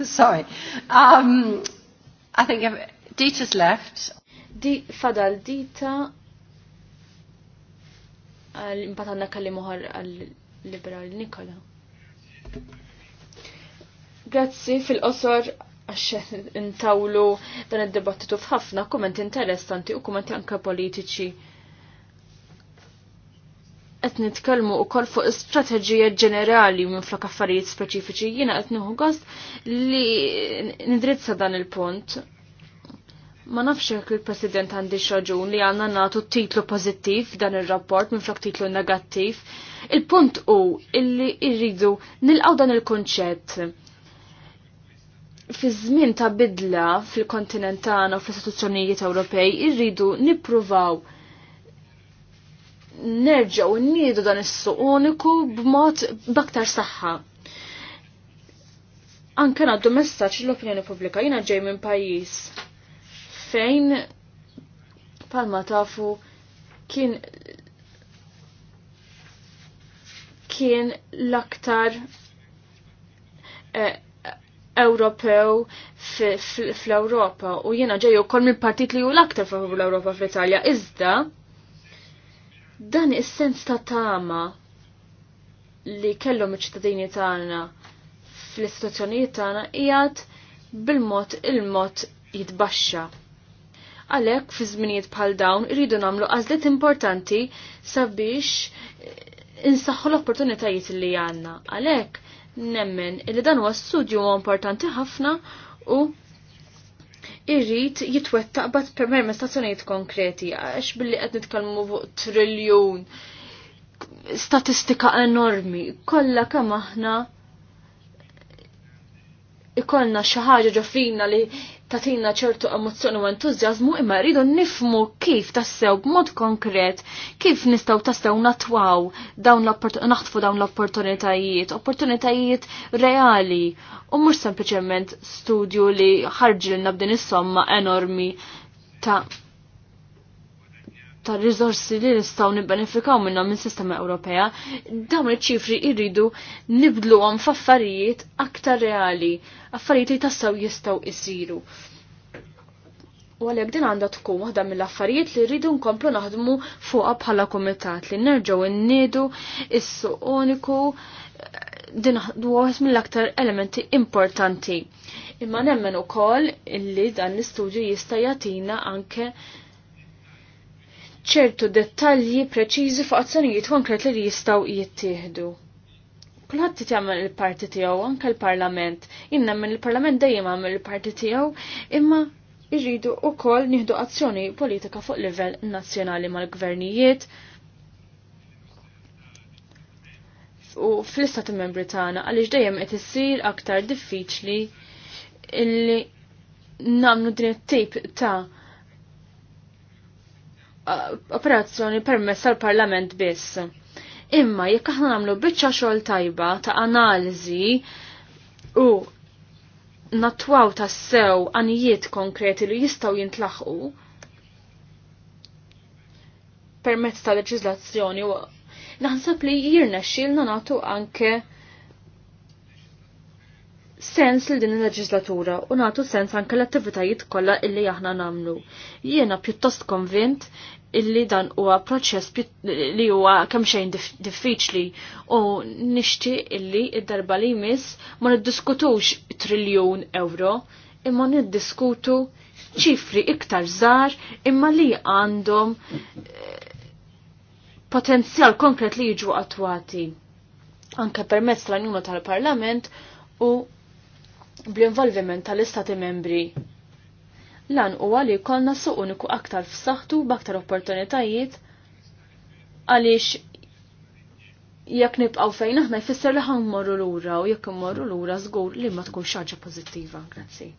Sorry. Um, I think Dita's left. Di, fadal Dita Imbagħad għandna kalli moħar għal-liberali Nikola. Grazzi fil-qosor għax intawlu dan id-dibattitu f'ħafna kumenti interessanti u kumenti anka politiċi. Qed nitkellmu wkoll fuq strateġija ġenerali minn flok affarijiet speċifiċi jiena qed nieħu gost li nidrizza dan il-punt. Ma nafx jekk il-President għandi raġun li għandna nagħtu titlu pożittiv dan ir-rapport minn flok titlu negattiv. Il-punt hu illi rridu nilqgħu dan il-kunċett fi żmien ta' bidla fil-kontinent tagħna u fl-istituzzjonijiet Ewropej irridu nippruvaw nerġgħu nniedu dan is-suq uniku b'mod b'aktar saħħa. Anke ngħaddu messaġġ l-opinjoni pubblika jiena ġej minn pajjiż fejn palma tafu kien kien l-aktar eh, Ewropew fl-Ewropa u jiena ġej kol mill-partit li hu l-aktar favur l-Ewropa fl-Italja. Iżda dan is-sens ta' tama li kellhom iċ-ċittadini tagħna fl-istituzzjonijiet tagħna qiegħed bil-mod il-mod jitbaxxa. Għalhekk fi żminijiet bħal dawn iridu nagħmlu għażliet importanti sabiex insaħħu l-opportunitajiet li għandna. Għalhekk nemmen illi dan huwa studju importanti ħafna u irrid jitwettaq bat permess ta' sonijiet konkreti, għax billi qed nitkellmu fuq triljun statistika enormi, kollha kemm aħna ikollna xi ħaġa ġofrina li tatina ċertu emozzjoni u entużjażmu imma rridu nifmu kif tassew b'mod konkret kif nistgħu tassew natwaw dawn naħtfu dawn l-opportunitajiet, opportunitajiet reali u mhux sempliċement studju li ħarġilna b'din is-somma enormi ta' ta' rizorsi li nistgħu nibbenefikaw minnhom minn sistema Ewropea, dawn iċ-ċifri jridu nibdluhom f'affarijiet aktar reali, affarijiet li tassaw jistgħu jsiru. U għalhekk din għandha tkun waħda mill-affarijiet li rridu nkomplu naħdmu fuqha bħala kumitat li nerġgħu inniedu is-suq uniku din għas mill-aktar elementi importanti. Imma nemmen ukoll illi dan l-istudju jista' jagħtina anke ċertu dettalji preċiżi fuq azzjonijiet konkret li jistgħu jittieħdu. Kulħadd jagħmel il-parti tiegħu anke l-Parlament. Inna minn il-Parlament dejjem għamel il-parti tiegħu, imma irridu wkoll nieħdu azzjoni politika fuq livell nazzjonali mal-gvernijiet, u fl-istati membri tagħna għaliex dejjem qed issir aktar diffiċli illi nagħmlu din it-tip ta' Eh, operazzjoni permess tal-Parlament biss. Imma jekk aħna nagħmlu biċċa xogħol tajba ta' analiżi u natwaw sew għanijiet konkreti li jistgħu jintlaħqu permezz ta' u naħseb li jirnexxielna nagħtu anke sens li din il-leġislatura u natu sens anke l-attivitajiet kollha illi aħna namlu. Jiena pjuttost konvint illi dan huwa proċess li huwa kemm xejn diffiċli u nixti illi id-darba li jmiss ma niddiskutux triljun euro imma niddiskutu ċifri iktar żgħar imma li għandhom eh, potenzjal konkret li jiġu attwati anke permezz tal-għanjuna tal-Parlament u bl-involviment tal-istati membri. Lan u għali konna suq uniku aktar f'saħħtu b'aktar opportunitajiet għaliex jekk nibqgħu fejn aħna jfisser li l lura u jekk immorru lura żgur li ma tkun xaġa pożittiva. Grazzi.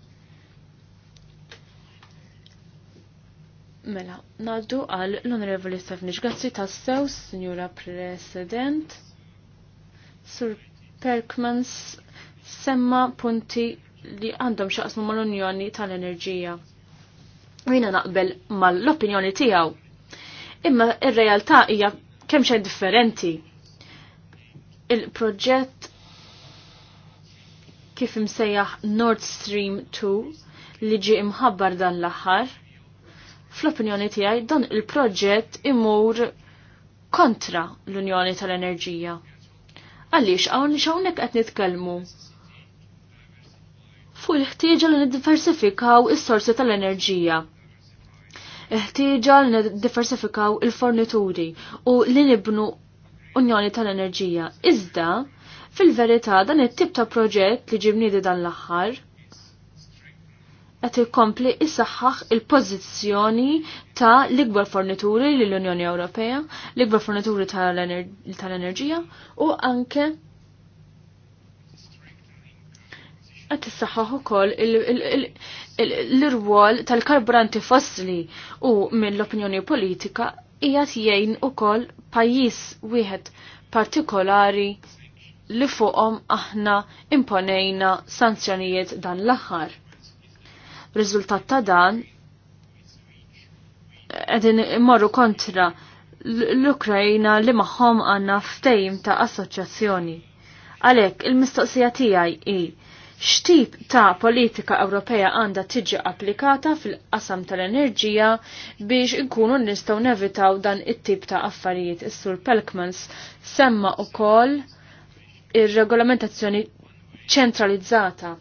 Mela, naddu għal l-Onorevoli Stefnix. Grazzi tassew, Signora President. Sur Perkmans semma punti li għandhom xaqsmu mal-Unjoni tal-Enerġija. Jina naqbel mal-opinjoni tiegħu. Imma ir-realtà hija kemm xejn differenti. Il-proġett kif imsejjaħ Nord Stream 2 li ġi imħabbar dan l-aħħar, fl-opinjoni tiegħi dan il-proġett imur kontra l-Unjoni tal-Enerġija. Għaliex hawn hawnhekk qed nitkellmu fuq il-ħtieġa li niddiversifikaw is-sorsi tal-enerġija. Ħtieġa li niddiversifikaw il-fornituri u li nibnu unjoni tal-enerġija. Iżda, fil-verità dan it-tip ta' proġett li ġibnidi dan l-aħħar qed ikompli issaħħaħ il-pożizzjoni ta' l-ikbar fornituri lill unjoni Ewropea, l-ikbar fornituri tal-enerġija u anke qed tissaħħaħ kol l-irwol tal-karburanti fossili u minn l-opinjoni politika hija jgħin kol pajjiż wieħed partikolari li fuqhom aħna imponejna sanzjonijiet dan l-aħħar. Rizultat ta' dan qegħdin morru kontra l-Ukrajna li magħhom għandna ftejm ta' assoċjazzjoni. Għalhekk il-mistoqsija tiegħi hi xtip ta' politika Ewropea għandha tiġi applikata fil-qasam tal-enerġija biex inkunu nistgħu nevitaw dan it-tip ta' affarijiet. Is-Sur Pelkmans semma ukoll ir-regolamentazzjoni ċentralizzata.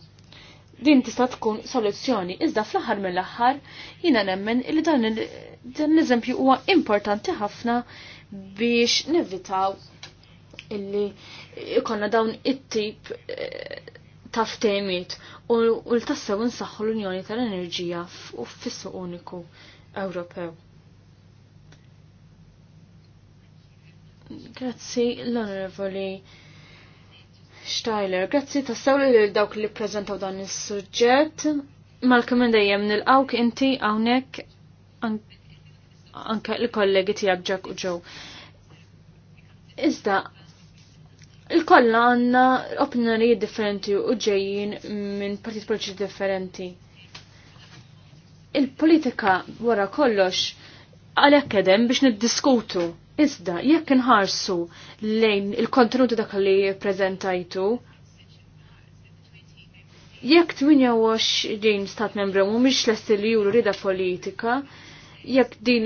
Din tista' tkun soluzzjoni, iżda fl-aħħar mill-aħħar jiena nemmen li dan l-eżempju huwa importanti ħafna biex nevitaw illi ikonna dawn it-tip eh, taf temiet u l-tassew nsaħħu l-Unjoni tal-Enerġija u fissu uniku Ewropew. Grazzi l-Onorevoli Steiler, grazzi tassew li dawk li prezentaw dan is-suġġett. Malcolm dejjem nilqawk inti hawnhekk anke l-kollegi tiegħek Jack u Joe. Iżda, Il-kolla għanna opinjonijiet differenti u ġejjin minn partit politiċi differenti. Il-politika wara kollox għalhekk edem biex niddiskutu. Iżda jekk inħarsu lejn il-kontenuti dak li prezentajtu, jekk 28 stat membru mhumiex lesti li juru rida politika, jekk din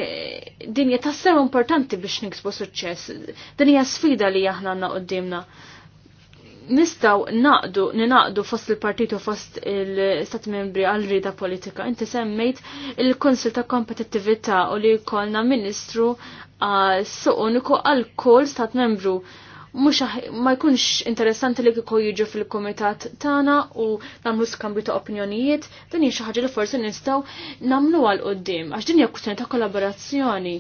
din hija tassew importanti biex niksbu suċċess. Din hija sfida li aħna għandna qudiemna. Nistgħu naqdu, ninaqdu fost il-partitu fost il-stat membri għal rida politika. Inti semmejt il kunsil ta' Kompetittività u li jkollna Ministru għas suq uniku għal kull stat membru mux ma jkunx interessanti li kiko jiġu fil-komitat tana u namlu skambju ta' opinjonijiet, din hija xi ħaġa li forsi nistgħu namlu għal qoddim għax din hija ta' kollaborazzjoni.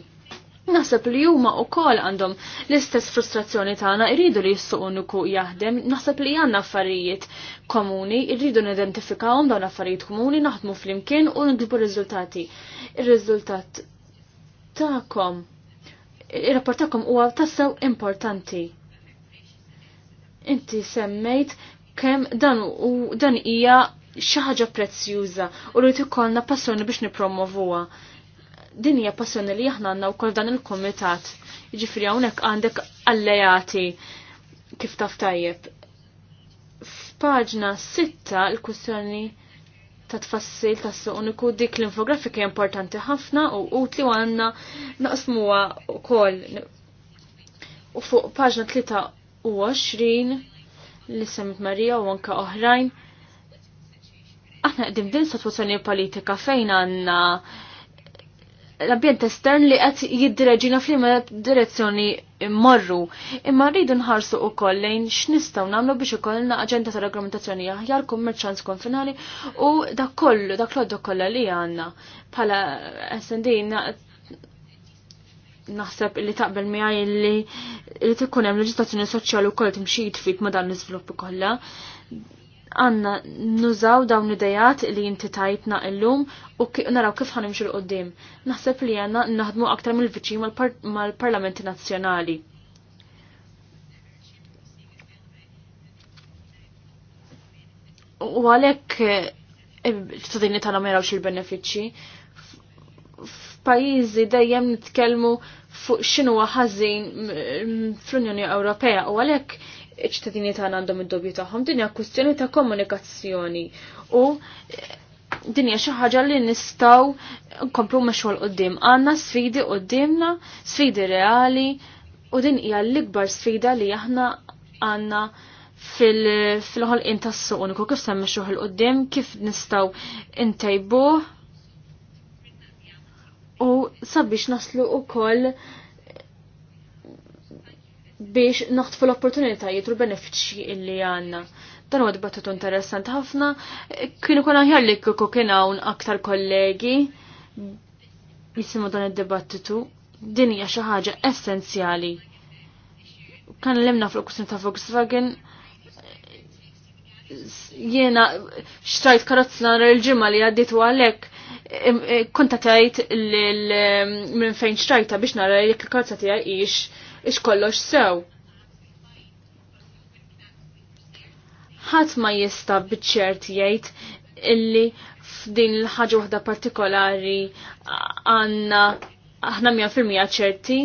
Naħseb li huma wkoll għandhom l-istess frustrazzjoni tagħna jridu li jissuq jaħdem, naħseb li għandna affarijiet komuni, irridu nidentifikawhom dawn affarijiet komuni, naħdmu flimkien u nġibu riżultati. Ir-riżultat tagħkom ir-rapport tagħkom huwa tassew importanti Inti semmejt kemm dan u dan hija xi ħaġa prezzjuża u rrid ikollna passjoni biex nippromovuha. Din hija passjoni li aħna għandna wkoll dan il-kumitat. Jiġifieri hawnhekk għandek allejati kif taf tajjeb. F'paġna sitta l-kwistjoni ta' tfassil ta' uniku dik l-infografika importanti ħafna u utli għanna naqsmuha wkoll. U fuq paġna u 20 li semmit Marija u anka oħrajn. Aħna qdim din situazzjoni politika fejn għanna l-ambjent estern li qed jiddireġina fl direzzjoni morru. Imma rridu nħarsu u kollejn x'nistgħu nagħmlu biex ikollna aġenda ta' reglamentazzjoni aħjar kummerċans konfinali u dak kollu dak l kollha li għandna. Bħala SND naħseb li taqbel miegħi li li tkun hemm leġislazzjoni soċjali wkoll timxi fit ma' dan l-iżviluppi kollha. Għanna nużaw dawn l-idejat li inti tajtna illum u naraw kif ħanimxu l-qoddim. Naħseb li għanna naħdmu aktar mill-viċin mal-parlamenti nazzjonali. U għalek ċittadini eh, tagħna ma u il-benefiċċji f'pajjiżi dejjem nitkellmu fuq x'inhu ħażin fl-Unjoni Ewropea u għalhekk iċ-ċittadini tagħna għandhom id-dubju tagħhom din hija kwistjoni ta' komunikazzjoni u din hija xi ħaġa li nistgħu nkomplu mexwol qudiem. Għandna sfidi qudiemna, sfidi reali u din hija l-ikbar sfida li aħna għandna fil ħolqien tas-suq uniku kif semmi il-qudiem, kif nistgħu intejbuh u sabiex naslu u koll biex naħtfu l-opportunitajiet u l-benefiċi illi għanna. Dan huwa dibattitu interessant ħafna. Kienu kuna aħjar li kieku kien hawn aktar kollegi jisimu dan id-dibattitu. Din hija xi ħaġa essenzjali. Kan lemna fuq kusin ta' Volkswagen jiena xtrajt karozza nara il-ġimgħa li għaddit għalhekk Eh, kontatajt eh, minn fejn xtrajta biex nara jekk il-karza tija ix ix kollox sew. Ħadd ma jista' biċċert jgħid illi f'din il ħaġa waħda partikolari għandna aħna mija firmija ċerti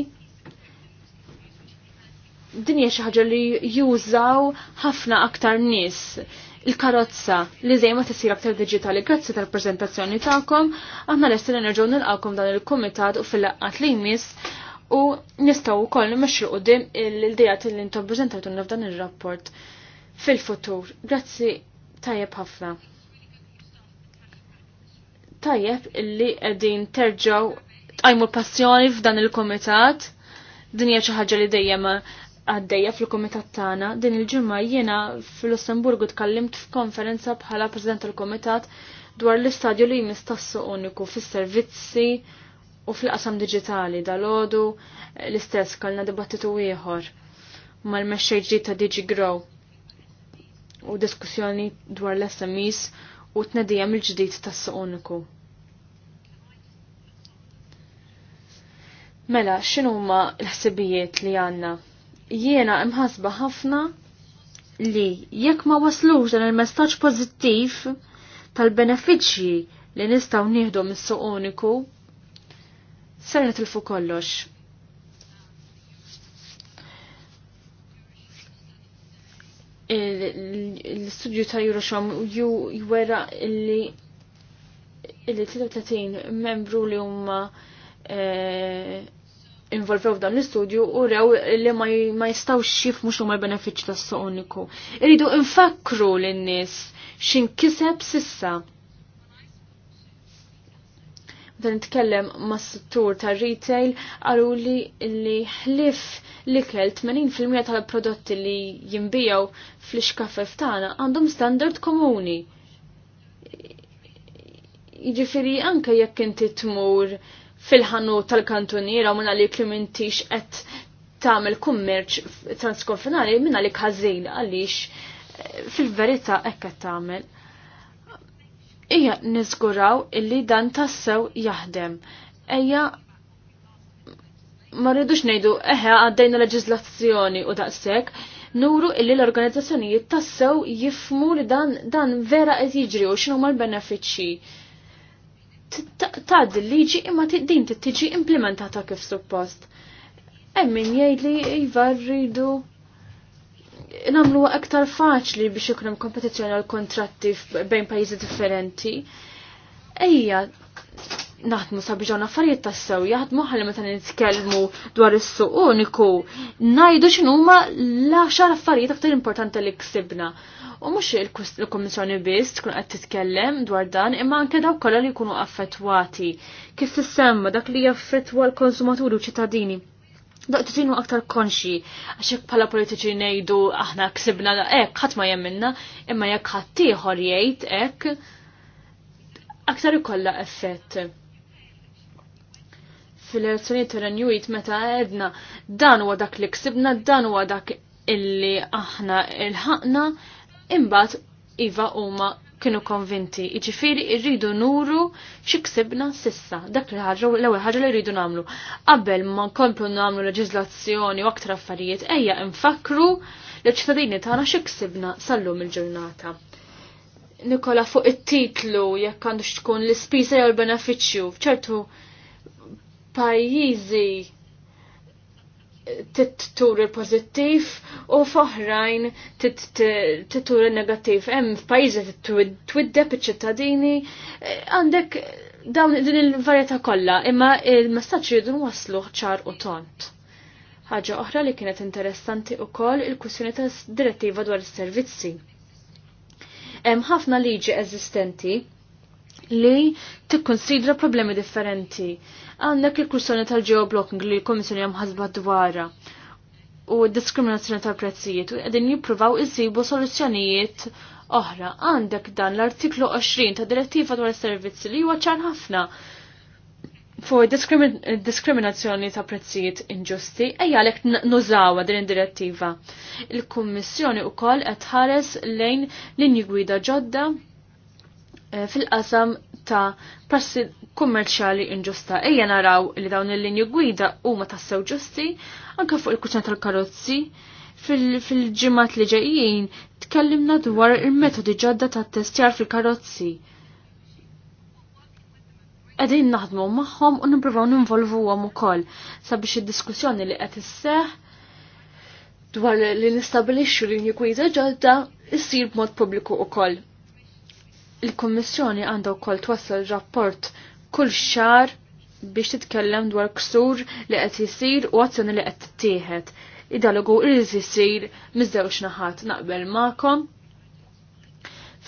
din hija xi ħaġa li jużaw ħafna aktar nies il-karozza li zej ma tisir aktar digitali grazzi tal-prezentazzjoni tagħkom, aħna lesti li nerġgħu nilqakom dan il-kumitat u fil-laqgħat li jmiss u nistgħu wkoll nimmexxu qudiem il-dejat li intom naf f'dan ir-rapport fil-futur. Grazzi tajjeb ħafna. Tajjeb illi qegħdin terġgħu tqajmu l-passjoni f'dan il-kumitat dinja xi ħaġa li dejjem għaddeja fil-komitat tagħna din il-ġimgħa jiena fil-Lussemburgu tkallimt f'konferenza bħala President tal-Komitat dwar l-istadju li jmiss tas uniku fis-servizzi u fil-qasam diġitali dal-għodu l-istess kalna dibattitu ieħor mal-mexxej ġdid ta' Digi Grow u diskussjoni dwar l-SMEs u t-nedijam il-ġdid tas-suq uniku. Mela, x'inhuma l-ħsibijiet li għandna jiena imħasba ħafna li jekk ma waslux dan il-messaġġ pożittiv tal-benefiċċji li nistgħu nieħdu mis-suq uniku, ser nitilfu kollox. l-studju ta' ju jwera illi illi 33 membru li huma eh, involvew f'dan l-istudju u rew li ma jistawx jifmu xumma l-benefiċ tas uniku. Iridu infakru l-nis xin kiseb sissa. Dan nitkellem ma' settur ta' retail għalu li li ħlif li kell 80% tal-prodotti li jimbijaw fl-iskafef tagħna għandhom standard komuni. Jiġifieri anke jekk inti tmur fil-ħanu tal-kantuniera minna li klimintix qed tagħmel kummerċ transkonfinali minna li kħazin għaliex eh, fil-verità hekk qed tagħmel. Ija niżguraw illi dan tassew jaħdem. Ejja ma rridux ngħidu eħe għaddejna leġiżlazzjoni u daqshekk, nuru illi l-organizzazzjonijiet tassew jifmu li dan, dan vera qed jiġri u xinu mal benefiċċji tad liġi imma din tiġi implementata kif suppost. Hemm min jgħid li iva rridu namlu aktar faċli biex ikun hemm kompetizzjoni għal kontratti bejn pajjiżi differenti. Ejja, naħdmu sabiex dawn affarijiet tassew jaħdmu ħalli meta nitkellmu dwar is-suq uniku ngħidu x'inhuma l-għaxar affarijiet aktar importanti li ksibna. U mhux il-Kummissjoni biss tkun qed titkellem dwar dan imma anke dawk kollha li jkunu affettwati. Kif tissemma dak li jaffettwa l-konsumaturi u ċittadini titinu aktar konxi, għax hekk bħala politiċi ngħidu aħna ksibna hekk, ħadd ma jemminna, imma jekk ħaddieħor jgħid hekk. aktar ikolla effett fil-elezzjonijiet tal-Renjuit meta għedna dan huwa dak li ksibna, dan huwa dak illi aħna il-ħakna, imbagħad iva huma kienu konvinti. Iġifieri rridu nuru xi ksibna sissa. Dak li ħaġa l-ewwel ħaġa li rridu nagħmlu. Qabel ma nkomplu nagħmlu leġiżlazzjoni u aktar affarijiet ejja infakru li ċittadini tagħna xi ksibna sallum il-ġurnata. Nikola fuq it-titlu jekk għandux tkun l-ispisa jew l-benefiċċju f'ċertu pajjiżi tittur il pożittiv u foħrajn tittur il-negattiv. Hemm f'pajjiżi twiddeb iċ-ċittadini eh, għandek dawn din il-varjetà kollha, imma il-messaġġ jridu waslu ċar u tont. Ħaġa oħra li kienet interessanti wkoll il-kwistjoni tas direttiva dwar is-servizzi. Hemm ħafna liġi eżistenti li tikkonsidra problemi differenti. Għandek il-kursjoni tal-geoblocking li l-Komissjoni jamħazba dwarra u diskriminazzjoni tal-prezzijiet u għedin jippruvaw iżibu soluzzjonijiet oħra. Għandek dan l-artiklu 20 ta' direttiva dwar servizzi li huwa ċar ħafna fuq diskriminazzjoni ta' prezzijiet inġusti, ejja għalhekk nużawha din id-direttiva. Il-Kummissjoni wkoll qed ħares lejn linji gwida ġodda Eh, fil-qasam ta' prassi kummerċjali inġusta. Ejja naraw li dawn il-linju gwida huma tassew ġusti anke fuq il-kuċċa tal-karozzi fil-ġimat li ġejjin tkellimna dwar il-metodi ġodda ta' testjar fil-karozzi. Qegħdin naħdmu magħhom u nippruvaw u ukoll sabiex id-diskussjoni li qed isseħħ dwar li nistabilixxu linji gwida ġodda issir b'mod pubbliku koll. Il-Kummissjoni għandha wkoll twassal rapport kull xar biex titkellem dwar ksur li qed isir u azzjoni li qed tittieħed. Id-dialogu irid isir miż-żewġ naħat naqbel magħkom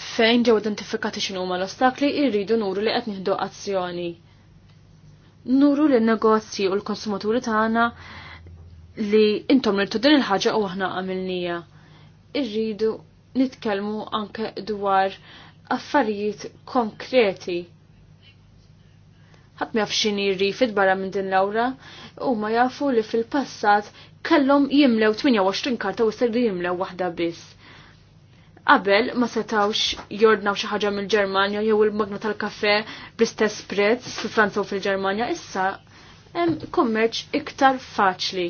fejn ġew identifikati x'inhu l-ostakli irridu nuru li qed nieħdu azzjoni. Nuru li negozji u l-konsumaturi tagħna li intom rirtu din il-ħaġa u aħna għamilnija. Irridu nitkellmu anke dwar affarijiet konkreti. Ħadd ma jaf x'inhi rifid barra minn din l-awra, huma jafu li fil-passat kellhom jimlew 28 karta u jsir jimlew waħda biss. Qabel ma setawx jordnaw xi ħaġa mill-Ġermanja jew il-magna tal kafè bl-istess prezz fil Franza u fil-Ġermanja, issa hemm kummerċ iktar faċli.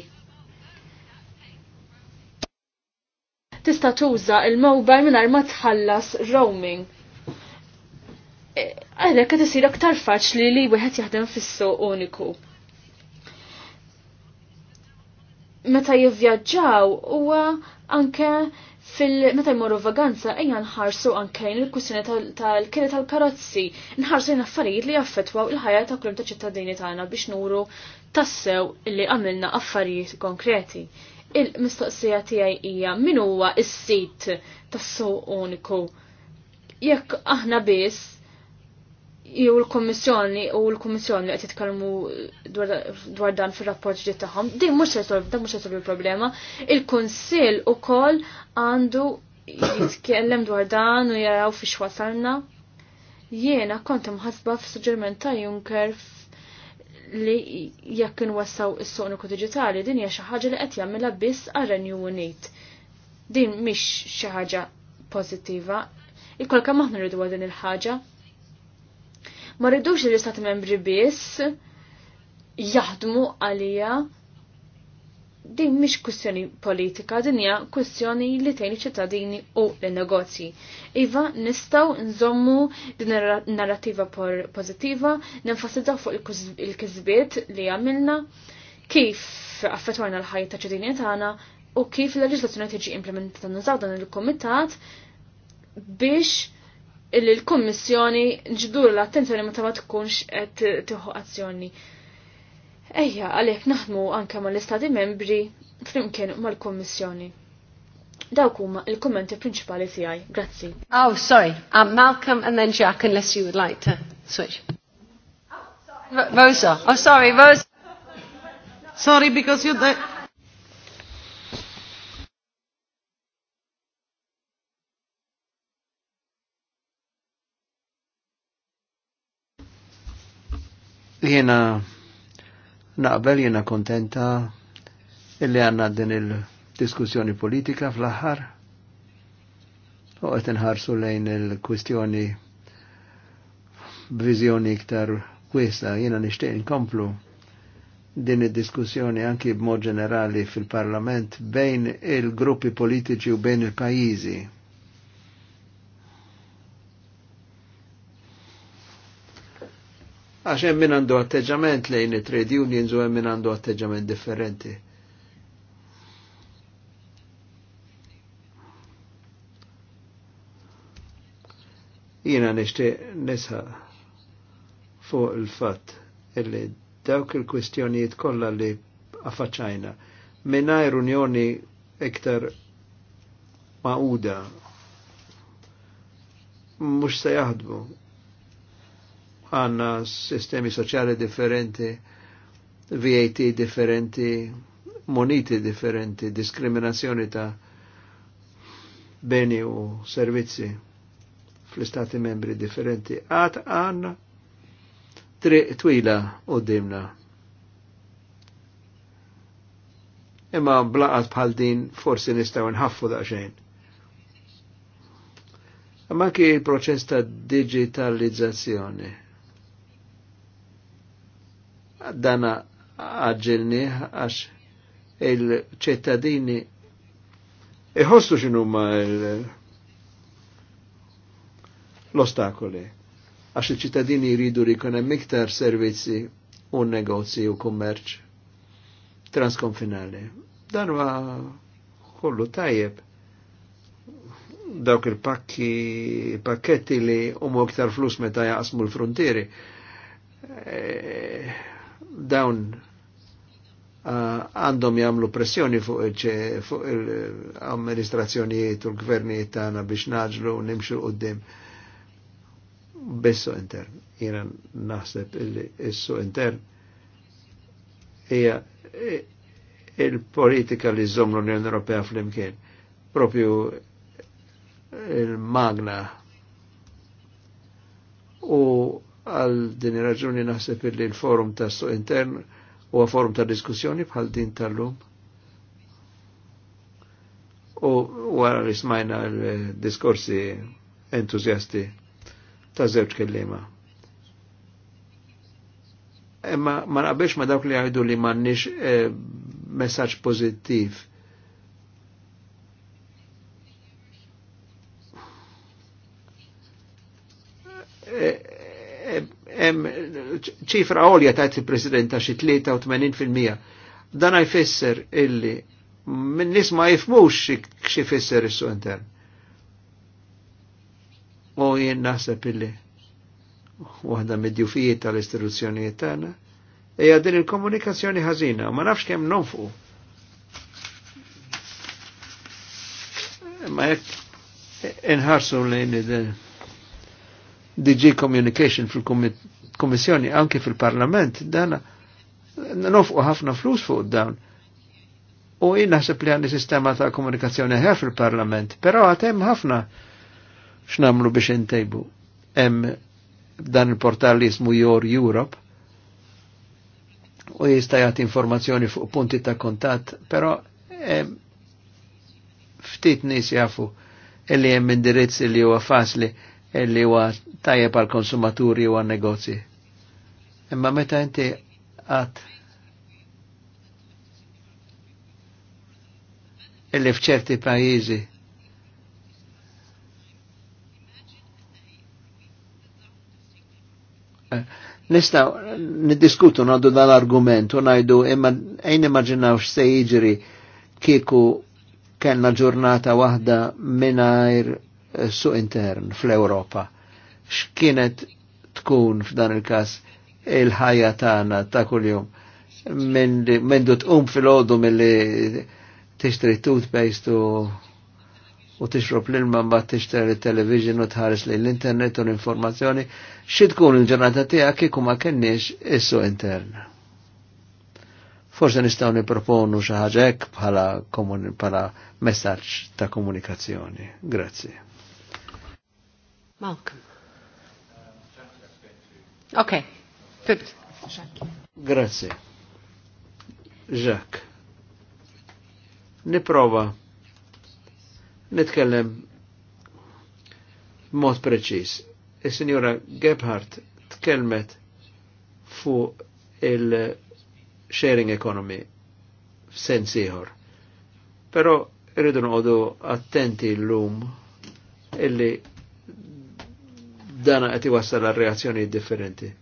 Tista' tuża il-mowbajl mingħajr ma tħallas roaming għalhekk qed isir aktar faċli li wieħed jaħdem fis-suq uniku. Meta jivvjaġġaw huwa anke fil-meta jmorru vaganza ejja nħarsu anke il kwistjoni tal-kiri tal-karozzi, nħarsu jien affarijiet li jaffetwaw il-ħajja ta' kull ta' ċittadini tagħna biex nuru tassew li għamilna affarijiet konkreti. Il-mistoqsija tiegħi hija min huwa s-sit tas-suq uniku. Jekk aħna biss jew l-Kommissjoni u l-Kommissjoni qed jitkellmu dwar dan fir-rapport ġdid tagħhom, din mhux se dan mhux se il-problema. Il-Kunsill ukoll għandu jitkellem dwar dan u jaraw fiex wasalna. Jiena kont imħasba fis-suġġerment ta' Juncker li jekk inwassaw is-suq diġitali din hija xi ħaġa li qed jagħmilha biss għar-Renju Unit. Din mhix xi ħaġa pożittiva. il maħna aħna rridu din il-ħaġa Ma rridux li l-istati membri biss jaħdmu għalija din mhix kwistjoni politika, din hija kwistjoni li tgħin ċittadini u l-negozji. Iva nistgħu nżommu din narrativa pożittiva, nenfasizzaw fuq il-kisbiet li għamilna, kif affettwajna l-ħajja ta' ċittadini tagħna u kif l-leġislazzjoni tiġi implementata nużaw dan il-kumitat biex illi l-Kommissjoni ġdur l-attenzjoni meta ma tkunx qed tieħu azzjoni. Ejja, għalhekk naħdmu anke mal-Istati membri flimkien mal-Kommissjoni. Dawk huma il-kummenti prinċipali tiegħi. Grazzi. Oh, sorry. Um, Malcolm and then Jack unless you would like to switch. Rosa. Oh, sorry, Rosa. Sorry because you Jena naqbel jena kontenta illi għanna din il-diskussjoni politika fl-aħħar u għet nħarsu lejn il-kwistjoni b'viżjoni iktar kwista jena nishtiq inkomplu din id-diskussjoni anki b'mod ġenerali fil-Parlament bejn il-gruppi politiċi u bejn il-pajjiżi għax hemm min għandu atteġġament lejn it-trade unions u hemm min għandu atteġġament differenti. Jiena nixtieq nisħa fuq il-fatt illi dawk il-kwistjonijiet kollha li affaċċajna mingħajr unjoni iktar maquda mhux se jaħdmu għanna sistemi soċjali differenti, VAT differenti, moniti differenti, diskriminazzjoni ta' beni u servizzi fl-istati membri differenti. Għat għanna tri twila u dimna. Imma blaqat bħal din forsi nistaw nħaffu xejn. Imma ki il-proċess ta' digitalizzazzjoni dana għagġilni għax il ċettadini iħossu xinumma l-ostakoli għax il-ċittadini jridu hemm miktar servizzi u negozji u kummerċ transkonfinali. Dan huwa kollu tajjeb dawk il-pakki, pakketti li huma iktar flus meta jaqsmu l-frontieri. E, dawn uh, għandhom uh, jamlu pressjoni fuq fu il-amministrazzjonijiet u l-gvernijiet tagħna biex naġlu u nimxu qudiem bissu intern. Jiena naħseb il-issu intern hija il-politika li żżomm l-Unjoni Ewropea flimkien. Propju il-magna u Għal din raġuni naħseb illi l-forum ta' suq intern u forum ta' diskussjoni bħal din tal-lum. U għara rismajna l-diskorsi entuzjasti ta' zewċ kellima. Imma ma naqbilx ma dawk li għajdu li m'għandniex eh, messaġġ pożittiv ċifra għolja tajt il-President ta' xi 83%. Dan jfisser illi minn nis ma jifmux xi fisser is-su intern. U jien naħseb illi waħda mid-djufijiet tal-istituzzjonijiet tagħna hija din il-komunikazzjoni ħażina, ma nafx kemm nonfqu. Ma jekk inħarsu lejn id-DG eh, Communication fil-Kumitat kommissjoni anke fil-Parlament dan nofqu ħafna flus fuq dawn. U jien naħseb li għandi sistema ta' komunikazzjoni ħer fil-Parlament, però għad hemm ħafna x'namlu biex intejbu. Hemm dan il-portal li jismu Your Europe u jista' jagħti informazzjoni fuq punti ta' kontatt, però ftit nis jafu illi hemm indirizzi li huwa fasli illi huwa tajjeb għal konsumaturi u għan negozji. Imma meta inti għat illi fċerti pajizi eh, Nista niddiskutu għaddu dal-argument, unajdu, imma għajn immaġinaw x'se jiġri kieku kellna ġurnata waħda mingħajr eh, su intern fl europa X'kienet tkun f'dan il-każ il-ħajja tagħna ta' kuljum. Mendu tqum fil-ħodu mill-li tixtri toothpaste u u tixrob l-ilma ma tixtri television u tħares li l-internet u l-informazzjoni, xi tkun il-ġurnata tiegħek kieku ma kenniex issu intern. Forse nistgħu nipproponu xi ħaġa hekk bħala bħala messaġġ ta' komunikazzjoni. Grazzi. Malcolm. Okay. Put. Grazie. Jacques. Niprova. Nitkellem mod preċis. il signora Gebhardt tkellmet fu il-sharing economy f'sens ieħor. Però irridu noqogħdu attenti llum illi dana qed iwassal għal reazzjoni differenti.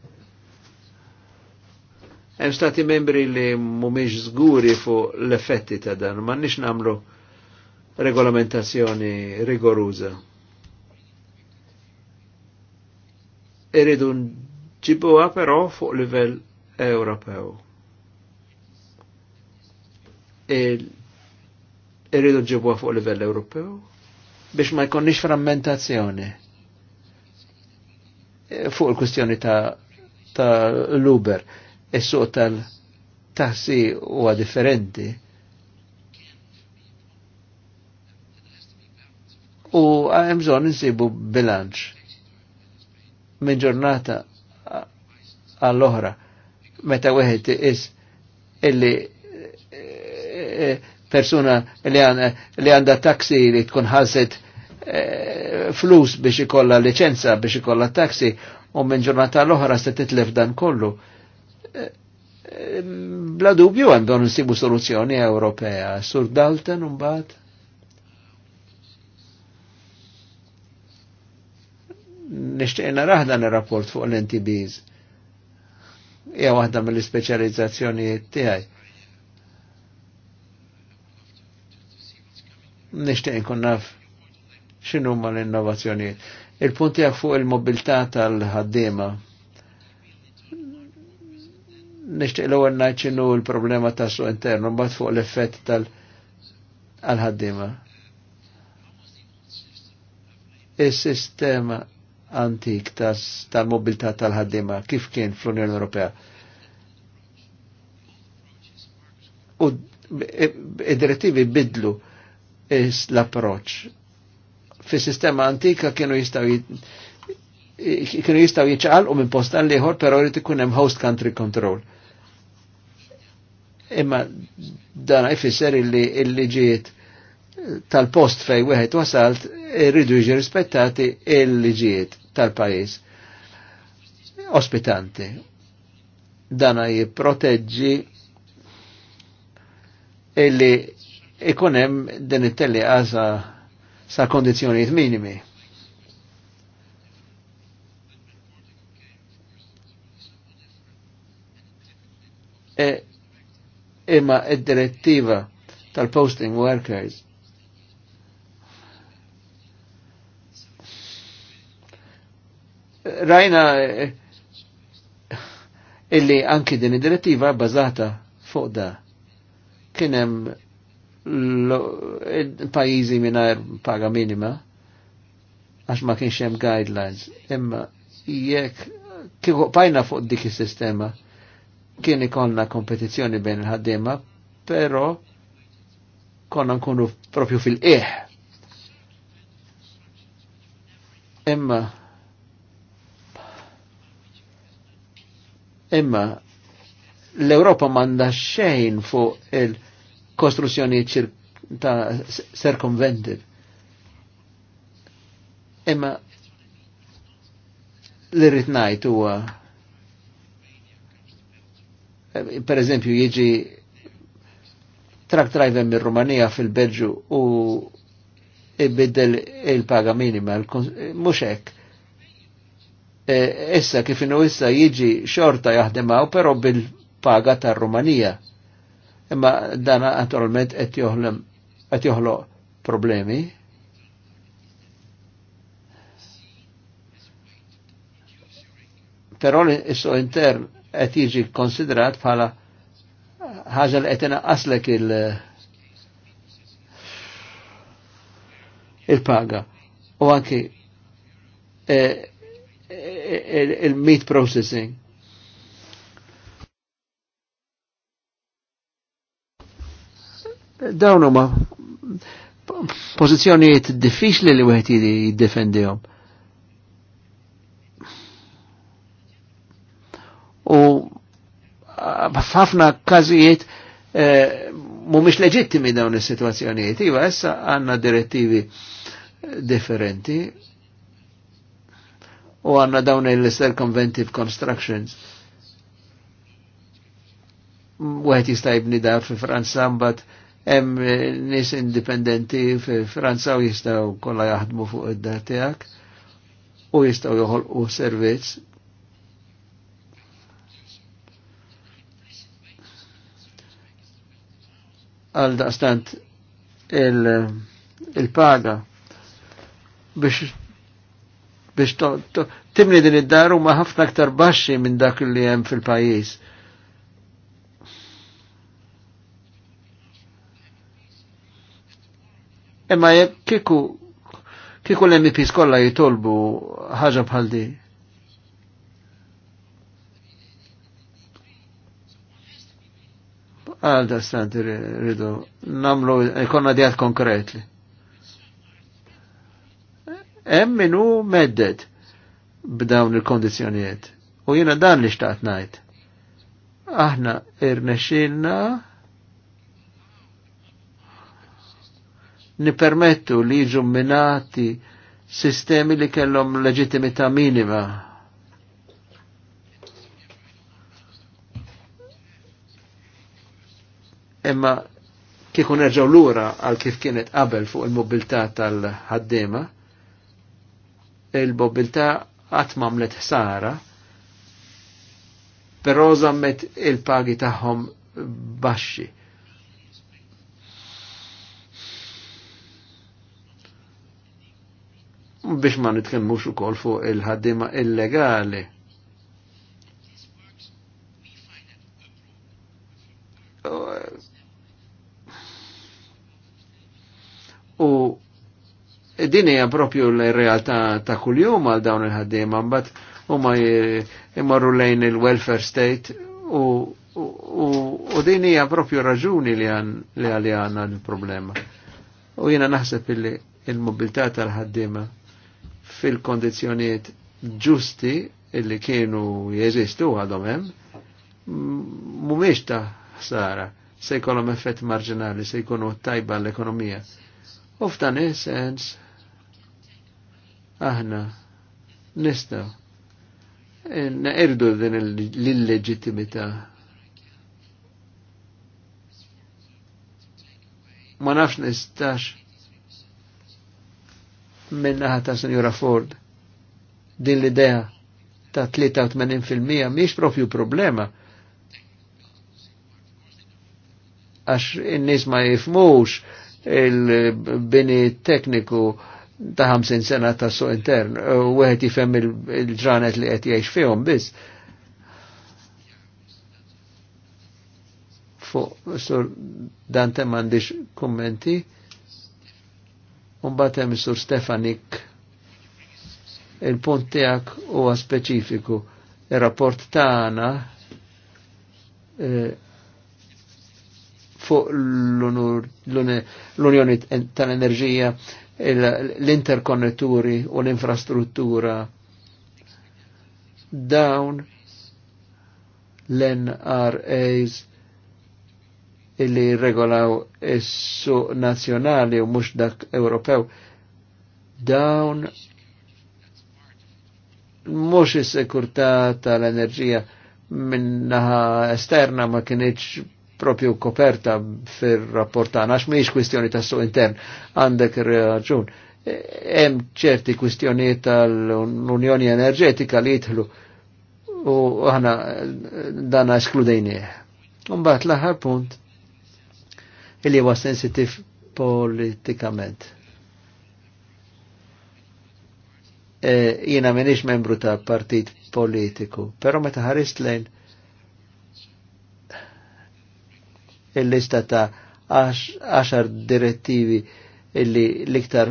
Hemm stati membri li mhumiex żguri fuq l-effetti ta' dan, ma nix nagħmlu regolamentazzjoni rigoruża. Iridu nġibuha però fuq livell Ewropew. Iridu nġibuha fuq livell Ewropew biex ma jkunniex frammentazzjoni e, fuq il-kwistjoni ta' ta' l-Uber is-suq tal-taħsi huwa differenti. U ah, hemm bżonn insibu bilanċ minn ġurnata ah, għall-oħra meta wieħed is illi eh, persuna li għandha taksi li tkun ħalset eh, flus biex ikolla licenza biex ikolla taxi, u minn ġurnata l-oħra se titlef dan kollu bla dubju għandhom nsibu soluzzjoni Ewropea. Sur Dalton mbagħad? Nixtieqna raħdan ir-rapport fuq l-NTBs. Ja waħda mill-ispeċjalizzazzjonijiet tiegħi. Nixtieq nkun naf x'inhuma l-innovazzjonijiet. Il-punti fuq il-mobilità tal-ħaddiema nishtiq l-ewwel ngħid l-problema ta' su internu bat fuq l-effett tal ħaddima il sistema antik tal-mobilità tal ħaddima kif kien fl-Unjoni Ewropea. U id-direttivi bidlu l-approċ. Fi sistema antika kienu jistaw kienu jistaw jiċaqalqu minn post għal liħor, pero jrid ikun hemm host country control imma dan ifisser illi illi liġijiet tal-post fej wieħed wasalt irridu jiġi rispettati illi liġijiet tal-pajis ospitanti. Dana jipproteġġi illi ikunem din it-telli għaza sa kondizjoniet minimi. E, imma id-direttiva tal-posting workers rajna eh, illi anki din id-direttiva bazata fuq da kienem pajizi minar paga minima għax ma kienx hemm guidelines imma jekk kieku pajna fuq dik is-sistema kien ikonna kompetizjoni bejn il-ħaddiema, pero konna nkunu propju fil-qieħ. Imma imma l-Europa manda xejn fuq il-kostruzzjoni ta' circumvented. Imma l-irrit najt huwa per eżempju jiġi truck driver mir Rumania fil-Belġu u ibiddel il-paga minima, mux hekk. E, issa kif inu issa jiġi xorta jahdemaw pero bil-paga ta' Rumania. Imma dana naturalment qed joħlem joħloq problemi. Però l-issu intern qed jiġi konsiderat bħala ħaġa li qed inqaslek il il-paga u anki e, e, e, il-meat processing. Dawn huma pożizzjonijiet diffiċli li wieħed jiddefendihom. u uh, ħafna kazijiet mu uh, mhumiex leġittimi dawn is situazzjonijiet Iva essa għandna direttivi differenti u għandna dawn il-circumventive constructions. Wieħed jista' jibni dar fi Franza mbat hemm nis indipendenti fi Franza u jistgħu kolla jaħdmu fuq id-dar tiegħek u jistgħu u servizz għal daqstant il-paga biex biex timni din id-dar u ħafna aktar baxxi minn dak li hemm fil-pajjiż. Imma jekk kiku kiku l-MPs kollha jitolbu ħaġa bħal din għal da stant rridu namlu ikonna dijat konkretli. Hemm meddet b'dawn il-kondizjonijiet. U jiena dan li xtaqt ngħid. Aħna irnexxilna nipermettu li jiġu minati sistemi li kellhom leġittimità minima imma kieku nerġaw lura għal kif kienet qabel fuq il-mobilità tal ħaddima il-mobilità qatt mamlet ħsara, però zammet il-pagi tagħhom baxxi. biex ma nitkellmux ukoll fuq il-ħaddiema illegali U din hija propju l-realtà ta' kuljum għal dawn il-ħaddiema mbagħad huma jmorru lejn il-welfare state u, u, u, u din hija propju raġuni li għalli għandna l-problema. U jiena naħseb illi il-mobilità tal-ħaddiema fil-kondizjoniet ġusti illi kienu jeżistu għadhom hemm, mhumiex ta' ħsara se jkollhom effett marġinali, se jkunu tajba l-ekonomija. U f'dan il-sens, aħna nistaw irdu din l-leġittimità. Ma nafx nistax minnaħa ta' Senjora Ford din l-idea ta' 83% miex propju problema. Għax in-nies ma jifmux il-bini tekniku ta' 50 sena ta' suq intern, u għet jifem il-ġranet li għet jiex fihom bis. Fuq sur Dante mandiġ kommenti, un-batem sur Stefanik, il-punt tijak u għaspeċifiku, il-rapport ta' għana, eh, fuq l-Unjoni tal-Enerġija, l-interkonnetturi u l-infrastruttura. Dawn l-NRAs illi regolaw essu nazjonali u mux dak Ewropew, dawn mux is-sekurtà tal-enerġija minnaħa esterna ma kienieċ propju koperta fir rapportana għax miex kwistjoni ta' suq intern, għandek raġun. E, hemm ċerti kwistjonijiet tal-Unjoni Enerġetika li jidħlu u aħna dan eskludejnieh. Mbagħad l-aħħar punt illi huwa sensitiv politikament. E, jiena minix membru ta' partit politiku, però meta ħarist lejn il-lista ta' 10 direttivi illi liktar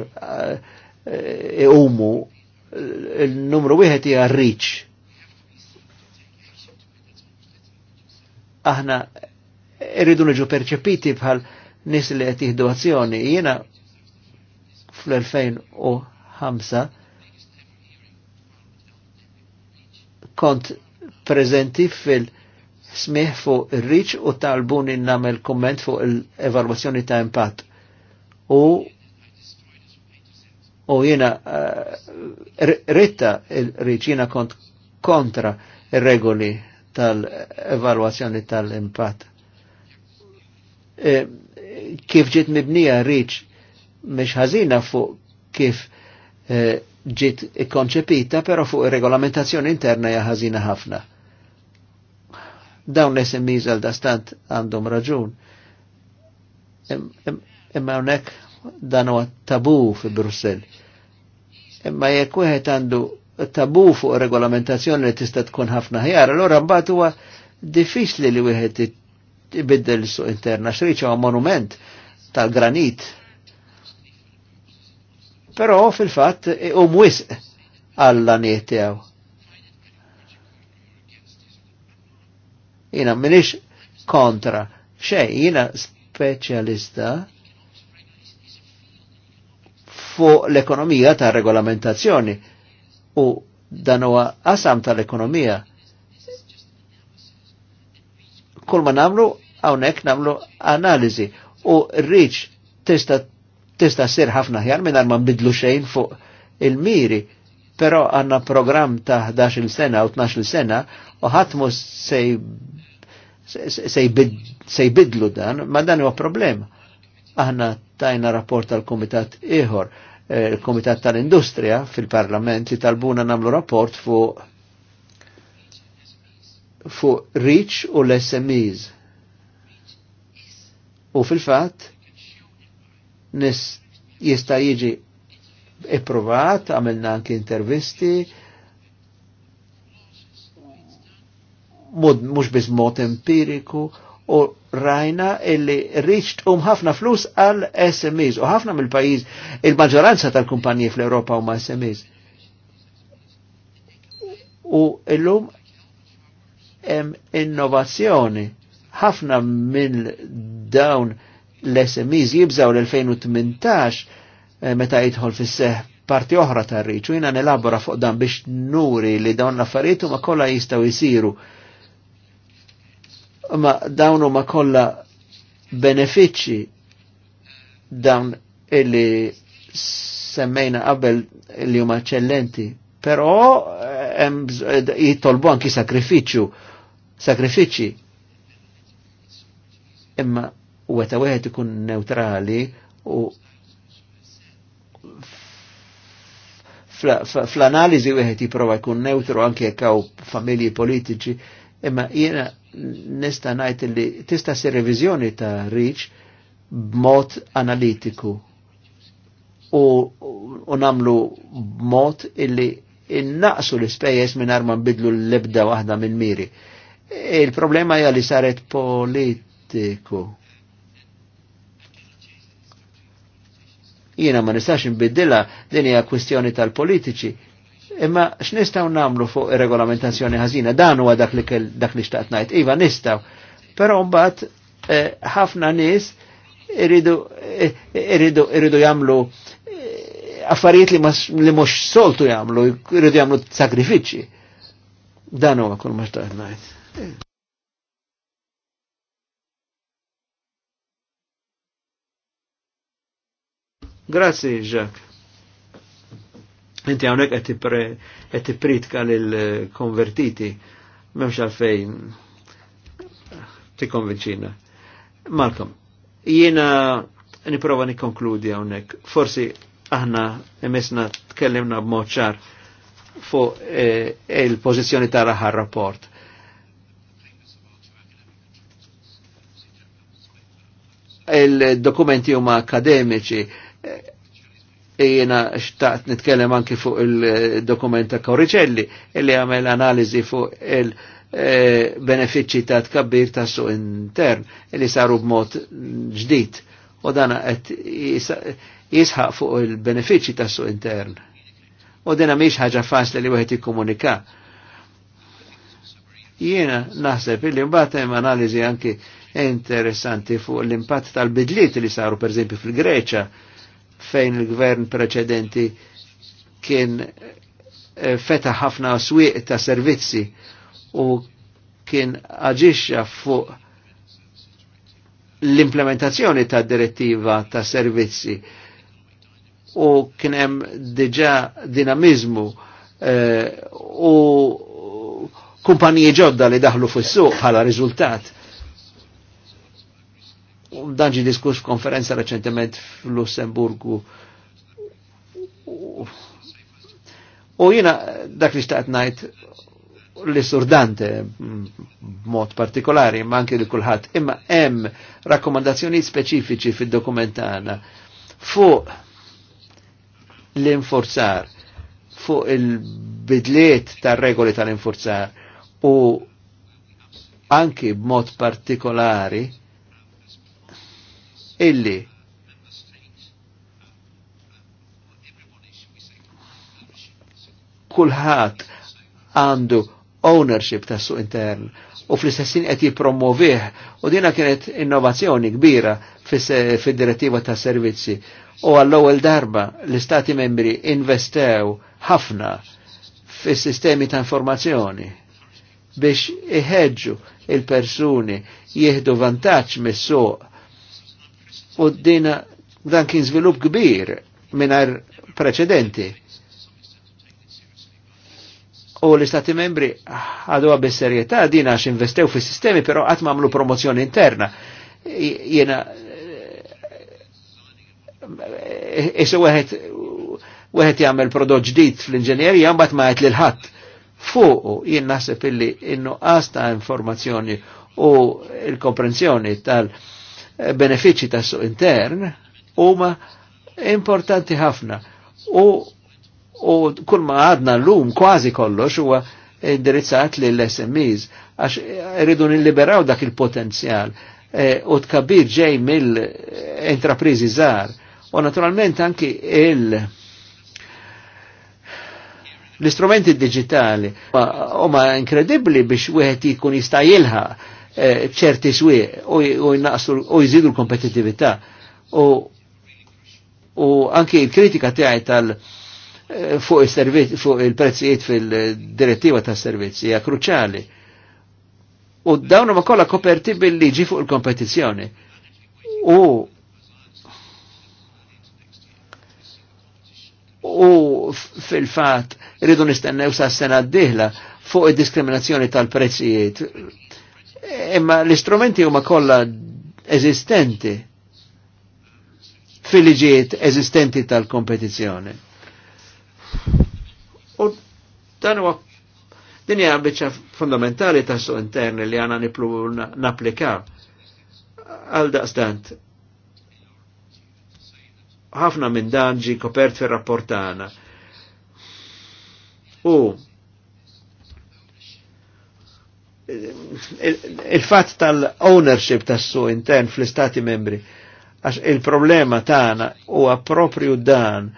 iqumu eh, eh, il-numru wieħed hija rriċ. Aħna irridu niġu perċepiti bħal nis li qed jieħdu azzjoni. Jiena fl-2005 kont prezenti fil- smih fuq il riċ u talbuni namel komment fuq l-evalwazzjoni ta' impatt. U u jiena uh, eh, ritta il-riċ jiena kont kontra il regoli tal-evalwazzjoni tal-impatt. E, kif ġiet mibnija riċ mish ħażina fuq kif e, eh, ġiet ikkonċepita, però fuq ir-regolamentazzjoni interna hija ħażina ħafna. Dawn l-SMEs għal dastant għandhom raġun. Imma hawnhekk dan huwa tabu fi Brussell. Imma jekk wieħed għandu tabu fuq regolamentazzjoni li tista' tkun ħafna ħjar, allora mbagħad huwa diffiċli li wieħed ibiddel suq interna, xriċ huwa monument tal-granit. Però fil-fatt hum e, wisq għalla nieħ tiegħu. Jina minix kontra xej, jina specialista fuq l-ekonomija ta' regolamentazzjoni u dan huwa qasam tal-ekonomija. Kull ma namlu hawnhekk namlu analiżi u rriċ testa tista' tista' sir ħafna ħjar minn ma nbidlu xejn fuq il-miri Però għanna program ta' 11 sena u 12 sena u ħatmu se jbidlu dan, ma dan huwa problema. Aħna tajna rapport tal-Kumitat ieħor, eh, il-Kumitat tal-Industrija fil-Parlament li talbuna namlu rapport fuq fu REACH u l-SMEs. U fil-fat, nis jista' jiġi ipprovat, għamilna anki intervisti, mux biz mod empiriku, u rajna illi riċt um ħafna flus għal SMEs, u ħafna mill-pajiz, il-maġġoranza tal-kumpanji fl-Europa huma SMEs. U illum hemm innovazzjoni. ħafna mill dawn l-SMEs jibżaw l-2018 Eh, meta jidħol fis-seħ parti oħra tar-riċu jina nelabora fuq dan biex nuri li dawn l-affarijiet ma kollha jistgħu jsiru. Ma dawn huma kollha benefiċċji dawn illi semmejna qabel li huma eċċellenti, però eh, eh, jitolbu anki sakrifiċċju, sakrifiċċji. Imma weta wieħed ikun neutrali u fl-analizi wieħed jipprova jkun neutru anke jekk hawn familji politiċi, imma jiena nista' ngħid li tista' si reviżjoni ta' Reach b'mod analitiku u, u namlu b'mod illi innaqsu l-ispejjeż minn ma nbidlu l-lebda waħda minn miri. E il-problema hija li saret politiku Jiena ma nistax nbiddilha din hija kwistjoni tal-politiċi. Imma x'nistgħu nagħmlu fuq ir-regolamentazzjoni ħażina dan huwa dak li dak li xtaqt ngħid. Iva nistgħu. Però mbagħad eh, ħafna nies iridu eh, iridu jagħmlu eh, affarijiet li, li mhux soltu jagħmlu, iridu jagħmlu sakrifiċċji. Dan huwa kull ma xtaqt ngħid. Grazie Jacques. Inti għonek għet t-pritka l-konvertiti, eh, memx għalfejn ti konvinċina. Malcolm, jiena niprofa nikonkludi għonek. Forsi aħna emesna tkellimna b'moċar fuq eh, il-pozizjoni ta' raħar rapport. Il-dokumenti huma akademiċi E jena xtaqt nitkellem anki fuq il-dokument ta' Korriċelli illi għamel analizi fuq il-benefiċċji e, ta' tkabbir ta' suq intern illi saru b'mod ġdid u dan għet jisħaq fuq il-benefiċċji ta' suq intern. U dina miex ħaġa faċli li wieħed jikkomunika. Jiena naħseb illi mbagħad hemm analiżi anki interessanti fuq l-impatt tal-bidliet li saru per fil-Greċa fejn il-gvern preċedenti kien eh, feta ħafna swieq ta' servizzi u kien aġixxa fuq l-implementazzjoni ta' direttiva ta' servizzi u kien hemm diġà dinamizmu eh, u kumpaniji ġodda li daħlu fis-suq bħala riżultat dan ġi diskuss konferenza reċentement f'Lussemburgu. U jina dak li xtaqt najt li surdante mm, mod partikolari, ma anke li kulħadd, imma hemm rakkomandazzjoni specifiċi fid-dokumentana fuq l-inforzar, fuq il-bidliet tar regoli tal-inforzar u anki b'mod partikolari illi kulħadd għandu ownership tas suq intern u fl-istessin qed jippromovih u dina kienet innovazzjoni kbira fid-direttiva ta' servizzi u għall-ewwel darba l-istati membri investew ħafna fis-sistemi ta' informazzjoni biex iħeġġu il-persuni jieħdu vantaġġ mis-suq U d dina dan kien zvilup kbir minar preċedenti. U l-Istati membri għadu bis serjetà dina għax investew fi sistemi pero għatma għamlu promozjoni interna. Jena eh, Issa għahet għahet jgħamil prodot ġdijt fl-inġenjerija mbagħad ma qed l-ħat fuq jien naħseb illi innuqqas għasta informazzjoni u il komprensjoni tal- Eh, benefiċi ta' suq intern huma importanti ħafna u u kull ma għadna l-lum kważi kollox huwa indirizzat li l-SMEs għax rridu nilliberaw dak il-potenzjal e, u tkabir ġej mill-intraprizi żgħar u naturalment anki il- l-istrumenti digitali huma inkredibbli biex wieħed jkun jista' jilħaq ċerti swi u jnaqsu u jżidu l-kompetitività u anki il-kritika tiegħi tal eh, fuq il fuq il-prezzijiet fil-direttiva ta' servizzi hija kruċjali. U dawn ma kollha koperti bil-liġi fuq il-kompetizzjoni. U u fil-fat rridu nistennew sa' sena d-dihla fuq il diskriminazzjoni tal-prezzijiet imma eh, l-istrumenti huma kollha eżistenti fil-liġijiet eżistenti tal-kompetizzjoni. U dan huwa din hija biċċa fundamentali ta' su interni li għana niplu napplikaw għal daqstant. ħafna minn dan ġi kopert fir rapportana U il-fatt il fatt tal tas-su intern fl-istati membri għax il-problema tagħna huwa propju dan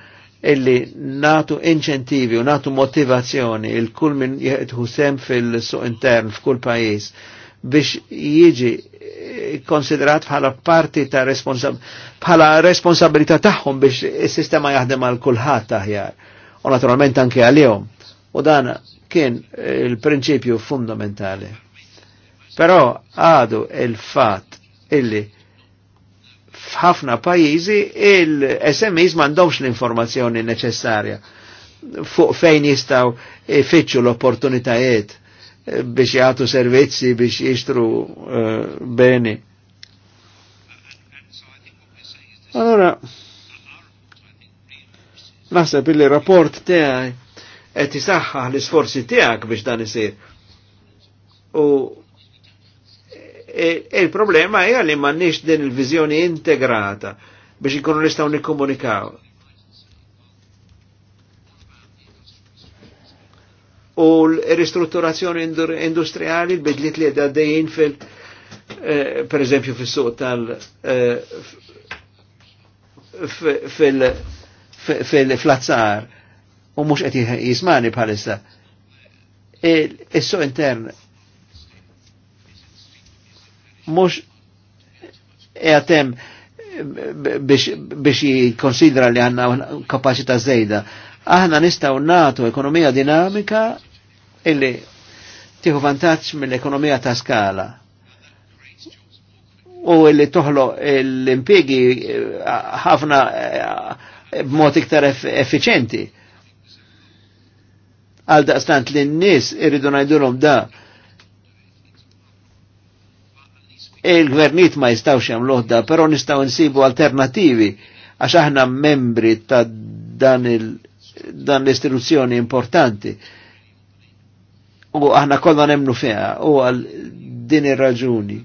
illi natu inċentivi u natu motivazzjoni il kull minn jieħdu sem fil-suq intern f'kull pajis biex jiġi konsiderat bħala parti ta' responsabilità bħala responsabilità tagħhom biex is-sistema jaħdem għal kulħadd aħjar u naturalment anke għalihom. U dan kien il-prinċipju fundamentali. Però għadu il-fat illi f'ħafna pajizi il-SMEs mandomx l-informazzjoni neċessarja fuq fejn jistaw ifittxu l-opportunitajiet biex jgħatu servizzi, biex jistru uh, eh, beni. Allora, naħseb il-rapport tiegħi qed isaħħaħ l-isforzi tiegħek biex dan isir. U e, e, il-problema hija li m'għandniex din il-viżjoni integrata biex ikunu nistgħu nikkomunikaw. U l-ristrutturazzjoni industriali, l-bidliet li għaddejjin fil- e, per eżempju fis-suq tal- eh, fil-flazzar. Fil u mux qed jismani bħalissa. Is-suq intern mux għetem biex jikonsidra li għanna kapacita zejda. Aħna nistaw natu ekonomija dinamika illi tiħu vantaċ mill-ekonomija ta' skala u illi toħlo l-impiegi ħafna eh, b'mod iktar effiċenti għal daqstant li n-nis irridu najdulom da il-gvernit ma jistawx jamluħ da, pero nistaw nsibu alternativi għax aħna membri ta' dan, dan l-istituzzjoni importanti u aħna kollha nemnu feħa, u għal din ir-raġuni.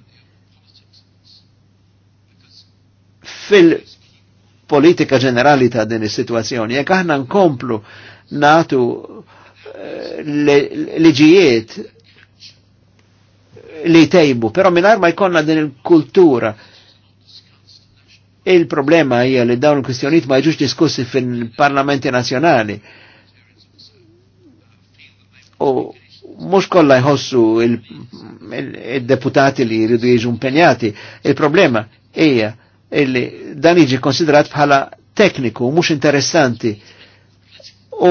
Fil-politika ġenerali ta' din is-sitwazzjoni, jekk aħna nkomplu natu liġijiet li tejbu, pero minar ma jkonna din il-kultura. Il-problema hija li dawn il-kwistjoniet ma jġux diskussi fil-parlamenti nazjonali. U mux kolla jħossu il-deputati li jridu jiġu impenjati. Il-problema hija li dan iġi konsiderat bħala tekniku, mux interessanti. U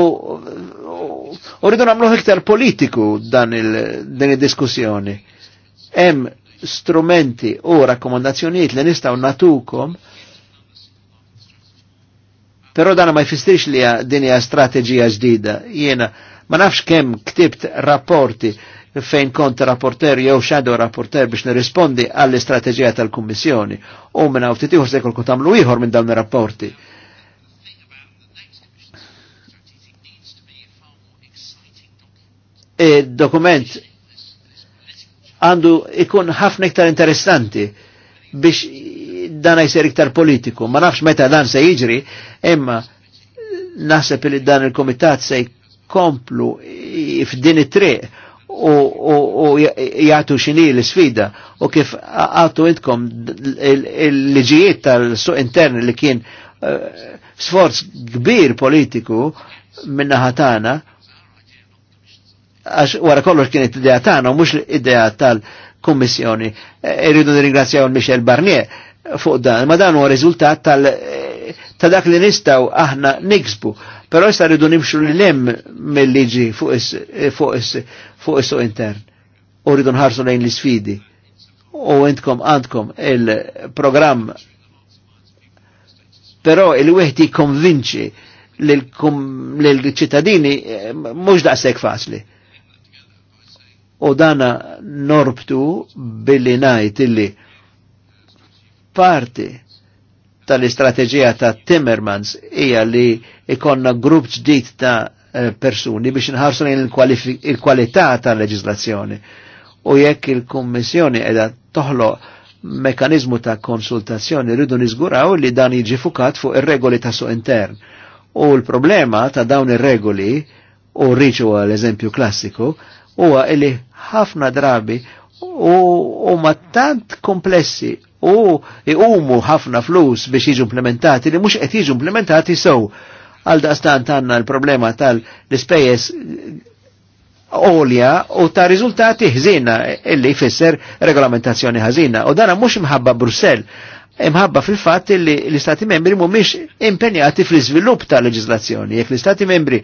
U rridu nagħmlu iktar politiku dan il-din id-diskussjoni. Hemm strumenti u rakkomandazzjonijiet li nistgħu natukom Però dan ma jfistix li din hija strategija ġdida. Jiena ma nafx kemm ktibt rapporti fejn kont rapporter jew shadow rapporter biex nirrispondi għall istrateġija tal-Kummissjoni u minn hawn titiħor se jkolku tagħmlu ieħor minn dawn ir-rapporti. dokument għandu ikun ħafna iktar interessanti biex dan jisir iktar politiku. Ma nafx meta dan se jiġri, imma naħseb li dan il-komitat se jkomplu f'din it-triq u jgħatu xini l-sfida u kif għatu intkom l-liġijiet tal-suq intern li kien eh, sforz kbir politiku minna ħatana għax wara kollox kienet idea tagħna u mhux idea tal-Kummissjoni. Eh, irridu e nirringrazzjaw Michel Barnier fuq dan, ma dan huwa riżultat tal eh, ta' dak li nistaw aħna niksbu. Però issa rridu nimxu l lem mill-liġi eh, fuq is-suq intern. U rridu nħarsu lejn l-isfidi. U intkom għandkom il-programm però il-wieħed jikkonvinċi lill-ċittadini mhux daqshekk faċli u dana norbtu billi najt illi parti tal-istrateġija ta' Timmermans hija li ikonna grupp ġdid ta' eh, persuni biex nħarsu il-kwalità tal-leġislazzjoni. U jekk il-Kummissjoni edha toħlo mekanizmu ta' konsultazzjoni rridu niżguraw li dan jiġi fukat fuq ir-regoli ta' suq intern. U l-problema ta' dawn ir-regoli, u rriċu għal eżempju klassiku, huwa illi ħafna drabi u huma tant komplessi u iqumu ħafna flus biex jiġu implementati li mhux qed jiġu implementati sew. Għal daqstant għandna l-problema tal-ispejjeż olja u ta' riżultati ħżina illi jfisser regolamentazzjoni ħażina. U dana mhux imħabba Brussell, imħabba fil-fatt li l-Istati membri mhumiex impenjati fl-iżvilupp ta' leġislazzjoni. Jekk l-Istati membri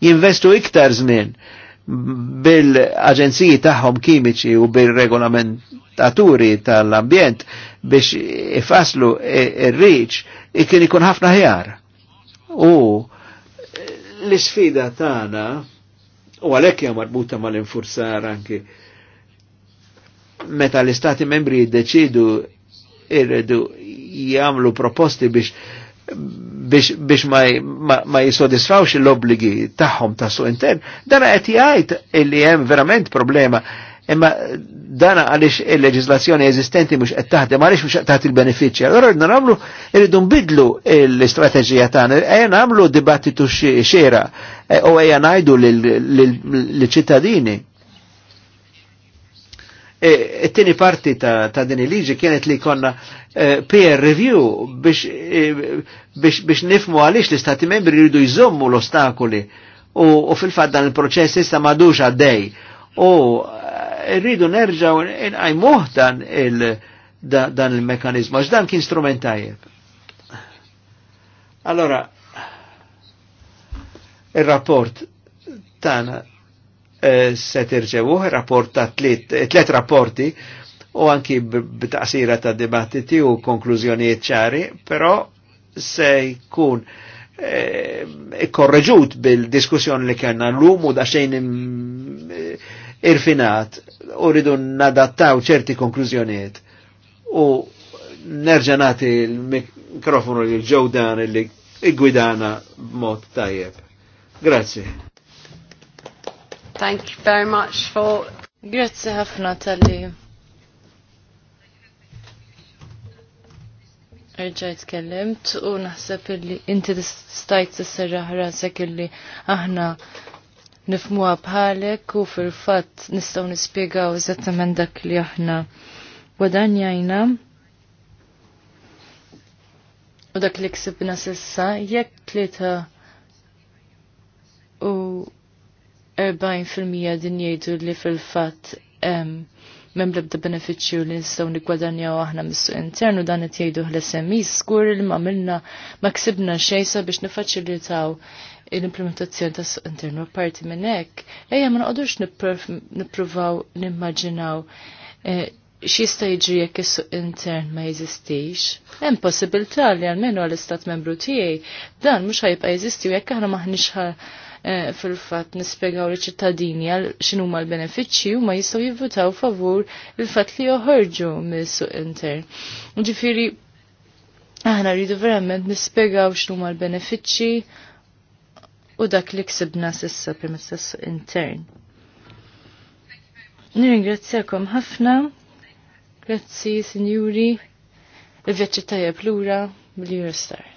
jinvestu iktar żmien bil-aġenziji tagħhom kimiċi u bil-regolamentaturi tal-ambjent biex ifaslu il riċ kien ikun ħafna ħjar. U l-sfida tagħna u għalhekk hija marbuta mal-infurzar anki meta l-istati membri jiddeċidu irredu jagħmlu proposti biex biex, biex ma, ma, ma jisodisfawx l-obligi tagħhom ta' suq intern, dana qed jgħid illi hemm verament problema. Imma dana għaliex il-leġislazzjoni eżistenti mhux qed taħdem għaliex mhux qed taħt il-benefiċċja. Allora rridna nagħmlu irridu nbidlu l-istrateġija tagħna, ejja nagħmlu dibattitu xiera eh, u ejja ngħidu lill-ċittadini it-tini e, e, parti ta', ta din il-liġi kienet li konna e, peer review biex, biex, biex nifmu għalix li stati membri jridu jżommu l-ostakoli u, u fil-fat dan il-proċess issa madux għaddej u rridu nerġaw inqajmuh dan il da, dan il-mekanizmu, għax dan kien strument tajjeb. Allora, il-rapport tana Eh, se tirġewuh, rapporta tliet eh, tlet rapporti u anki b'taqsira ta' dibattiti u konklużjonijiet ċari, però se jkun eh, korreġut bil-diskussjoni li kellna l-lum u xejn irfinat u rridu nadattaw ċerti konklużjonijiet u nerġanati l-mikrofonu li ġowdan li gwidana b'mod tajjeb. Grazie. Thank you very much for... Grazie ħafna tal-li. Rġajt tkellimt u naħseb li inti stajt s-serraħ rasek li aħna nifmuha bħalek u fil-fatt nistgħu nispjegaw eżattament dak li aħna wadan jajna. U dak li ksibna s sissa, jekk tlieta 40% din jgħidu li fil-fatt mem lebda beneficju li nistaw nikwadanjaw aħna missu internu dan qed jgħidu l-SMI skur e li ma minna ma ksibna xejsa biex nifaċilitaw l-implementazzjoni ta' suq internu parti minn hekk, ejja ma noqogħdux nippruvaw nimmaġinaw e, jista' jiġri jekk is-suq intern ma jeżistix. Hemm possibilità li għalmenu għall-istat membru tiegħi dan mhux ħajbqa' jeżisti u jekk aħna maħniex Eh, fil-fatt nispjegaw li ċittadini għal xinu huma l-benefiċċji u ma jistgħu jivvutaw favur il-fatt li joħorġu mis-suq intern. Ġifieri aħna rridu verament nispjegaw xinu huma l-benefiċċji u dak li ksibna sissa permezz tas-suq intern. Nirringrazzjakom ħafna. Grazzi, sinjuri. Il-vjaċċi tajjeb lura mill-Eurostar.